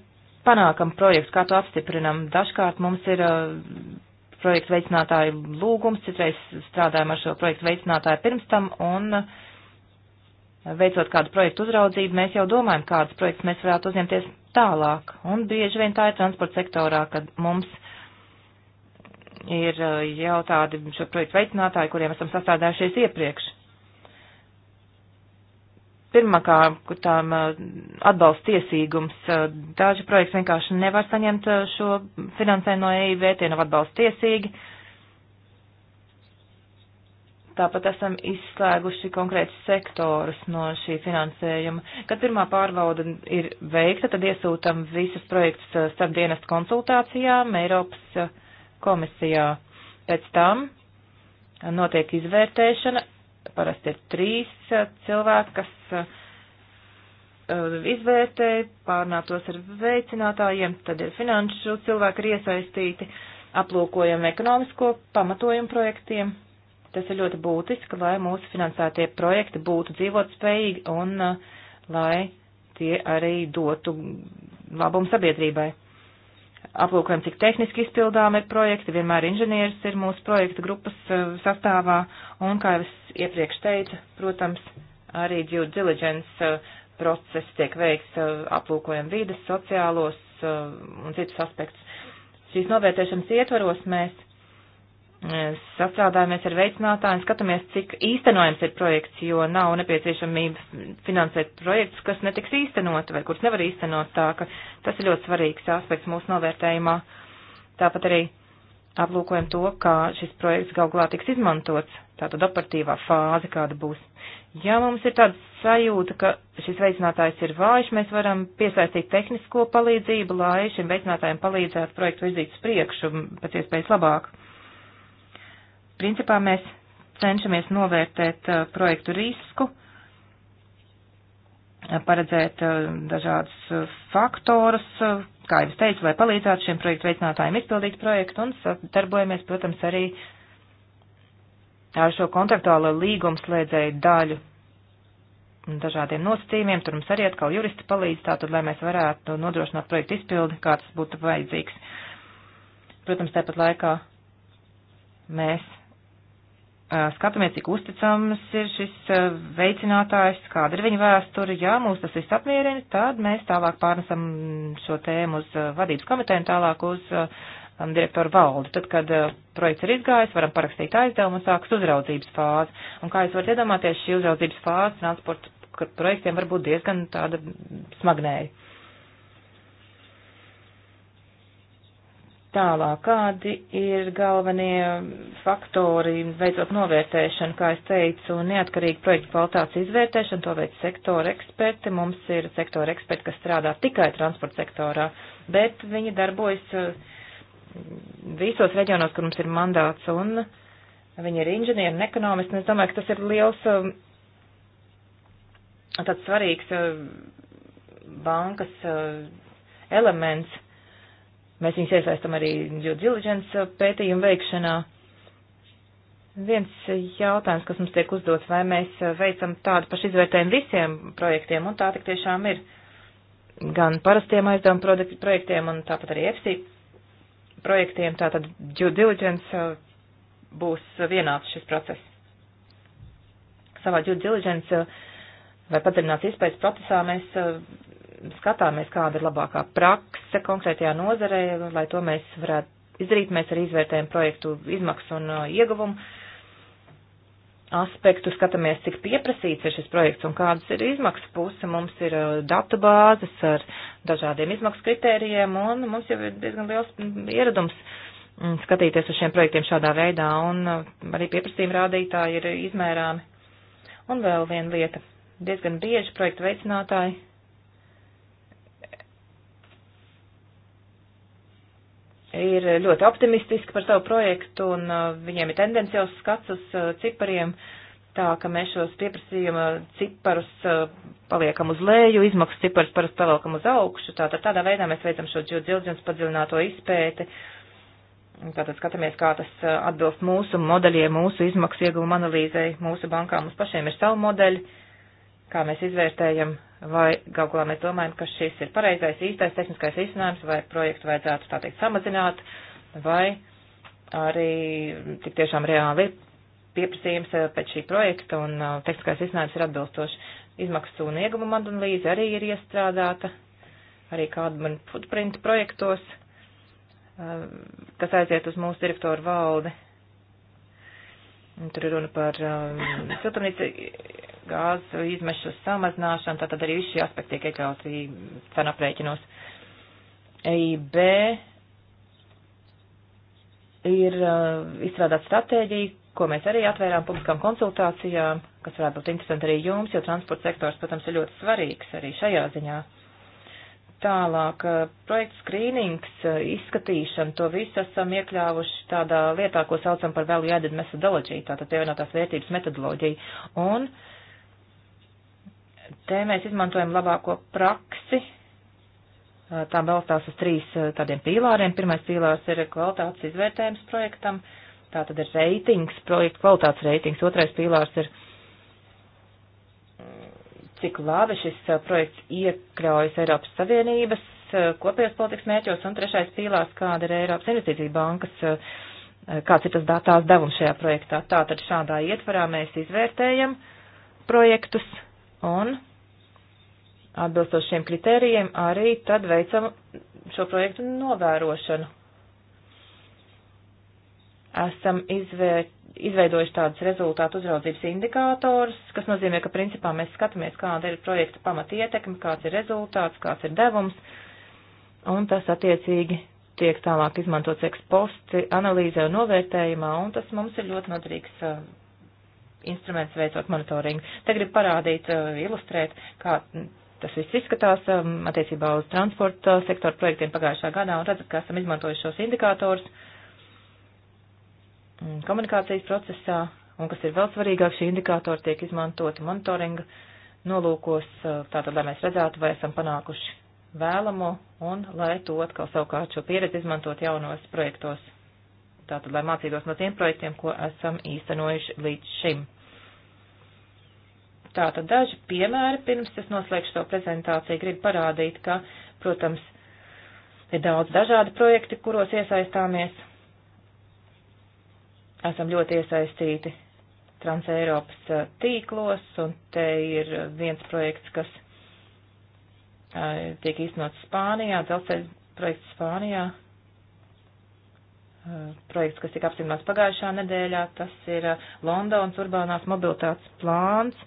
[SPEAKER 3] panākam projektu, kā to apstiprinam? Dažkārt mums ir projektu veicinātāju lūgums, citreiz strādājam ar šo projektu veicinātāju pirms tam, un eh, veicot kādu projektu uzraudzību, mēs jau domājam, kādas projekts mēs varētu uzņemties tālāk. Un bieži vien tā ir transporta sektorā, kad mums ir eh, jau tādi šo projektu veicinātāji, kuriem esam sastādājušies iepriekš pirmkārtām atbalsta tiesīgums. Daži projekti vienkārši nevar saņemt šo finansējumu no EIB, tie nav atbalsta tiesīgi. Tāpat esam izslēguši konkrētus sektorus no šī finansējuma. Kad pirmā pārbauda ir veikta, tad iesūtam visus projektus starp dienestu konsultācijām Eiropas komisijā. Pēc tam notiek izvērtēšana Parasti ir trīs eh, cilvēki, kas eh, izvērtē, pārnātos ar veicinātājiem, tad ir finanšu cilvēki ir iesaistīti, aplūkojam ekonomisko pamatojumu projektiem. Tas ir ļoti būtiski, lai mūsu finansētie projekti būtu dzīvotspējīgi un eh, lai tie arī dotu labumu sabiedrībai aplūkojam, cik tehniski izpildām ir projekti, vienmēr inženieris ir mūsu projekta grupas e, sastāvā, un, kā jau es iepriekš teicu, protams, arī due diligence e, process tiek veikts, e, aplūkojam vides, sociālos un citus aspektus. Šīs novērtēšanas ietvaros mēs sastrādājamies ar veicinātājiem, skatāmies, cik īstenojams ir projekts, jo nav nepieciešamība finansēt projektus, kas netiks īstenot vai kurus nevar īstenot, tā ka tas ir ļoti svarīgs aspekts mūsu novērtējumā. Tāpat arī aplūkojam to, kā šis projekts gal galā tiks izmantots, tātad operatīvā fāze kāda būs. Ja mums ir tāda sajūta, ka šis veicinātājs ir vājš, mēs varam piesaistīt tehnisko palīdzību, lai šim veicinātājiem palīdzētu projektu virzīt uz priekšu pēc iespējas labāk principā mēs cenšamies novērtēt eh, projektu risku, eh, paredzēt eh, dažādus faktorus, kā jau es teicu, lai palīdzētu šiem projektu veicinātājiem izpildīt projektu un sadarbojamies, protams, arī ar šo kontraktuālo līgumu slēdzēju daļu dažādiem nosacījumiem, tur mums arī atkal juristi palīdz, tātad, lai mēs varētu nodrošināt projektu izpildi, kā tas būtu vajadzīgs. Protams, tāpat laikā mēs skatāmies, cik uzticams ir šis veicinātājs, kāda ir viņa vēsture. Ja mūs tas viss apmierina, tad mēs tālāk pārnesam šo tēmu uz vadības komiteju un tālāk uz um, direktoru valdi. Tad, kad projekts ir izgājis, varam parakstīt aizdevumu un sākas uzraudzības fāze. Un kā jūs varat iedomāties, šī uzraudzības fāze transporta projektiem var būt diezgan tāda smagnēja. Tālāk, kādi ir galvenie faktori, veicot novērtēšanu, kā es teicu, neatkarīgi projektu kvalitātes izvērtēšanu, to veic sektora eksperti. Mums ir sektora eksperti, kas strādā tikai transporta sektorā, bet viņi darbojas eh, visos reģionos, kur mums ir mandāts, un viņi ir inženieri un ekonomisti, un es domāju, ka tas ir liels, eh, tāds svarīgs eh, bankas elements Mēs viņus iesaistam arī due diligence uh, pētījumu veikšanā. Viens uh, jautājums, kas mums tiek uzdots, vai mēs uh, veicam tādu pašu izvērtējumu visiem projektiem, un tā tik tiešām ir gan parastiem aizdevumu projektiem, un tāpat arī EFSI projektiem, tātad due diligence būs vienāds šis process. Savā due diligence vai padarināts izpējas procesā mēs skatāmies, kāda ir labākā prakse konkrētajā nozarē, lai to mēs varētu izdarīt. Mēs arī izvērtējam projektu izmaksu un uh, ieguvumu aspektu, skatāmies, cik pieprasīts ir šis projekts un kādas ir izmaksas puse. Mums ir uh, datu bāzes ar dažādiem izmaksu kritērijiem un mums jau ir diezgan liels ieradums skatīties uz šiem projektiem šādā veidā un uh, arī pieprasījuma rādītāji ir izmērāmi. Un vēl viena lieta. Diezgan bieži projektu veicinātāji ir ļoti optimistiski par savu projektu un uh, viņiem ir tendenciāls skats uz uh, cipariem, tā ka mēs šos pieprasījuma ciparus uh, paliekam uz leju, izmaksu ciparus parasti paliekam uz augšu, tātad tādā veidā mēs veicam šo džildzins padziļināto izpēti. Tātad skatāmies, kā tas atbilst mūsu modeļiem, mūsu izmaksu ieguvumu analīzei, mūsu bankām. Mums pašiem ir savu modeļu, kā mēs izvērtējam, vai galu galā mēs domājam, ka šis ir pareizais, īstais tehniskais risinājums, vai projektu vajadzētu tā teikt samazināt, vai arī tik tiešām reāli ir pieprasījums eh, pēc šī projekta un eh, tehniskais risinājums ir atbilstošs. Izmaksu un iegumu analīze arī ir iestrādāta, arī kāda man footprint projektos, eh, kas aiziet uz mūsu direktoru valdi. Un tur ir runa par um, siltumnīca gāzu izmešu samazināšanu, tātad arī visi šie aspekti tiek iekļauti cenu aprēķinos. EIB ir uh, izstrādāt stratēģiju, ko mēs arī atvērām publiskām konsultācijām, kas varētu būt interesanti arī jums, jo transporta sektors, protams, ir ļoti svarīgs arī šajā ziņā. Tālāk, uh, projekts skrīnings, uh, izskatīšana, to visu esam iekļāvuši tādā lietā, ko saucam par value added methodology, tātad pievienotās vērtības metodoloģiju. Un uh, Te mēs izmantojam labāko praksi. Tā balstās uz trīs tādiem pīlāriem. Pirmais pīlārs ir kvalitātes izvērtējums projektam. Tā tad ir reitings, projekta kvalitātes reitings. Otrais pīlārs ir, cik labi šis projekts iekļaujas Eiropas Savienības kopējos politikas mērķos. Un trešais pīlārs, kāda ir Eiropas Investīcija bankas, kāds ir tas tās devums šajā projektā. Tātad šādā ietvarā mēs izvērtējam projektus un atbilstoši šiem kritērijiem arī tad veicam šo projektu novērošanu. Esam izvērt, izveidojuši tādus rezultātu uzraudzības indikātors, kas nozīmē, ka principā mēs skatāmies, kāda ir projekta pamata ietekme, kāds ir rezultāts, kāds ir devums, un tas attiecīgi tiek tālāk izmantots eksposti analīzē un novērtējumā, un tas mums ir ļoti noderīgs uh, instruments veicot monitoringu. Te gribu parādīt, eh, ilustrēt, kā tas viss izskatās um, attiecībā uz transporta uh, sektoru projektiem pagājušā gadā un redzat, ka esam izmantojuši šos indikātors mm, komunikācijas procesā un, kas ir vēl svarīgāk, šī indikātori tiek izmantoti monitoringa nolūkos, uh, tātad, lai mēs redzētu, vai esam panākuši vēlamo un lai to atkal savukārt šo pieredzi izmantot jaunos projektos. Tātad, lai mācītos no tiem projektiem, ko esam īstenojuši līdz šim. Tātad daži piemēri pirms es noslēgšu savu prezentāciju gribu parādīt, ka, protams, ir daudz dažādi projekti, kuros iesaistāmies. Esam ļoti iesaistīti Transeiropas eh, tīklos, un te ir viens projekts, kas eh, tiek īstenots Spānijā, dzelzceļa projekts Spānijā, eh, projekts, kas tika apstiprināts pagājušā nedēļā, tas ir Londonas urbānās mobilitātes plāns,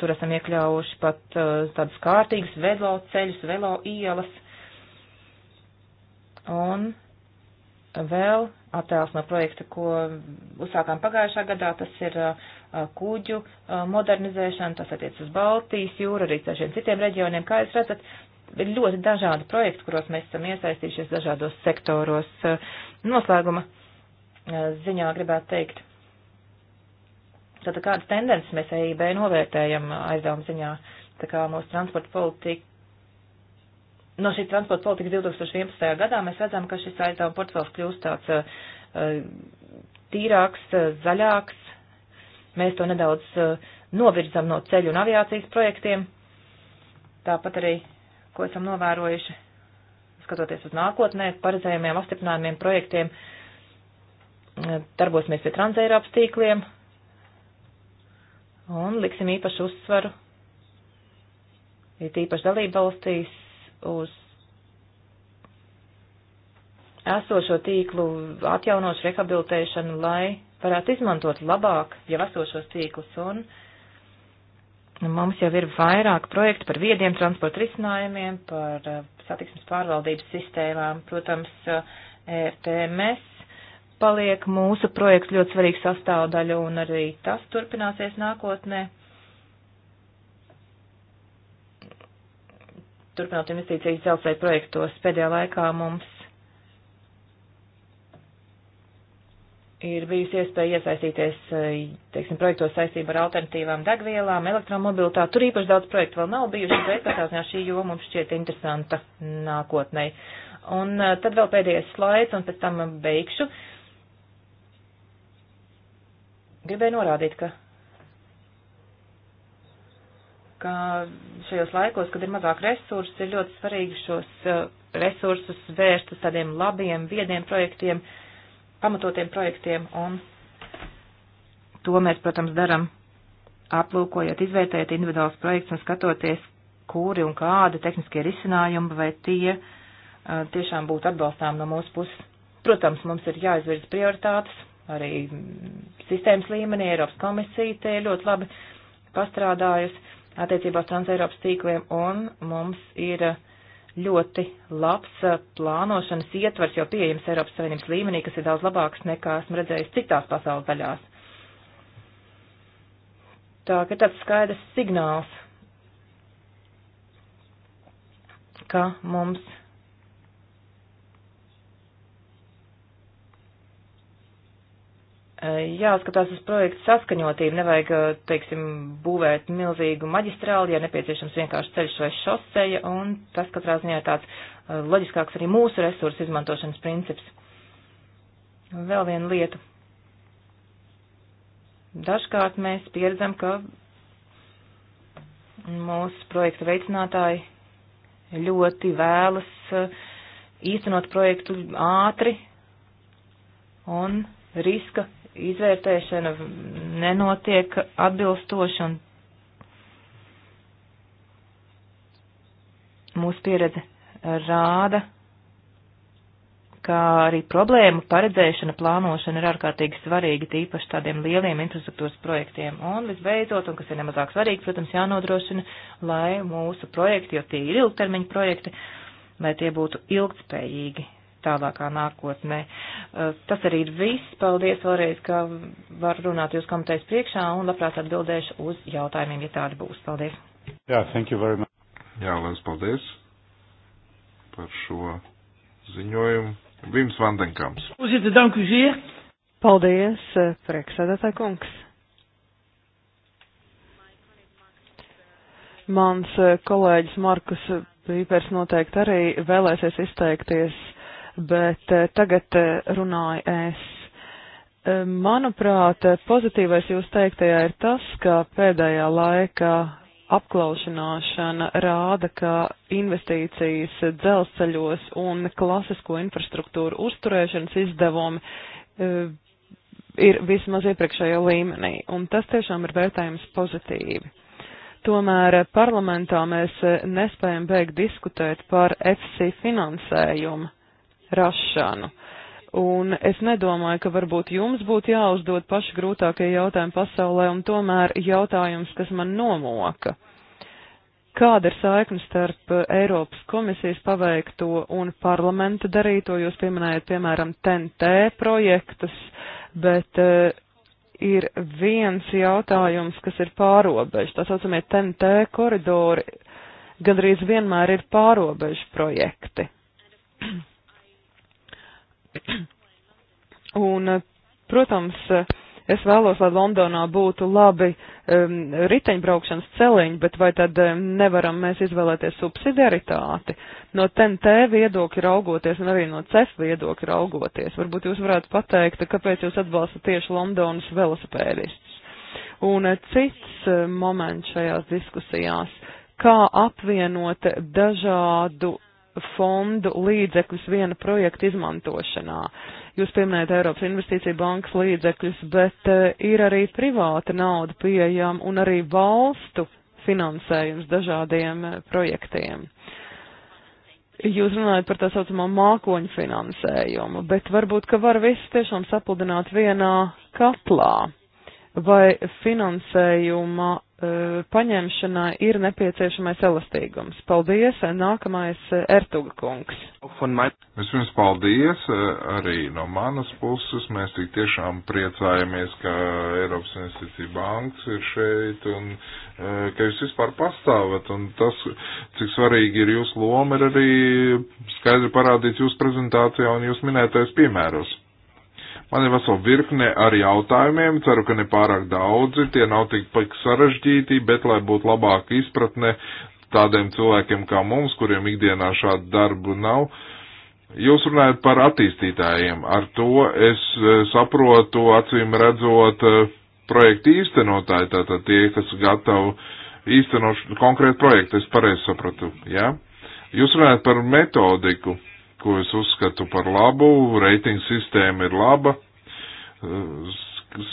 [SPEAKER 3] Tur esam iekļaujuši pat uh, tādus kārtīgus velo ceļus, velo ielas. Un vēl attēls no projekta, ko uzsākām pagājušā gadā, tas ir uh, kuģu uh, modernizēšana, tas attiec uz Baltijas jūru, arī dažiem citiem reģioniem. Kā jūs redzat, ir ļoti dažādi projekti, kuros mēs esam iesaistījušies dažādos sektoros. Uh, noslēguma ziņā gribētu teikt, Tātad kādas tendences mēs EIB novērtējam aizdevuma ziņā? Tā kā mūsu transporta politika, no šīs transporta politikas 2011. gadā mēs redzam, ka šis aizdevuma portfels kļūst tāds uh, uh, tīrāks, uh, zaļāks. Mēs to nedaudz uh, novirzam no ceļu un aviācijas projektiem. Tāpat arī, ko esam novērojuši, skatoties uz nākotnē, paredzējumiem, apstiprinājumiem, projektiem, uh, darbosimies pie transeiropas tīkliem, Un liksim īpašu uzsvaru, ir īpaši dalība valstīs, uz esošo tīklu atjaunošu rehabilitēšanu, lai varētu izmantot labāk jau esošos tīklus. Un mums jau ir vairāk projektu par viediem transporta risinājumiem, par eh, satiksmes pārvaldības sistēmām, protams, RTMS eh, e paliek mūsu projekts ļoti svarīga sastāvdaļa un arī tas turpināsies nākotnē. Turpinot investīcijas dzelzceļa projektos pēdējā laikā mums ir bijusi iespēja iesaistīties, eh, teiksim, projektos saistībā ar alternatīvām degvielām, elektromobilitāti. Tur īpaši daudz projektu vēl nav bijuši, bet katrā ziņā šī joma mums šķiet interesanta nākotnē. Un eh, tad vēl pēdējais slaids, un pēc tam beigšu. Uh, Gribēju norādīt, ka, ka šajos laikos, kad ir mazāk resursu, ir ļoti svarīgi šos uh, resursus vērst uz tādiem labiem, viediem projektiem, pamatotiem projektiem, un to mēs, protams, daram aplūkojot, izvērtējot individuāls projekts un skatoties, kuri un kādi tehniskie risinājumi vai tie uh, tiešām būtu atbalstām no mūsu puses. Protams, mums ir jāizvirz prioritātes, arī sistēmas līmenī Eiropas komisija te ļoti labi pastrādājusi attiecībā uz Trans-Eiropas tīkliem, un mums ir ļoti labs eh, plānošanas ietvars jau pieejams Eiropas Savienības līmenī, kas ir daudz labāks nekā esmu redzējis citās pasaules daļās. Tā ka tāds skaidrs signāls, ka mums jāskatās uz projektu saskaņotību, nevajag, teiksim, būvēt milzīgu maģistrāli, ja nepieciešams vienkārši ceļš vai šoseja, un tas katrā ziņā ir tāds loģiskāks arī mūsu resursu izmantošanas princips. Vēl viena lieta. Dažkārt mēs pieredzam, ka mūsu projekta veicinātāji ļoti vēlas īstenot projektu ātri un riska izvērtēšana nenotiek atbilstoši un mūsu pieredze rāda, ka arī problēmu paredzēšana, plānošana ir ārkārtīgi svarīga, tīpaši tādiem lieliem infrastruktūras projektiem. Un visbeidzot, un kas ir nemazāk svarīgi, protams, jānodrošina, lai mūsu projekti, jo tie ir ilgtermiņa projekti, lai tie būtu ilgtspējīgi tālākā nākotnē. Eh, tas arī ir viss. Paldies vēlreiz, ka var runāt jūs komitejas priekšā un labprāt atbildēšu uz jautājumiem, ja tādi būs. Paldies.
[SPEAKER 1] Jā, yeah, thank you very much. Jā, liels paldies par šo ziņojumu. Vims Vandenkams.
[SPEAKER 2] Uziet, danku zier. Paldies, eh, priekšsēdētāj kungs. Mans eh, kolēģis Markus Pīpers noteikti arī vēlēsies izteikties bet eh, tagad eh, runāju es. Eh, manuprāt, pozitīvais jūs teiktajā ir tas, ka pēdējā laikā apklaušanāšana rāda, ka investīcijas dzelzceļos un klasisko infrastruktūru uzturēšanas izdevumi ir vismaz iepriekšējā līmenī, un tas tiešām ir vērtējums pozitīvi. Tomēr parlamentā mēs nespējam beigt diskutēt par FC finansējumu, rašanu. Un es nedomāju, ka varbūt jums būtu jāuzdod paši grūtākie jautājumi pasaulē, un tomēr jautājums, kas man nomoka. Kāda ir saikne starp Eiropas komisijas paveikto un parlamenta darīto? Jūs pieminējat, piemēram, TNT projektus, bet uh, ir viens jautājums, kas ir pārobežs. Tā saucamie TNT koridori gandrīz vienmēr ir pārobežu projekti. Un, eh, protams, eh, es vēlos, lai Londonā būtu labi um, riteņbraukšanas celiņi, bet vai tad um, nevaram mēs izvēlēties subsidiaritāti? No TNT viedokļa raugoties un arī no CEF viedokļa raugoties, varbūt jūs varētu pateikt, kāpēc jūs atbalstat tieši Londonas velosipēdistus. Un uh, cits uh, moments šajās diskusijās, kā apvienot dažādu fondu līdzekļus viena projekta izmantošanā. Jūs pieminējat Eiropas investīcija bankas līdzekļus, bet eh, ir arī privāta nauda pieejama un arī valstu finansējums dažādiem eh, projektiem. Jūs runājat par tā saucamo mākoņu finansējumu, bet varbūt, ka var viss tiešām sapludināt vienā katlā vai finansējuma E, paņemšanai ir nepieciešamais
[SPEAKER 1] elastīgums.
[SPEAKER 2] Paldies, e, nākamais e, Ertuga kungs.
[SPEAKER 1] Vispirms paldies arī no manas puses. Mēs tik tiešām priecājamies, ka Eiropas investīcija banks ir šeit un ka jūs vispār pastāvat. Un tas, cik svarīgi ir jūsu loma, ir arī skaidri parādīts jūsu prezentācijā un jūs minētais piemēros. Man ir vesela virkne ar jautājumiem, ceru, ka ne pārāk daudzi, tie nav tik sarežģīti, bet lai būtu labāka izpratne tādiem cilvēkiem kā mums, kuriem ikdienā šādu darbu nav. Jūs runājat par attīstītājiem, ar to es e, saprotu, acīm redzot, e, projektu īstenotāji, tātad tie, kas gatavu īstenot konkrētu projektu, es pareizi sapratu, jā? Ja? Jūs runājat par metodiku ko es uzskatu par labu, reitingu sistēma ir laba,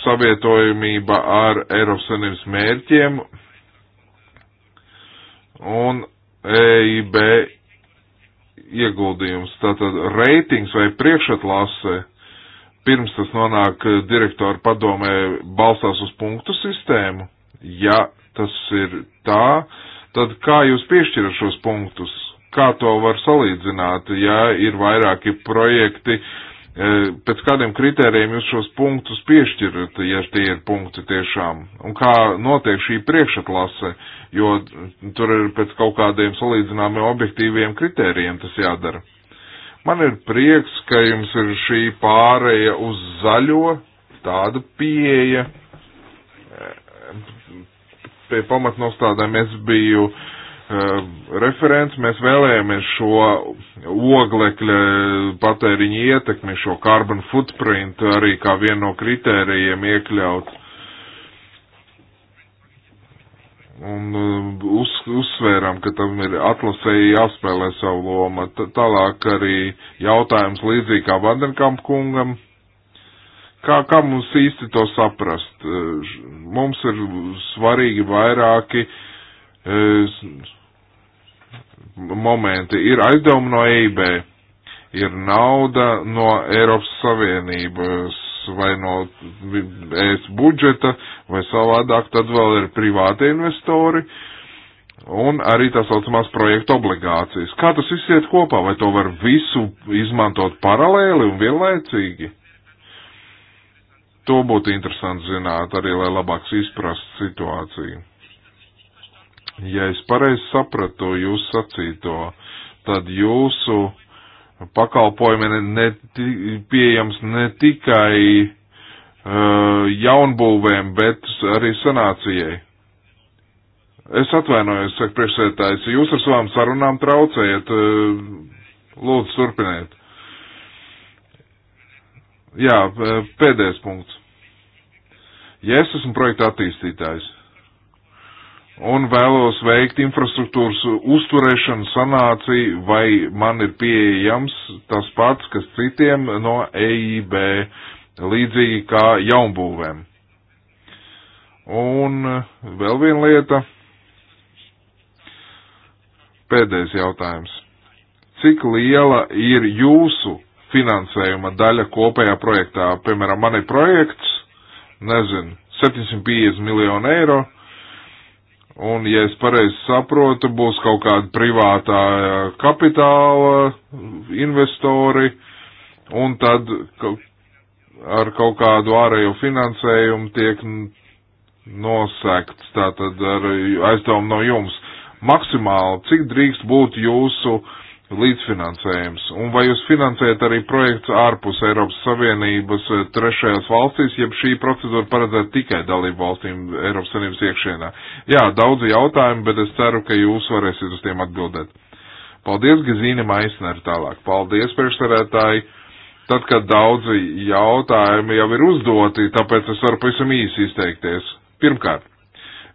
[SPEAKER 1] savietojamība ar Eiropas Savienības mērķiem un EIB ieguldījums. Tātad reitings vai priekšatlase, pirms tas nonāk direktoru padomē, balstās uz punktu sistēmu. Ja tas ir tā, tad kā jūs piešķirat šos punktus? kā to var salīdzināt, ja ir vairāki projekti, e, pēc kādiem kritērijiem jūs šos punktus piešķirat, ja tie ir punkti tiešām, un kā notiek šī priekšatlase, jo tur ir pēc kaut kādiem salīdzināmiem objektīviem kritērijiem tas jādara. Man ir prieks, ka jums ir šī pāreja uz zaļo, tāda pieeja. E, pie pamatnostādēm es biju uh, Eh, referents, mēs vēlējāmies šo oglekļa patēriņa ietekmi, šo carbon footprint arī kā vienu no kritērijiem iekļaut. Un eh, uz, uzsvērām, ka tam ir atlasēji jāspēlē savu lomu. Tālāk arī jautājums līdzīgi kā Vandenkamp kungam. Kā, kā mums īsti to saprast? Eh, mums ir svarīgi vairāki uh, momenti ir aizdevumi no EIB, ir nauda no Eiropas Savienības vai no ES budžeta, vai savādāk tad vēl ir privāti investori un arī tā saucamās projekta obligācijas. Kā tas viss iet kopā, vai to var visu izmantot paralēli un vienlaicīgi? To būtu interesanti zināt arī, lai labāk izprastu situāciju. Ja es pareizi sapratu jūsu sacīto, tad jūsu pakalpojumi ne, ne, pieejams ne tikai uh, jaunbūvēm, bet arī sanācijai. Es atvainojos, saka priekšsētājs, jūs ar savām sarunām traucējat, uh, lūdzu turpiniet. Jā, uh, pēdējais punkts. Ja es esmu projekta attīstītājs, un vēlos veikt infrastruktūras uzturēšanu, sanāciju, vai man ir pieejams tas pats, kas citiem no EIB, līdzīgi kā jaunbūvēm. Un vēl viena lieta. Pēdējais jautājums. Cik liela ir jūsu finansējuma daļa kopējā projektā? Piemēram, man ir projekts, nezinu, 750 miljonu eiro Un, ja es pareizi saprotu, būs kaut kāda privātā kapitāla investori, un tad ar kaut kādu ārējo finansējumu tiek nosekts, tātad ar aizdevumu no jums. Maksimāli, cik drīkst būt jūsu uh, līdzfinansējums? Un vai jūs finansējat arī projekts ārpus Eiropas Savienības eh, trešajās valstīs, jeb šī procedūra paredzēta tikai dalību valstīm Eiropas Savienības iekšienā? Jā, daudzi jautājumi, bet es ceru, ka jūs varēsiet uz tiem atbildēt. Paldies, Gazīne Maisner, tālāk. Paldies, priekšsarētāji. Tad, kad daudzi jautājumi jau ir uzdoti, tāpēc es varu pavisam īsi izteikties. Pirmkārt,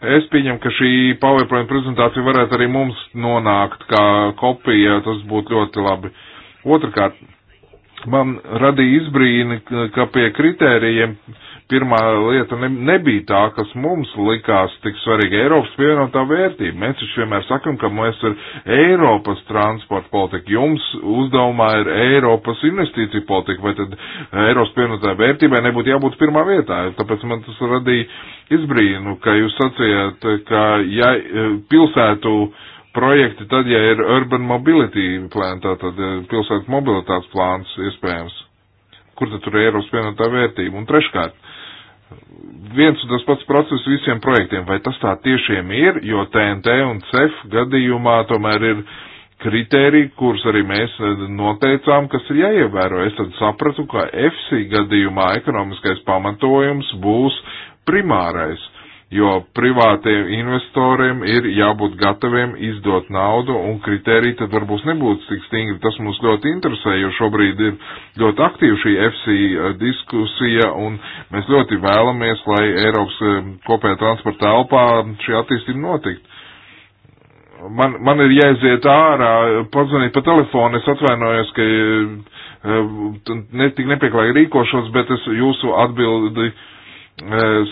[SPEAKER 1] Es pieņemu, ka šī PowerPoint prezentācija varētu arī mums nonākt kā kopija, tas būtu ļoti labi. Otrakārt, man radīja izbrīni, ka pie kritērijiem uh, pirmā lieta ne, nebija tā, kas mums likās tik svarīga - Eiropas pievienotā vērtība. Mēs taču vienmēr sakam, ka mēs ir Eiropas transporta politika, jums uzdevumā ir Eiropas investīcija politika, vai tad Eiropas pievienotā vērtībai nebūtu jābūt pirmā vietā. Tāpēc man tas radīja izbrīnu, ka jūs sacījāt, ka ja e, pilsētu projekti, tad ja ir urban mobility plan, tātad e, pilsētu mobilitātes plāns iespējams kur tad tur ir Eiropas vienotā vērtība. Un treškārt, viens un tas pats process visiem projektiem. Vai tas tā tiešiem ir, jo TNT un CEF gadījumā tomēr ir kriteriji, kurus arī mēs e, noteicām, kas ir jāievēro. Es tad sapratu, ka FC gadījumā ekonomiskais pamatojums būs primārais jo privātiem investoriem ir jābūt gataviem izdot naudu, un kriteriji tad varbūt nebūtu tik stingri. Tas mūs ļoti interesē, jo šobrīd ir ļoti aktīva šī FC diskusija, un mēs ļoti vēlamies, lai Eiropas eh, kopējā transporta telpā šī attīstība notikt. Man, man ir jāiziet ārā, pazvanīt pa telefonu, es atvainojos, ka eh, netik nepieklājīgi rīkošos, bet es jūsu atbildi uh,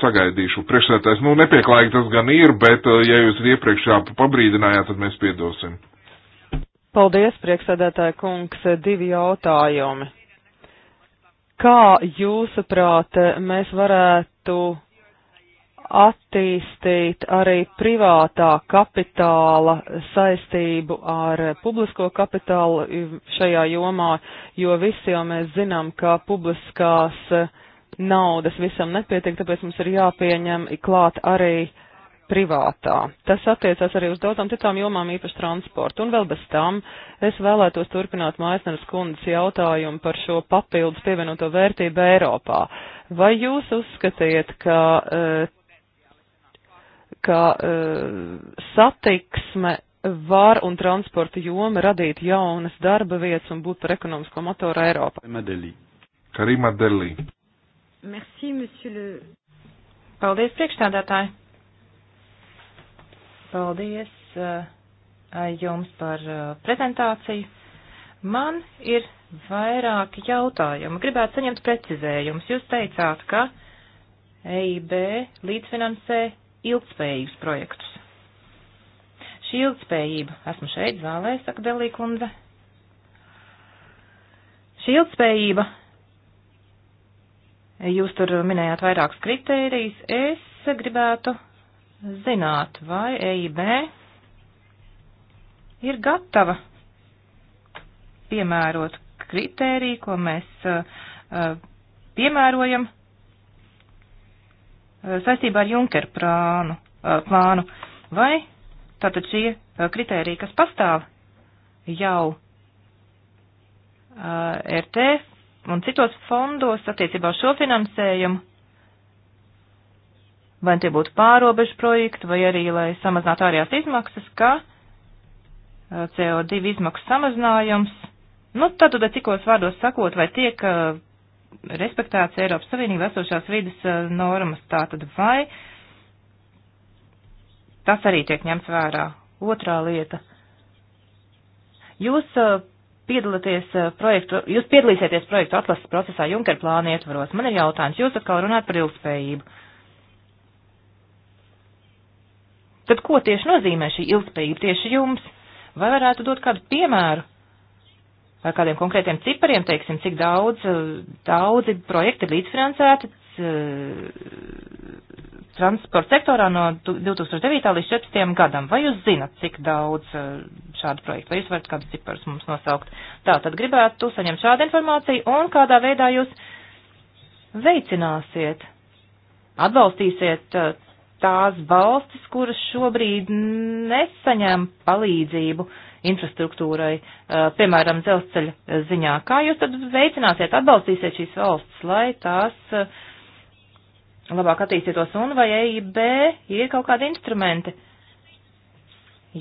[SPEAKER 1] sagaidīšu. Priekšsētājs, nu, nepieklājīgi tas gan ir, bet, ja jūs iepriekš pabrīdinājāt, tad mēs piedosim.
[SPEAKER 2] Paldies, priekšsēdētāja kungs, divi jautājumi. Kā jūsuprāt, mēs varētu attīstīt arī privātā kapitāla saistību ar publisko kapitālu šajā jomā, jo visi jau mēs zinām, ka publiskās uh, naudas visam nepietiek, tāpēc mums ir jāpieņem klāt arī privātā. Tas attiecās arī uz daudzām citām jomām, īpaši transportu. Un vēl bez tam es vēlētos turpināt Maisneras kundas jautājumu par šo papildus pievienoto vērtību Eiropā. Vai jūs uzskatiet, ka, eh, ka eh, satiksme var un transporta joma radīt jaunas darba vietas un būt par ekonomisko motoru Eiropā?
[SPEAKER 1] Karima Delī.
[SPEAKER 2] Merci, monsieur le. Paldies,
[SPEAKER 3] priekšstādātāji. Paldies uh, jums par uh, prezentāciju. Man ir vairāki jautājumi. Gribētu saņemt precizējumus. Jūs teicāt, ka EIB līdzfinansē ilgspējīgus projektus. Šī ilgspējība, esmu šeit zālē, saka Delī kundze, šī ilgspējība Jūs tur minējāt vairākas kritērijas. Es gribētu zināt, vai EIB ir gatava piemērot kritēriju, ko mēs eh, eh, piemērojam eh, saistībā ar Junkeru prānu, plānu, vai tātad šie kritēriji, kas pastāv jau RT un citos fondos attiecībā uz šo finansējumu, vai tie būtu pārobežu projekti, vai arī, lai samazinātu ārējās izmaksas, ka eh, CO2 izmaksu samazinājums, nu, tad, tad cikos vārdos sakot, vai tiek uh, respektēts Eiropas Savienība esošās vidas uh, normas, tātad vai tas arī tiek ņemts vērā. Otrā lieta. Jūs uh, piedalāties eh, projektu, jūs piedalīsieties projektu atlases procesā Junker plāna ietvaros. Man ir jautājums, jūs atkal runājat par ilgspējību. Tad ko tieši nozīmē šī ilgspējība tieši jums? Vai varētu dot kādu piemēru? Vai kādiem konkrētiem cipariem, teiksim, cik daudz, eh, daudzi projekti ir līdzfinansēti, transporta sektorā no 2009. līdz 2014. gadam. Vai jūs zinat, cik daudz eh, šādu projektu, vai jūs varat kādus ciparus mums nosaukt? Tā, tad gribētu saņemt šādu informāciju un kādā veidā jūs veicināsiet, atbalstīsiet eh, tās valstis, kuras šobrīd nesaņem palīdzību infrastruktūrai, eh, piemēram, dzelzceļa ziņā. Kā jūs tad veicināsiet, atbalstīsiet šīs valstis, lai tās uh, labāk attīstītos, un vai EIB ir kaut kādi instrumenti,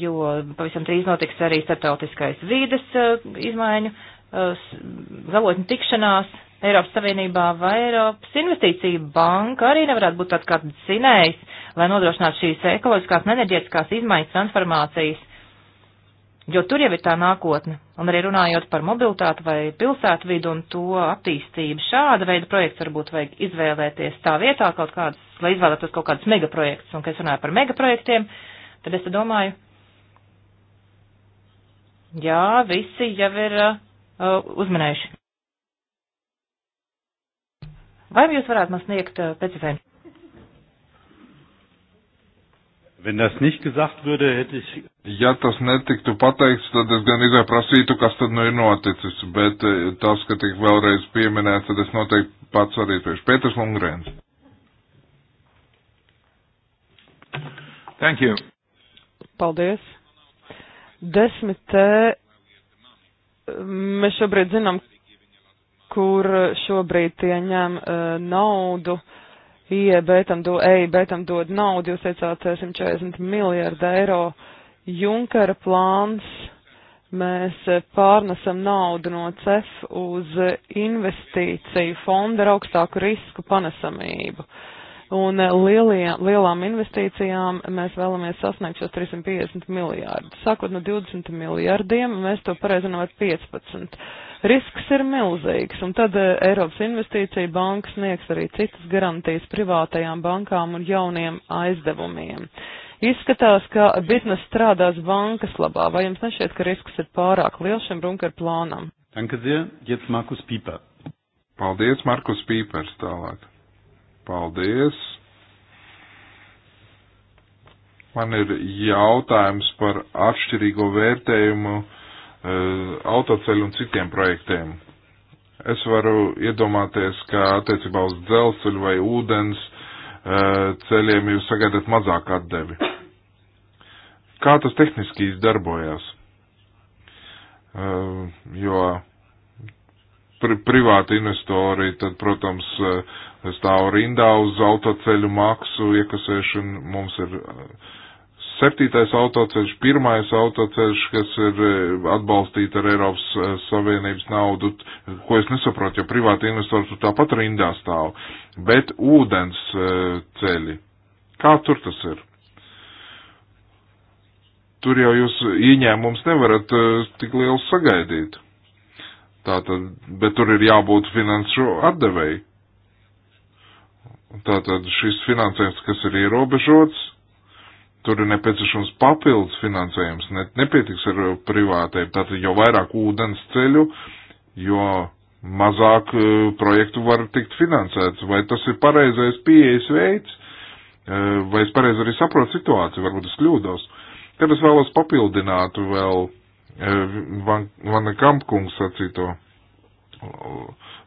[SPEAKER 3] jo pavisam drīz notiks arī starptautiskais vīdes eh, izmaiņu, eh, galotņu tikšanās Eiropas Savienībā vai Eiropas Investīcija banka arī nevarētu būt tāds kāds zinējs, lai nodrošinātu šīs ekoloģiskās un enerģētiskās izmaiņas transformācijas jo tur jau ir tā nākotne. Un arī runājot par mobilitāti vai pilsētvidu un to attīstību, šāda veida projekts varbūt vajag izvēlēties tā vietā kaut kādas, lai izvēlētos kaut kādas megaprojekts. Un, kad es runāju par megaprojektiem, tad es domāju, jā, visi jau ir uh, uh uzmanējuši. Vai jūs varētu man sniegt uh, precizējumu?
[SPEAKER 1] Wenn das nicht gesagt würde, hätte ich Ja tas netiktu pateikts, tad es gan izvēl prasītu, kas tad nu ir noticis, bet eh, tas, ka tik vēlreiz pieminēts, tad es noteikti pats arī piešu. Pēters Lungrēns. Thank you.
[SPEAKER 2] Paldies. Desmitē mēs šobrīd zinām, kur šobrīd tie ņem uh, naudu. IEB tam dod, EIB tam dod naudu, jūs teicāt 140 eh, miljārdu eiro. Uh, Junkara plāns mēs pārnesam naudu no CEF uz investīciju fonda ar augstāku risku panesamību. Un lielie, lielām investīcijām mēs vēlamies sasniegt šos 350 miljārdus. Sākot no 20 miljārdiem, mēs to pareizinām ar 15. Risks ir milzīgs, un tad eh, Eiropas investīcija banka sniegs arī citas garantijas privātajām bankām un jauniem aizdevumiem. Uh, Izskatās, ka biznesa strādās bankas labā. Vai jums nešķiet, ka risks ir pārāk liels šim Runker plānam?
[SPEAKER 1] Danke sehr, jetzt Markus Pieper. Paldies, Markus Pīpers tālāk. Paldies. Man ir jautājums par atšķirīgo vērtējumu uh, autoceļu un citiem projektiem. Es varu iedomāties, ka attiecībā uz dzelzceļu vai ūdens uh, ceļiem jūs sagaidat mazāk atdevi kā tas tehniski darbojās. Ehm, jo pri privāti investori, tad, protams, eh, stāv rindā uz autoceļu maksu iekasēšanu. Mums ir eh, septītais autoceļš, pirmais autoceļš, kas ir eh, atbalstīta ar Eiropas Savienības naudu, ko es nesaprotu, jo privāti investori tur tāpat rindā stāv. Bet ūdens ceļi, kā tur tas ir? tur jau jūs ieņēmums nevarat eh, tik liels sagaidīt. Tātad, bet tur ir jābūt finanšu atdevēji. Tātad šis finansējums, kas ir ierobežots, tur ir nepieciešams papildus finansējums, ne, nepietiks ar privātiem. Tātad, jo vairāk ūdens ceļu, jo mazāk eh, projektu var tikt finansēts. Vai tas ir pareizais pieejas veids? Eh, vai es pareizi arī saprotu situāciju? Varbūt es kļūdos. Tad es vēlos papildināt vēl e, Van, Vana Kampkungs sacīto.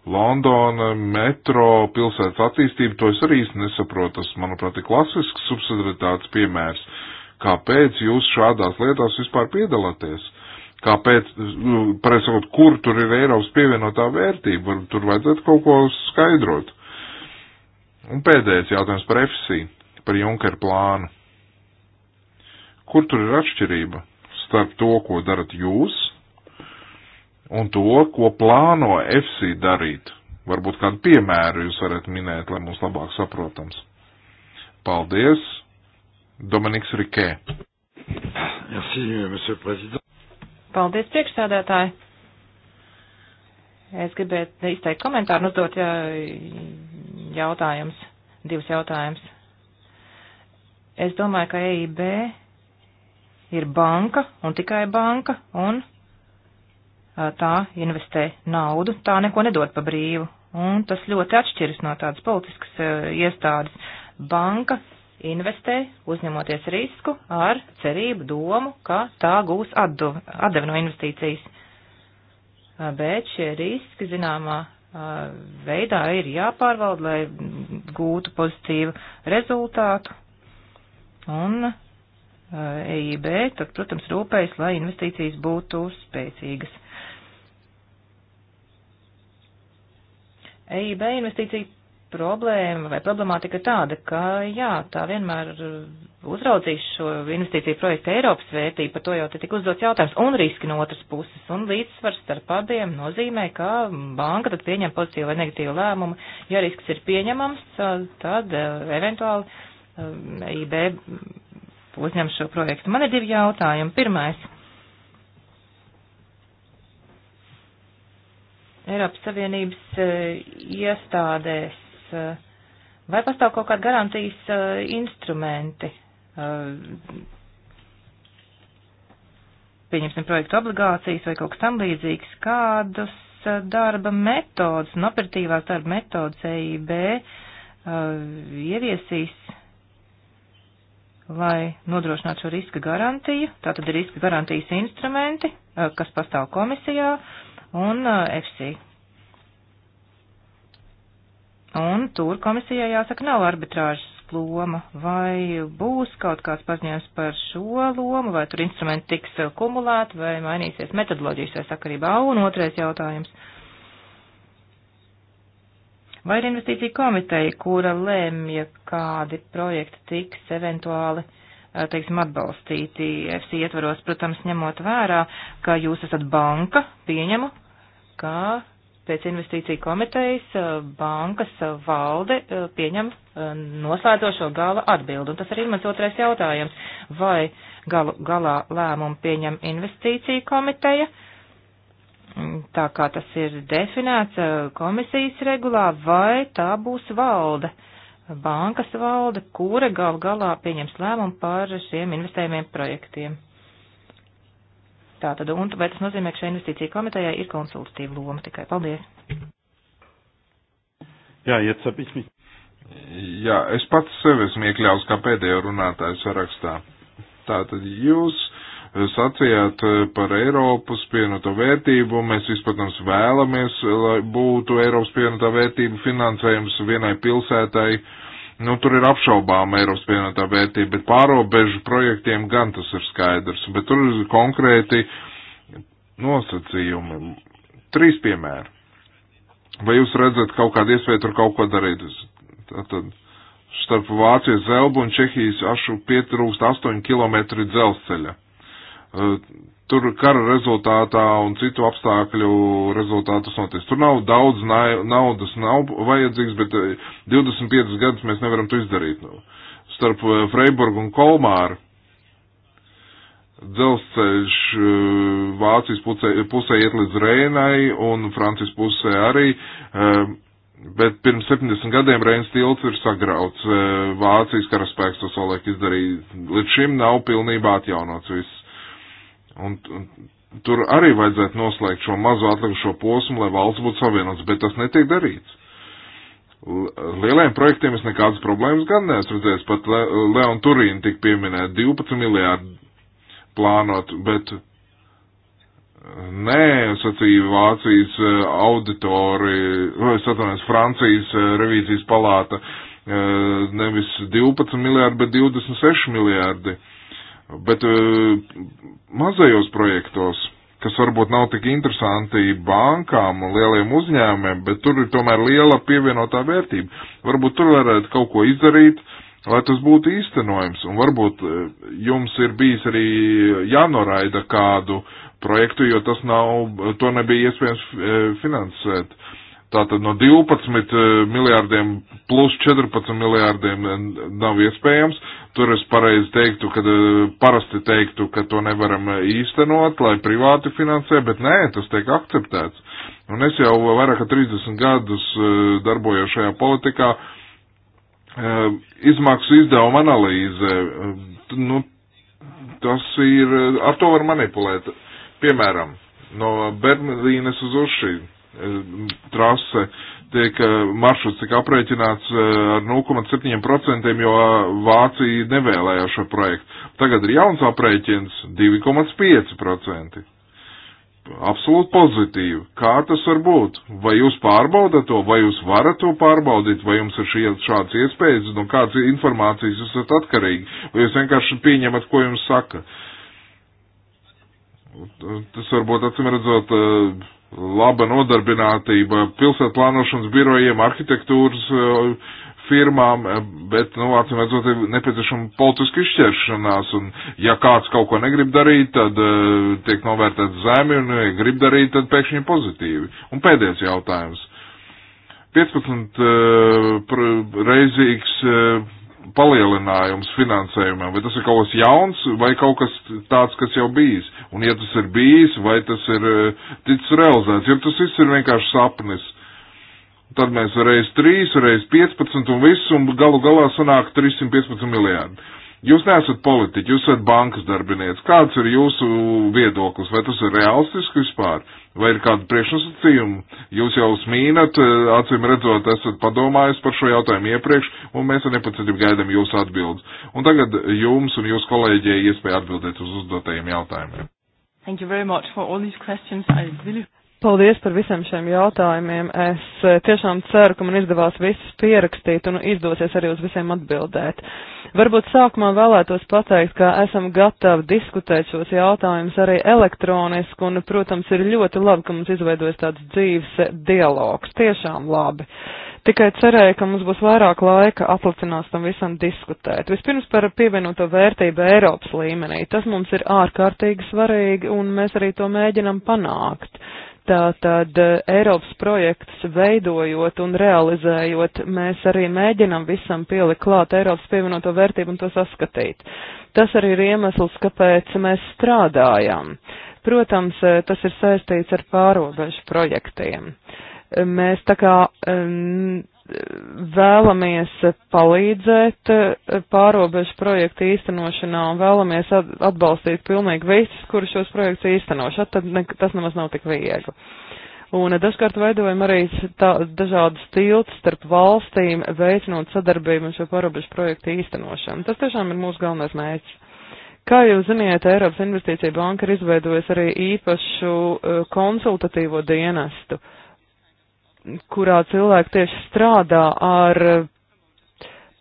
[SPEAKER 1] Londona, metro, pilsētas attīstība, to es arī nesaprotu. Tas, manuprāt, ir klasisks subsidaritātes piemērs. Kāpēc jūs šādās lietās vispār piedalāties? Kāpēc, nu, pareizsakot, kur tur ir Eiropas pievienotā vērtība? Tur vajadzētu kaut ko skaidrot. Un pēdējais jautājums par FC, par Junker plānu. Kur tur ir atšķirība starp to, ko darat jūs, un to, ko plāno FC darīt? Varbūt kādu piemēru jūs varat minēt, lai mums labāk saprotams. Paldies, Dominiks Rikē.
[SPEAKER 3] Paldies, priekšsēdētāji. Es gribētu izteikt komentāru, uzdot jautājums, divus jautājumus. Es domāju, ka EIB ir banka un tikai banka, un tā investē naudu, tā neko nedod pa brīvu. Un tas ļoti atšķiras no tādas politiskas iestādes. Banka investē, uzņemoties risku ar cerību domu, ka tā gūs atdevi no investīcijas. Bet šie riski zināmā veidā ir jāpārvalda, lai gūtu pozitīvu rezultātu. Un EIB, eh, e tad, protams, rūpējas, lai investīcijas būtu spēcīgas. EIB investīcija problēma vai problemātika tāda, ka, jā, tā vienmēr eh, uzraudzīs šo investīciju projektu Eiropas vērtību, par to jau te tika uzdots jautājums, un riski no otras puses, un līdzsvars starp abiem nozīmē, ka banka tad pieņem pozitīvu vai negatīvu lēmumu. Ja risks ir pieņemams, eh, tad eventuāli e IB uzņem šo projektu. Man ir divi jautājumi. Pirmais. Eiropas Savienības eh, iestādēs eh, vai pastāv kaut kādi garantijas eh, instrumenti? Pieņemsim projektu obligācijas vai kaut kas tam līdzīgs. Kādus darba metodas un operatīvās darba metodas EIB ieviesīs lai nodrošinātu šo riska garantiju. Tātad ir riska garantijas instrumenti, kas pastāv komisijā un FC. Un tur komisijai jāsaka nav arbitrāžas loma, vai būs kaut kāds paziņojums par šo lomu, vai tur instrumenti tiks kumulēti, vai mainīsies metodoloģijas vai sakarībā. Un otrais jautājums. Uh, Vai ir investīcija komiteja, kura lēmja, kādi projekti tiks eventuāli, eh, teiksim, atbalstīti FC ietvaros, protams, ņemot vērā, ka jūs esat banka, pieņemu, ka pēc investīcija komitejas eh, bankas valde eh, pieņem noslēdzošo gala atbildi. Un tas arī ir mans otrais jautājums. Vai galu, galā lēmumu pieņem investīcija komiteja? Uh, tā kā tas ir definēts komisijas regulā, vai tā būs valde, bankas valde, kura gal galā pieņems lēmumu par šiem investējumiem projektiem. Tātad, un vai tas nozīmē, ka šai investīcija komitejai ir konsultatīva loma tikai? Paldies!
[SPEAKER 1] Jā, iet sapiņķi. Jā, es pats sevi esmu iekļāvis kā pēdējo runātāju sarakstā. Tātad jūs sacījāt eh, par Eiropas pienoto vērtību. Mēs vispatams vēlamies, lai būtu Eiropas pienotā vērtība finansējums vienai pilsētai. Nu, tur ir apšaubām Eiropas pienotā vērtība, bet pārobežu projektiem gan tas ir skaidrs. Bet tur ir konkrēti nosacījumi. Trīs piemēri. Vai jūs redzat kaut kādu iespēju tur kaut ko darīt? Tātad starp Vācijas Zelbu un Čehijas ašu pietrūkst 8 km dzelzceļa Eh, tur kara rezultātā un citu apstākļu rezultātus notiek. Tur nav daudz naudas, nav vajadzīgs, bet 25 eh, gadus mēs nevaram to izdarīt. Nu, starp eh, Freiburgu un Kolmāru dzelzceļš Vācijas pusē, pusē iet līdz Rēnai un Francijas pusē arī, bet pirms 70 gadiem Rēnas tilts ir sagrauts. Vācijas karaspēks to solēk izdarīja. Līdz šim nav pilnībā atjaunots viss. Un, un tur arī vajadzētu noslēgt šo mazo atlikušo posmu, lai valsts būtu savienots, bet tas netiek darīts. Lielajiem projektiem es nekādas problēmas gan neesmu redzējis, pat Le Leon Turīna tik pieminēt 12 miljārdu plānot, bet nē, sacīja Vācijas e, auditori, es atvainojos, Francijas e, revīzijas palāta, e, nevis 12 miljārdi, bet 26 miljārdi. Uh, Bet eh, mazajos projektos, kas varbūt nav tik interesanti bankām un lieliem uzņēmumiem, bet tur ir tomēr liela pievienotā vērtība. Varbūt tur varētu kaut ko izdarīt, lai tas būtu īstenojams. Un varbūt eh, jums ir bijis arī jānoraida kādu projektu, jo tas nav, to nebija iespējams eh, finansēt. Uh, Tātad no 12 eh, miljārdiem plus 14 miljārdiem eh, nav iespējams. Tur es pareizi teiktu, ka eh, parasti teiktu, ka to nevaram īstenot, lai privāti finansē, bet nē, tas tiek akceptēts. Un es jau vairāk kā 30 gadus darbojos šajā politikā. Izmaksu izdevuma analīze, nu, tas ir, ar to var manipulēt. Piemēram, no Berlīnes uz Ušīnu Eh, trase tiek eh, maršruts tika aprēķināts eh, ar 0,7%, jo Vācija nevēlējās šo projektu. Tagad ir jauns aprēķins 2,5%. Absolūti pozitīvi. Kā tas var būt? Vai jūs pārbaudat to, vai jūs varat to pārbaudīt, vai jums ir šie, šāds iespējas, no kādas informācijas jūs esat atkarīgi, vai jūs vienkārši pieņemat, ko jums saka? Tas varbūt, acīm redzot, uh, laba nodarbinātība pilsētplānošanas birojiem, arhitektūras eh, firmām, eh, bet, nu, acīm redzot, ir nepieciešama politiska izšķiršanās, un ja kāds kaut ko negrib darīt, tad uh, tiek novērtēts zemi, un ja grib darīt, tad pēkšņi pozitīvi. Un pēdējais jautājums. 15 uh, reizīgs uh, palielinājums finansējumam, vai tas ir kaut kas jauns vai kaut kas tāds, kas jau bijis. Un ja tas ir bijis, vai tas ir e, ticis realizēts, ja tas viss ir vienkārši sapnis. Tad mēs reiz 3, reiz 15 un viss, un galu galā sanāk 315 miljārdi. Jūs neesat politiķi, jūs esat bankas darbinieks. Kāds ir jūsu viedoklis? Vai tas ir realistiski vispār? Vai ir kāda priekšnosacījuma? Jūs jau smīnat, acīm redzot, esat padomājis par šo jautājumu iepriekš, un mēs ar nepacietību gaidām jūsu atbildes. Un tagad jums un jūsu kolēģiem iespēja atbildēt uz uzdotajiem jautājumiem.
[SPEAKER 2] Thank you very much for all these questions. I really... Paldies par visiem šiem jautājumiem. Es eh, tiešām ceru, ka man izdevās visus pierakstīt un izdosies arī uz visiem atbildēt. Varbūt sākumā vēlētos pateikt, ka esam gatavi diskutēt šos jautājumus arī elektroniski un, protams, ir ļoti labi, ka mums izveidojas tāds dzīves dialogs. Tiešām labi. Tikai cerēju, ka mums būs vairāk laika atlicinās tam visam diskutēt. Vispirms par pievienoto vērtību Eiropas līmenī. Tas mums ir ārkārtīgi svarīgi un mēs arī to mēģinam panākt Tātad eh, Eiropas projekts veidojot un realizējot, mēs arī mēģinam visam pielikt klāt Eiropas pievienoto vērtību un to saskatīt. Tas arī ir iemesls, kāpēc mēs strādājam. Protams, eh, tas ir saistīts ar pārobežu projektiem. Mēs tā kā um, vēlamies palīdzēt pārobežu projektu īstenošanā un vēlamies atbalstīt pilnīgi visus, kuri šos projektus īstenošā, tad ne, tas nemaz nav tik viegli. Un dažkārt veidojam arī tā, dažādus tiltus starp valstīm, veicinot sadarbību un šo pārobežu projektu īstenošanu. Tas tiešām ir mūsu galvenais mērķis. Kā jau ziniet, Eiropas Investīcija banka ir izveidojusi arī īpašu eh, konsultatīvo dienestu. Uh, kurā cilvēki tieši strādā ar eh,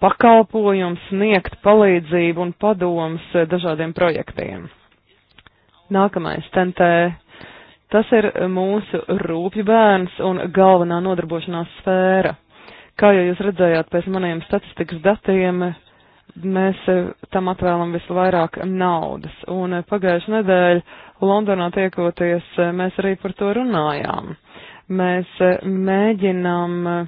[SPEAKER 2] pakalpojumu, sniegt palīdzību un padomus eh, dažādiem projektiem. Nākamais, TNT. Tas ir eh, mūsu rūpju bērns un galvenā nodarbošanās sfēra. Kā jau jūs redzējāt pēc maniem statistikas datiem, mēs tam atvēlam visvairāk naudas. Un pagājušajā nedēļā Londonā tiekoties, mēs arī par to runājām. Mēs eh, mēģinām eh,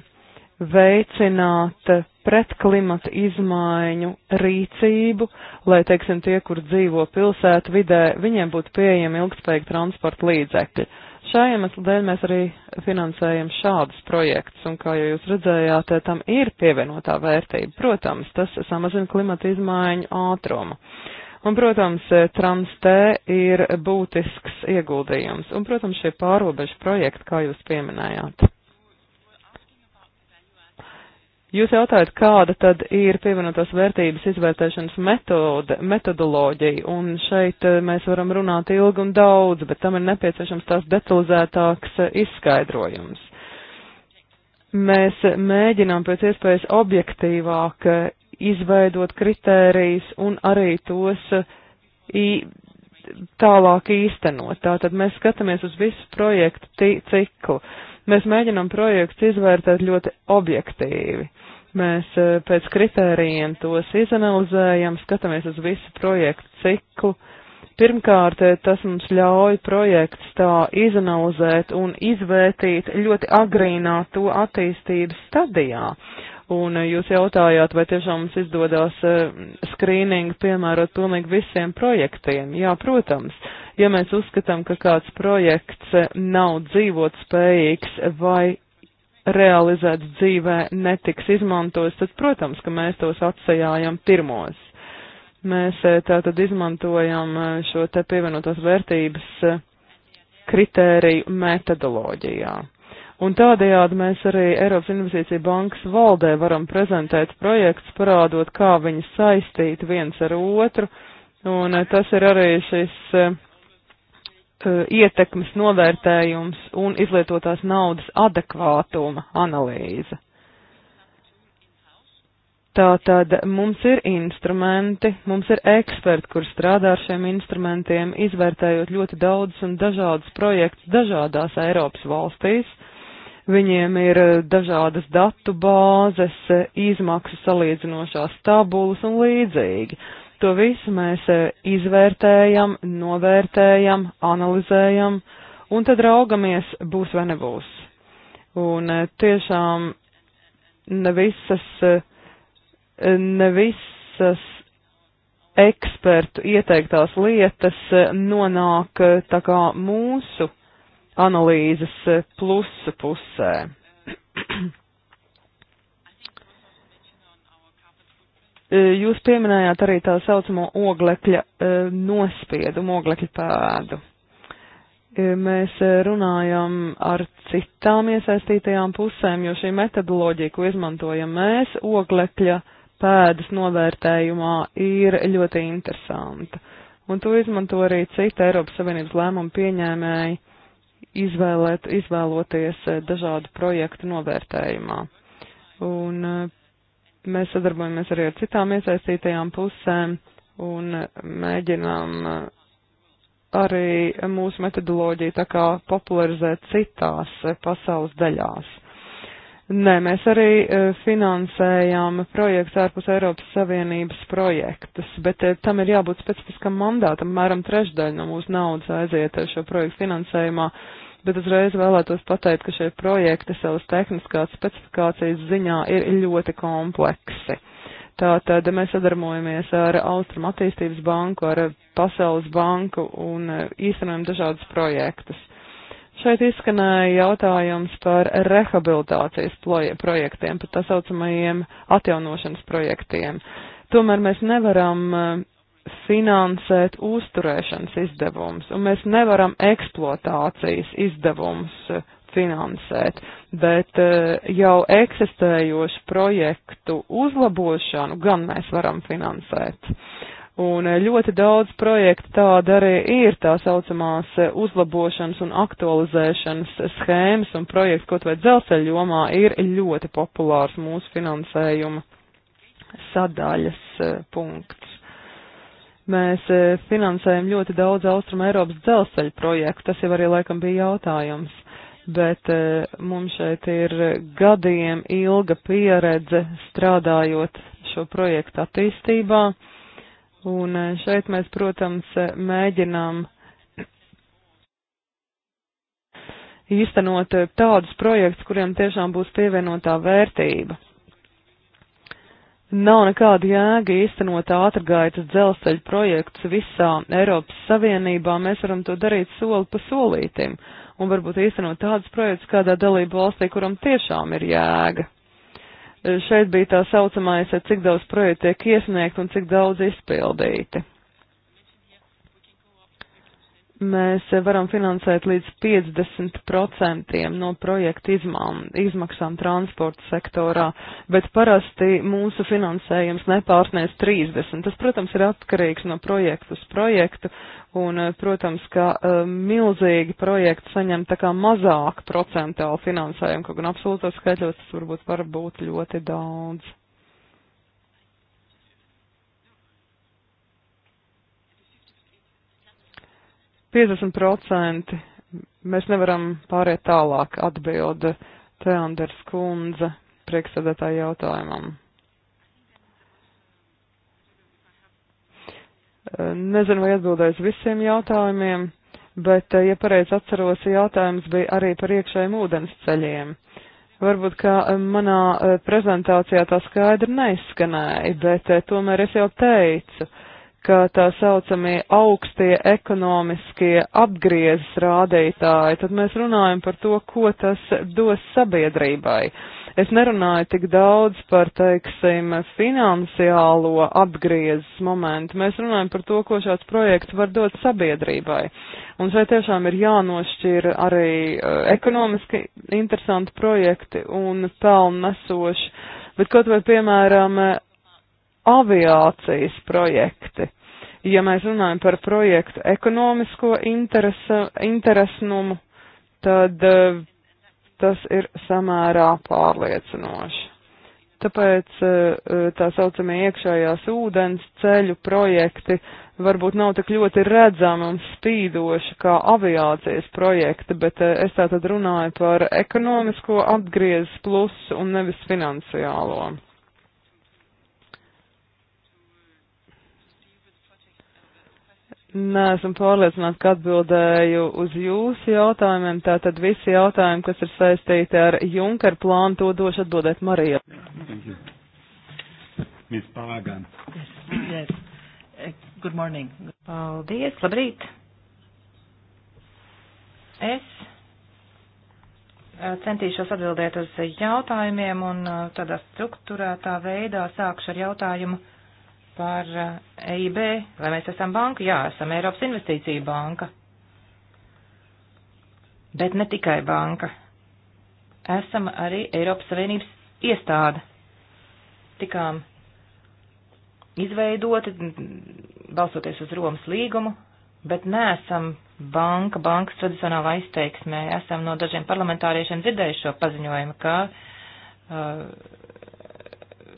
[SPEAKER 2] veicināt eh, pret klimata izmaiņu rīcību, lai, teiksim, tie, kur dzīvo pilsētu vidē, viņiem būtu pieejami ilgspējīgi transporta līdzekļi. Šā iemesla dēļ mēs arī finansējam šādus projektus, un kā jau jūs redzējāt, tam ir pievienotā vērtība. Protams, tas samazina klimata izmaiņu ātrumu. Uh, Un, protams, eh, Transtē ir būtisks ieguldījums. Un, protams, šie pārobežu projekti, kā jūs pieminējāt. Jūs jautājat, kāda tad ir pievienotās vērtības izvērtēšanas metode, metodoloģija, un šeit eh, mēs varam runāt ilgi un daudz, bet tam ir nepieciešams tās detalizētāks eh, izskaidrojums. Mēs mēģinām pēc iespējas objektīvāk izveidot kritērijus un arī tos uh, tālāk īstenot. Tātad mēs skatāmies uz visu projektu ciklu. Mēs mēģinām projektus izvērtēt ļoti objektīvi. Mēs uh, pēc kritērijiem tos izanalizējam, skatāmies uz visu projektu ciklu. Pirmkārt, eh, tas mums ļauj projekts tā izanalizēt un izvērtīt ļoti agrīnā to attīstības stadijā un eh, jūs jautājāt, vai tiešām mums izdodas eh, skrīningu piemērot pilnīgi visiem projektiem. Jā, protams, ja mēs uzskatām, ka kāds projekts eh, nav dzīvot spējīgs vai realizēts dzīvē netiks izmantots, tad, protams, ka mēs tos atsajājam pirmos. Mēs tātad izmantojam šo te pievienotās vērtības kritēriju metodoloģijā. Un tādējādi mēs arī Eiropas Investīcija bankas valdē varam prezentēt projekts, parādot, kā viņi saistīt viens ar otru. Un eh, tas ir arī šis eh, eh, ietekmes novērtējums un izlietotās naudas adekvātuma analīze. Tātad mums ir instrumenti, mums ir eksperti, kur strādā ar šiem instrumentiem, izvērtējot ļoti daudzus un dažādus projektus dažādās Eiropas valstīs, Viņiem ir eh, dažādas datu bāzes, eh, izmaksu salīdzinošās tabulas un līdzīgi. To visu mēs eh, izvērtējam, novērtējam, analizējam un tad raugamies, būs vai nebūs. Un tiešām ne visas, ne visas ekspertu ieteiktās lietas nonāk tā kā mūsu analīzes e, plusa pusē. E, jūs pieminējāt arī tā saucamo oglekļa e, nospiedumu, oglekļa pēdu mēs runājam ar citām iesaistītajām pusēm, jo šī metodoloģija, ko izmantojam mēs, oglekļa pēdas novērtējumā, ir ļoti interesanta. Un to izmanto arī cita Eiropas Savienības lēmumu pieņēmēji izvēlēt, izvēloties eh, dažādu projektu novērtējumā. Un eh, mēs sadarbojamies arī ar citām iesaistītajām pusēm un mēģinām eh, arī mūsu metodoloģiju tā kā popularizēt citās pasaules daļās. Nē, mēs arī e, finansējām projekts ārpus Eiropas Savienības projektus, bet e, tam ir jābūt specifiskam mandātam, mēram trešdaļa no mūsu naudas aiziet ar e, šo projektu finansējumā, bet uzreiz vēlētos pateikt, ka šie projekti savas tehniskās specifikācijas ziņā ir ļoti kompleksi. Tātad mēs sadarbojamies ar Austrum attīstības banku, ar Pasaules banku un īstenojam dažādus projektus. Šeit izskanēja jautājums par rehabilitācijas projektiem, par tā saucamajiem atjaunošanas projektiem. Tomēr mēs nevaram e, finansēt uzturēšanas izdevumus, un mēs nevaram eksploatācijas izdevumus e, finansēt, bet e, jau eksistējošu projektu uzlabošanu gan mēs varam finansēt. Un eh, ļoti daudz projektu tāda arī ir, tā saucamās eh, uzlabošanas un aktualizēšanas schēmas un projekts, kaut vai dzelzceļa jomā, ir ļoti populārs mūsu finansējuma sadaļas eh, punkts. Mēs finansējam ļoti daudz Austrum Eiropas dzelzceļa projektu, tas jau arī laikam bija jautājums, bet mums šeit ir gadiem ilga pieredze strādājot šo projektu attīstībā Un eh, šeit mēs, protams, eh, mēģinām īstenot eh, tādus projektus, kuriem tiešām būs pievienotā vērtība. Nav nekāda jēga īstenot ātrgaitas dzelzceļa projektus visā Eiropas Savienībā. Mēs varam to darīt soli pa solītim un varbūt īstenot tādus projektus kādā dalību valstī, kuram tiešām ir jēga. Šeit bija tā saucamais, cik daudz projektu tiek iesniegt un cik daudz izpildīti mēs varam finansēt līdz 50% no projekta izmām, izmaksām transporta sektorā, bet parasti mūsu finansējums nepārsniec 30%. Tas, protams, ir atkarīgs no projekta uz projektu, un, eh, protams, ka eh, milzīgi projekti saņem tā kā mazāk procentālu finansējumu, kaut gan absolūtos skaitļos tas varbūt var būt ļoti daudz. 50% mēs nevaram pāriet tālāk atbilde Teanders kundze priekšsēdētāja jautājumam. Nezinu, vai atbildēs visiem jautājumiem, bet, ja pareizi atceros, jautājums bija arī par iekšējiem ūdens ceļiem. Varbūt, ka manā eh, prezentācijā tā skaidri neizskanēja, bet eh, tomēr es jau teicu, uh, ka tā saucamie augstie ekonomiskie apgriezes rādītāji, tad mēs runājam par to, ko tas dos sabiedrībai. Es nerunāju tik daudz par, teiksim, finansiālo apgriezes momentu, mēs runājam par to, ko šāds projekts var dot sabiedrībai. Un šeit tiešām ir jānošķir arī e, ekonomiski interesanti projekti un pelnnesoši, bet kaut vai, piemēram, aviācijas projekti. Ja mēs runājam par projektu ekonomisko interesa, interesnumu, tad eh, tas ir samērā pārliecinoši. Tāpēc eh, tā saucamie iekšējās ūdens ceļu projekti varbūt nav tik ļoti redzami un spīdoši kā aviācijas projekti, bet eh, es tā tad runāju par ekonomisko atgriezes plusu un nevis finansiālo. Nesmu pārliecināts, ka atbildēju uz jūsu jautājumiem. Tātad visi jautājumi, kas ir saistīti ar Junker plānu, to došu atbildēt Marijai. Miss Palagan. Yes,
[SPEAKER 3] yes. Eh, good morning. Paldies, labrīt. Es eh, centīšos atbildēt uz jautājumiem un eh, tādā struktūrētā veidā sākšu ar jautājumu par EIB, eh, e vai mēs esam banka? Jā, esam Eiropas investīcija banka. Bet ne tikai banka. Esam arī Eiropas Savienības iestāde. Tikām izveidoti, balsoties uz Romas līgumu, bet neesam banka, bankas tradicionālā izteiksmē. Esam no dažiem parlamentāriešiem dzirdējuši šo paziņojumu, ka uh,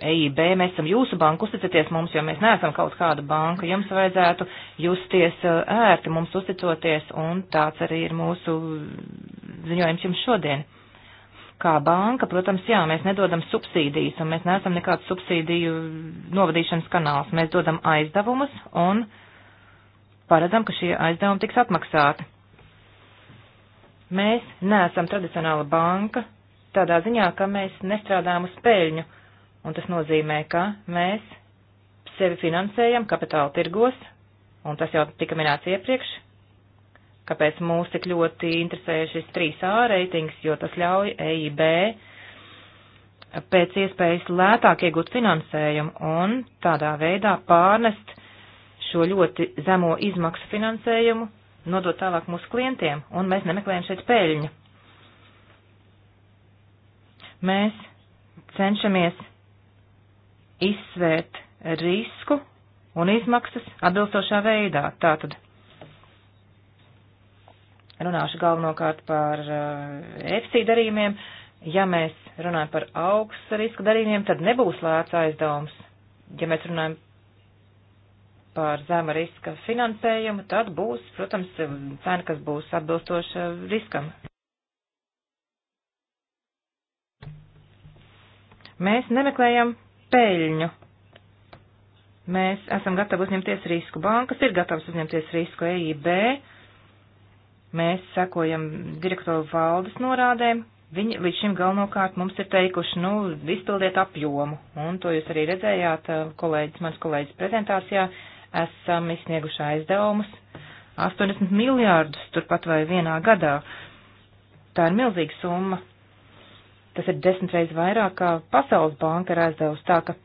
[SPEAKER 3] EIB, mēs esam jūsu banka, uzticaties mums, jo mēs neesam kaut kāda banka, jums vajadzētu justies uh, ērti mums uzticoties, un tāds arī ir mūsu ziņojums jums šodien. Kā banka, protams, jā, mēs nedodam subsīdijas, un mēs neesam nekāds subsīdiju novadīšanas kanāls. Mēs dodam aizdevumus un paredzam, ka šie aizdevumi tiks atmaksāti. Mēs neesam tradicionāla banka, tādā ziņā, ka mēs nestrādājam uz peļņu. Un tas nozīmē, ka mēs sevi finansējam kapitāla tirgos, un tas jau tika minēts iepriekš, kāpēc mūs tik ļoti interesē šis 3A reitings, jo tas ļauj EIB pēc iespējas lētāk iegūt finansējumu un tādā veidā pārnest šo ļoti zemo izmaksu finansējumu, nodot tālāk mūsu klientiem, un mēs nemeklējam šeit peļņu. Mēs cenšamies izsvērt risku un izmaksas atbilstošā veidā. Tātad runāšu galvenokārt par eh, FC darījumiem. Ja mēs runājam par augsts riska darījumiem, tad nebūs lēts aizdevums. Ja mēs runājam par zema riska finansējumu, tad būs, protams, cena, kas būs atbilstoša riskam. Mēs nemeklējam peļņu. Mēs esam gatavi uzņemties risku. Bankas ir gatavas uzņemties risku EIB. Mēs sekojam direktoru valdes norādēm. Viņi līdz šim galvenokārt mums ir teikuši, nu, izpildiet apjomu. Un to jūs arī redzējāt, eh, kolēģis, mans kolēģis prezentācijā. Esam izsnieguši aizdevumus 80 miljārdus turpat vai vienā gadā. Tā ir milzīga summa. Tas ir desmit reizes vairāk, kā Pasaules banka ir aizdevusi tā, ka,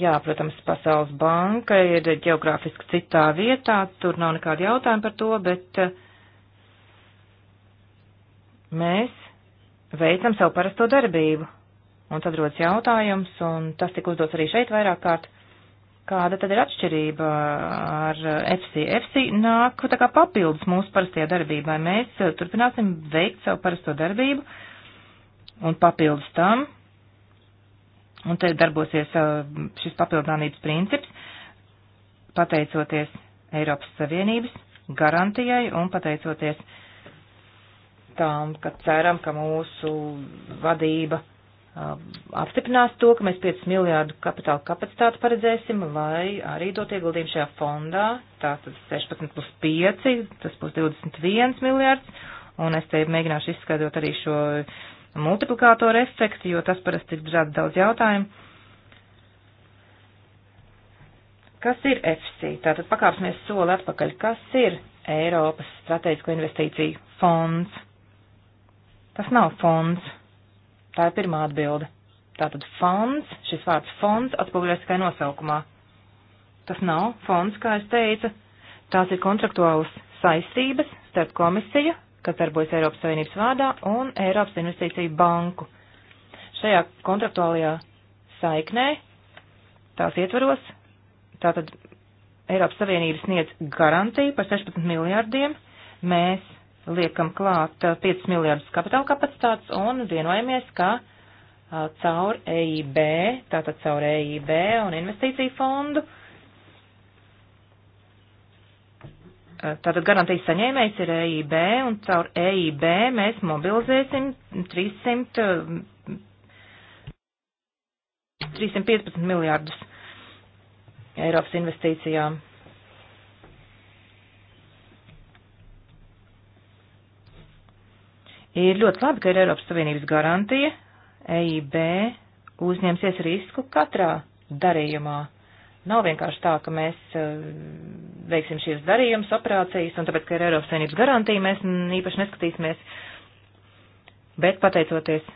[SPEAKER 3] jā, protams, Pasaules banka ir geogrāfiski citā vietā, tur nav nekāda jautājuma par to, bet eh, mēs veicam savu parasto darbību. Un tad rodas jautājums, un tas tika uzdots arī šeit vairāk kārt, kāda tad ir atšķirība ar eh, FC. FC nāk tā kā papildus mūsu parastajā darbībā. Mēs eh, turpināsim veikt savu parasto darbību. Uh, Un papildus tam, un te darbosies šis papildinātības princips, pateicoties Eiropas Savienības garantijai un pateicoties tām, ka ceram, ka mūsu vadība apstiprinās to, ka mēs 5 miljārdu kapitāla kapacitāti paredzēsim, lai arī dot ieguldījumu šajā fondā. Tātad 16 plus 5, tas būs 21 miljārds. Un es te mēģināšu izskaidrot arī šo multiplikātoru efektu, jo tas parasti ir rada daudz jautājumu. Kas ir FC? Tātad pakāpsimies soli atpakaļ. Kas ir Eiropas strateģisko investīciju fonds? Tas nav fonds. Tā ir pirmā atbilde. Tātad fonds, šis vārds fonds atspoguļojas tikai nosaukumā. Tas nav fonds, kā es teicu. Tās ir kontraktuālas saistības starp komisiju kas darbojas Eiropas Savienības vārdā, un Eiropas Investīciju banku. Šajā kontraktuālajā saiknē tās ietvaros, tātad Eiropas Savienības sniedz garantiju par 16 miljārdiem, mēs liekam klāt 5 miljārdus kapitāla kapacitātes un vienojamies, ka caur EIB, tātad caur EIB un investīciju fondu, uh, Tātad garantijas saņēmējs ir EIB, un caur EIB mēs mobilizēsim 300, 315 miljārdus Eiropas investīcijām. Ir ļoti labi, ka ir Eiropas Savienības garantija. EIB uzņemsies risku katrā darījumā Nav vienkārši tā, ka mēs eh, veiksim šīs darījumus, operācijas, un tāpēc, ka ir Eiropas Savienības garantija, mēs īpaši neskatīsimies. Bet pateicoties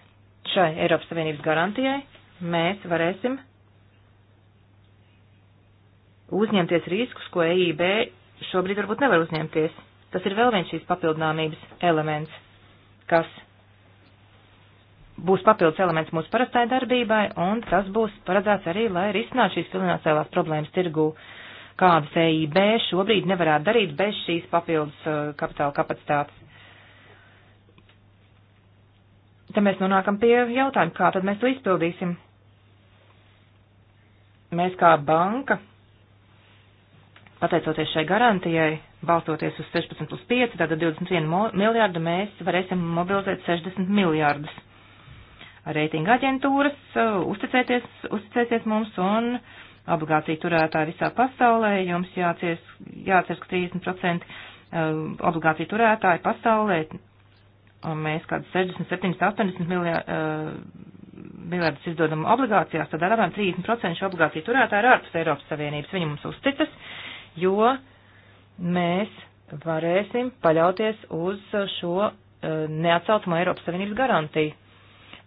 [SPEAKER 3] šai Eiropas Savienības garantijai, mēs varēsim uzņemties riskus, ko EIB šobrīd varbūt nevar uzņemties. Tas ir vēl viens šīs papildināmības elements, kas būs papildus elements mūsu parastai darbībai, un tas būs paredzēts arī, lai risinātu šīs finansiālās problēmas tirgū, kādas EIB šobrīd nevarētu darīt bez šīs papildus uh, kapitāla kapacitātes. Te mēs nonākam pie jautājuma, kā tad mēs to izpildīsim. Mēs kā banka, pateicoties šai garantijai, balstoties uz 16 plus 5, tātad 21 miljārdu, mēs varēsim mobilizēt 60 miljārdus reitinga aģentūras uh, uzticēties, uzticēsies mums un obligāciju turētāji visā pasaulē. Jums jācies, jāatceras, ka 30% uh, obligāciju turētāji pasaulē, un mēs kādus 60, 70, 80 miljardus izdodam obligācijās, tad apmēram 30% šo obligāciju turētāji ir ārpus Eiropas Savienības. Viņi mums uzticas, jo mēs varēsim paļauties uz šo uh, neatsaucamo Eiropas Savienības garantiju.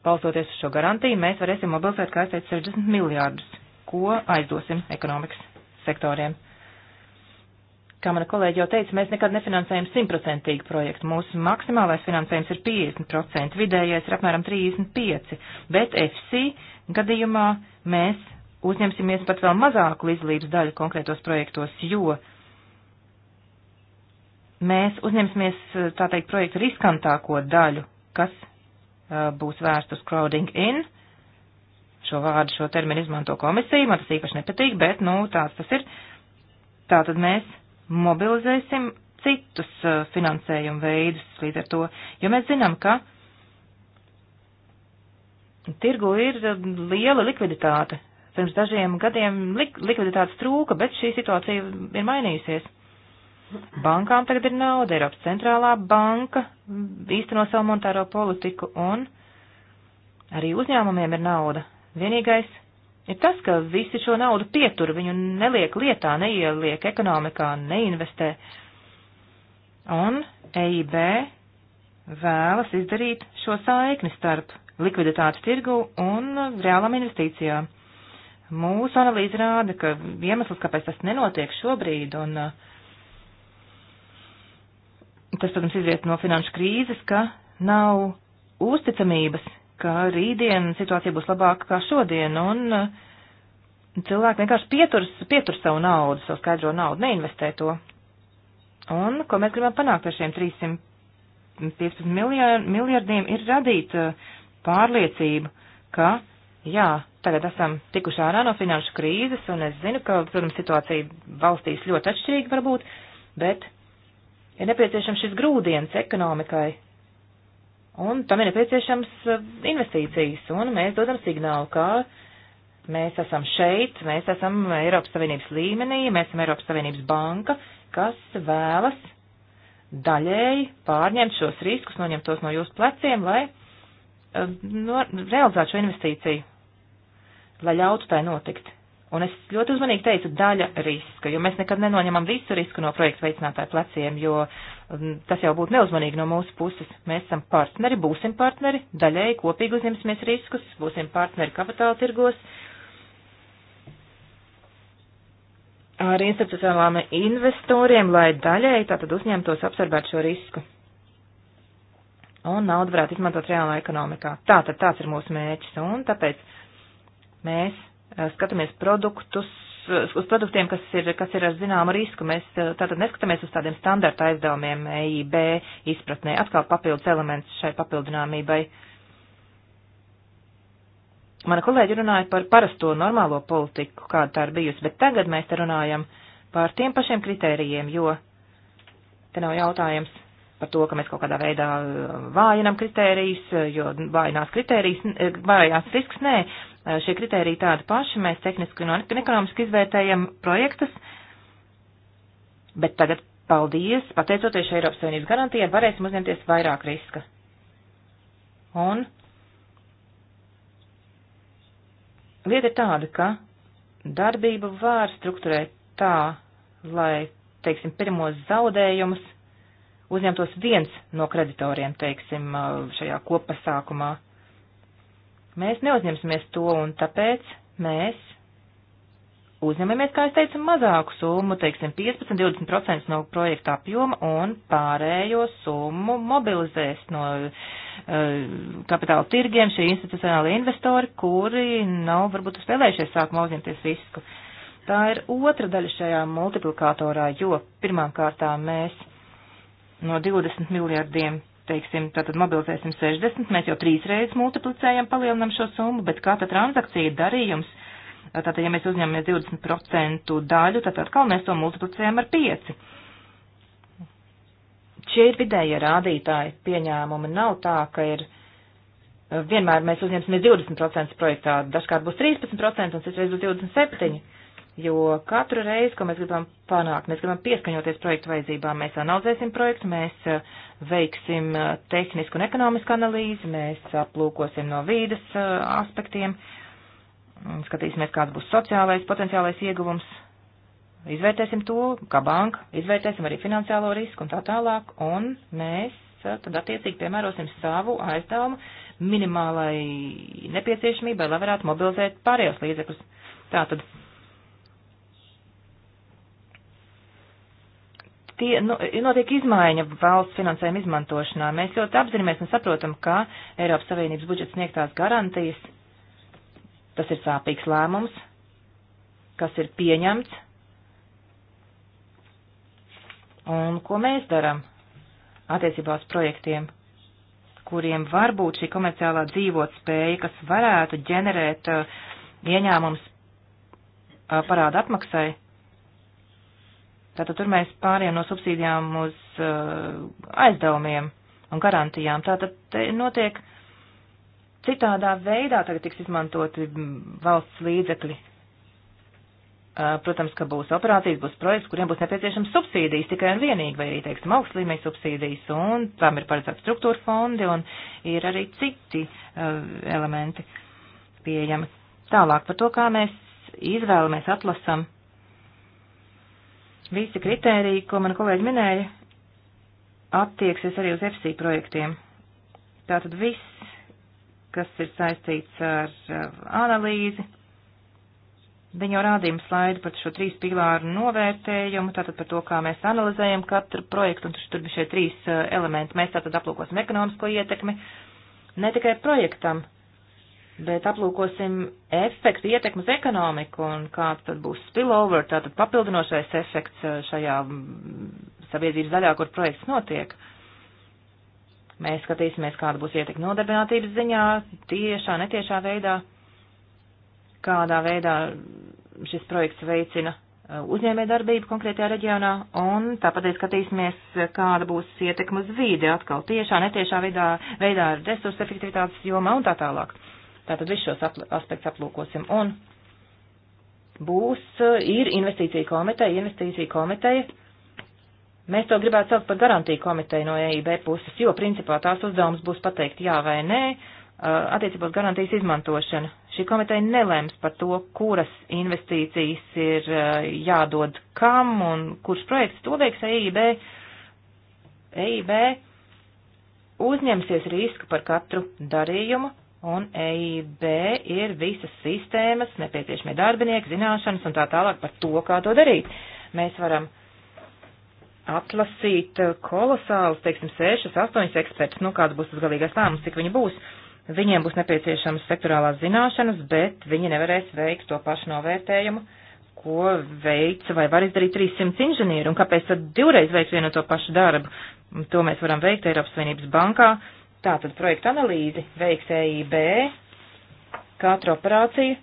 [SPEAKER 3] Balstoties uz šo garantiju, mēs varēsim mobilizēt, kā es teicu, 60 miljārdus, ko aizdosim ekonomikas sektoriem. Kā mana kolēģi jau teica, mēs nekad nefinansējam simtprocentīgi projektu. Mūsu maksimālais finansējums ir 50%, vidējais ir apmēram 35%, bet FC gadījumā mēs uzņemsimies pat vēl mazāku līdzlības daļu konkrētos projektos, jo mēs uzņemsimies, tā teikt, projektu riskantāko daļu, kas būs vērst uz crowding in. Šo vārdu, šo terminu izmanto komisija, man tas īpaši nepatīk, bet, nu, tāds tas ir. Tātad mēs mobilizēsim citus uh, finansējumu veidus līdz ar to, jo mēs zinām, ka tirgu ir uh, liela likviditāte. Pirms dažiem gadiem lik likviditātes trūka, bet šī situācija ir mainījusies bankām tagad ir nauda, Eiropas centrālā banka īsteno savu monetāro politiku un arī uzņēmumiem ir nauda. Vienīgais ir tas, ka visi šo naudu pietur, viņu neliek lietā, neieliek ekonomikā, neinvestē. Un EIB vēlas izdarīt šo saikni starp likviditātes tirgu un reālām investīcijām. Mūsu analīze rāda, ka iemesls, kāpēc tas nenotiek šobrīd un uh, tas, protams, izriet no finanšu krīzes, ka nav uzticamības, ka rītdien situācija būs labāka kā šodien, un uh, cilvēki vienkārši pietur, pietur savu naudu, savu skaidro naudu, neinvestē to. Un ko mēs gribam panākt ar šiem 315 miljardiem, ir radīt uh, pārliecību, ka, jā, tagad esam tikuši ārā no finanšu krīzes, un es zinu, ka, protams, situācija valstīs ļoti atšķirīga varbūt, bet ir nepieciešams šis grūdienis ekonomikai. Un tam ir nepieciešams eh, investīcijas, un mēs dodam signālu, ka mēs esam šeit, mēs esam Eiropas Savienības līmenī, mēs esam Eiropas Savienības banka, kas vēlas daļēji pārņemt šos riskus, noņemt tos no jūsu pleciem, lai eh, no, realizētu šo investīciju, lai ļautu tai notikt. Un es ļoti uzmanīgi teicu daļa riska, jo mēs nekad nenoņemam visu risku no projekta veicinātāju pleciem, jo mm, tas jau būtu neuzmanīgi no mūsu puses. Mēs esam partneri, būsim partneri, daļēji kopīgi uzņemsimies riskus, būsim partneri kapitāla tirgos. Ar institucionālām investoriem, lai daļēji tātad uzņemtos apsargāt šo risku. Un naudu varētu izmantot reālā ekonomikā. Tātad tāds ir mūsu mērķis, un tāpēc mēs Eh, skatāmies produktus, eh, uz produktiem, kas ir, kas ir ar zināmu risku. Mēs eh, tātad neskatāmies uz tādiem standarta aizdevumiem EIB izpratnē. Atkal papildus elements šai papildināmībai. Mana kolēģi runāja par parasto normālo politiku, kāda tā ir bijusi, bet tagad mēs te runājam par tiem pašiem kritērijiem, jo te nav jautājums par to, ka mēs kaut kādā veidā vājinam kritērijus, jo vājinās kritērijas, vājinās risks, nē, Eh, šie kriteriji tādi paši, mēs tehniski un ekonomiski izvērtējam projektus, bet tagad, paldies, pateicoties Eiropas Savienības garantijai, varēsim uzņemties vairāk riska. Un lieta ir tāda, ka darbību var strukturēt tā, lai, teiksim, pirmos zaudējumus uzņemtos viens no kreditoriem, teiksim, eh, šajā kopasākumā. Mēs neuzņemsimies to, un tāpēc mēs uzņemamies, kā es teicu, mazāku summu, teiksim, 15-20% no projekta apjoma un pārējo summu mobilizēs no uh, kapitāla tirgiem šie institucionāli investori, kuri nav varbūt spēlējušies sākumā uzņemties risku. Tā ir otra daļa šajā multiplikatorā, jo pirmām kārtām mēs no 20 miljardiem teiksim, tātad mobilizēsim 60, mēs jau trīs reizes multiplicējam, palielinam šo summu, bet kā tad transakcija darījums, tātad, ja mēs uzņemamies 20% daļu, tad atkal mēs to multiplicējam ar 5. Šie ir vidējie rādītāji pieņēmumi, nav tā, ka ir vienmēr mēs uzņemsimies 20% projektā, dažkārt būs 13% un citreiz būs 27%. Jo katru reizi, ko mēs gribam panākt, mēs gribam pieskaņoties projektu vajadzībām, mēs analizēsim projektu, mēs eh, veiksim eh, tehnisku un ekonomisku analīzi, mēs aplūkosim no vīdes eh, aspektiem, skatīsimies, kāds būs sociālais potenciālais ieguvums, izvērtēsim to, kā banka, izvērtēsim arī finansiālo risku un tā tālāk, un mēs tad attiecīgi piemērosim savu aizdevumu minimālai nepieciešamībai, lai varētu mobilizēt pārējos līdzekļus. Tātad tie, nu, notiek izmaiņa valsts finansējuma izmantošanā. Mēs ļoti apzināmies un saprotam, ka Eiropas Savienības budžets sniegtās garantijas, tas ir sāpīgs lēmums, kas ir pieņemts. Un ko mēs darām attiecībā uz projektiem, kuriem var būt šī komerciālā dzīvot spēja, kas varētu ģenerēt uh, ieņēmums uh, parāda apmaksai? Tātad tur mēs pāriem no subsīdijām uz uh, aizdevumiem un garantijām. Tātad notiek citādā veidā tagad tiks izmantoti valsts līdzekļi. Uh, protams, ka būs operācijas, būs projekts, kuriem būs nepieciešams subsīdijas tikai un vienīgi, vai arī, teiksim, augstlīmeņa subsīdijas, un tam ir paredzēti struktūra fondi, un ir arī citi uh, elementi pieejami. Tālāk par to, kā mēs izvēlamies atlasam uh, Visi kritēriji, ko man kolēģi minēja, attieksies arī uz FC projektiem. Tātad viss, kas ir saistīts ar uh, analīzi, viņa jau rādījuma slaidu par šo trīs pilāru novērtējumu, tātad par to, kā mēs analizējam katru projektu, un tur bija šie trīs uh, elementi. Mēs tātad aplūkosim ekonomisko ietekmi ne tikai projektam, bet aplūkosim efektu, ietekmes ekonomiku un kāds tad būs spillover, tātad papildinošais efekts eh, šajā mm, sabiedrības daļā, kur projekts notiek. Mēs skatīsimies, kāda būs ietekme nodarbinātības ziņā, tiešā, netiešā veidā, kādā veidā šis projekts veicina eh, uzņēmē darbību konkrētajā reģionā, un tāpat arī skatīsimies, kāda būs ietekme uz vīdi atkal tiešā, netiešā veidā, veidā ar resursu efektivitātes jomā un tā tālāk. Uh, Tātad visus šos apl aspektus aplūkosim. Un būs, eh, ir investīcija komiteja, investīcija komiteja. Mēs to gribētu saukt par garantiju komiteju no EIB puses, jo principā tās uzdevums būs pateikt jā vai nē eh, attiecībā uz garantijas izmantošanu. Šī komiteja nelēms par to, kuras investīcijas ir eh, jādod kam un kurš projekts to veiks EIB. EIB uzņemsies risku par katru darījumu, Un EIB ir visas sistēmas, nepieciešamie darbinieki, zināšanas un tā tālāk par to, kā to darīt. Mēs varam atlasīt eh, kolosālus, teiksim, sešas, astoņas ekspertus, nu kāds būs tas galīgais lēmums, cik viņi būs. Viņiem būs nepieciešamas sektorālās zināšanas, bet viņi nevarēs veikt to pašu novērtējumu, ko veica vai var izdarīt 300 inženieri, un kāpēc tad divreiz veikt vienu to pašu darbu. To mēs varam veikt Eiropas Savienības bankā Tātad projekta analīzi veiks EIB, katra operācija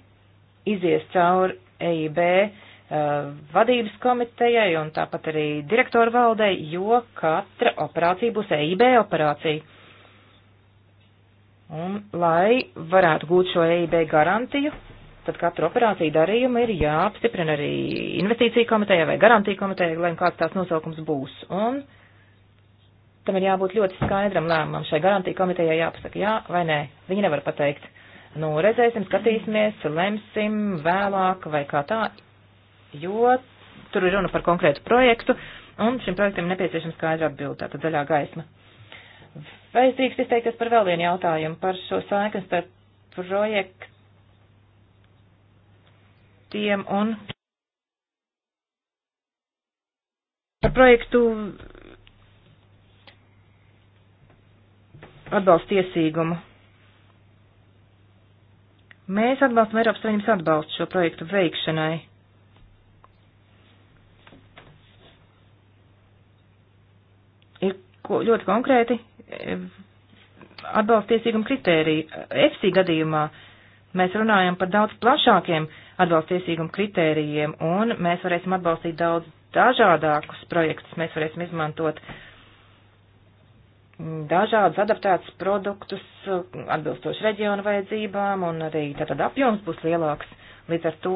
[SPEAKER 3] izies cauri EIB uh, vadības komitejai un tāpat arī direktoru valdei, jo katra operācija būs EIB operācija. Un, lai varētu gūt šo EIB garantiju, tad katru operāciju darījumu ir jāapstiprina arī investīcija komitejai vai garantija komitejai, lai kāds tās nosaukums būs. Un, uh, tam ir jābūt ļoti skaidram lēmumam. Šai garantija komitejai jāpasaka jā vai nē. Viņi nevar pateikt, nu redzēsim, skatīsimies, lemsim vēlāk vai kā tā, jo tur ir runa par konkrētu projektu un šim projektam nepieciešams skaidra atbilde, tātad zaļā gaisma. Vai es drīkst izteikties par vēl vienu jautājumu par šo saiknes starp projektiem un par projektu atbalsta tiesīgumu. Mēs atbalstam Eiropas Savienības atbalstu šo projektu veikšanai. Ir ko, ļoti konkrēti e, atbalsta tiesīguma kritēriji. E FC gadījumā mēs runājam par daudz plašākiem atbalsta tiesīguma kritērijiem, un mēs varēsim atbalstīt daudz dažādākus projektus. Mēs varēsim izmantot uh, dažādus adaptētus produktus uh, atbilstoši reģionu vajadzībām, un arī tātad apjoms būs lielāks. Līdz ar to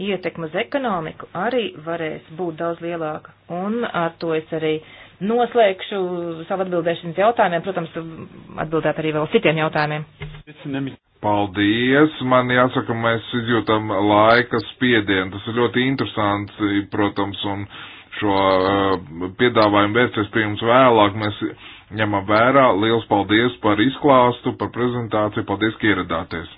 [SPEAKER 3] ietekme uz ekonomiku arī varēs būt daudz lielāka, un ar to es arī noslēgšu savu atbildēšanas jautājumiem, protams, atbildēt arī vēl citiem jautājumiem.
[SPEAKER 1] Paldies, man jāsaka, mēs izjūtam laika spiedienu, tas ir ļoti interesants, protams, un šo uh, piedāvājumu vērsties pie jums vēlāk, mēs ņemam vērā. Liels paldies par izklāstu, par prezentāciju, paldies, ka ieradāties!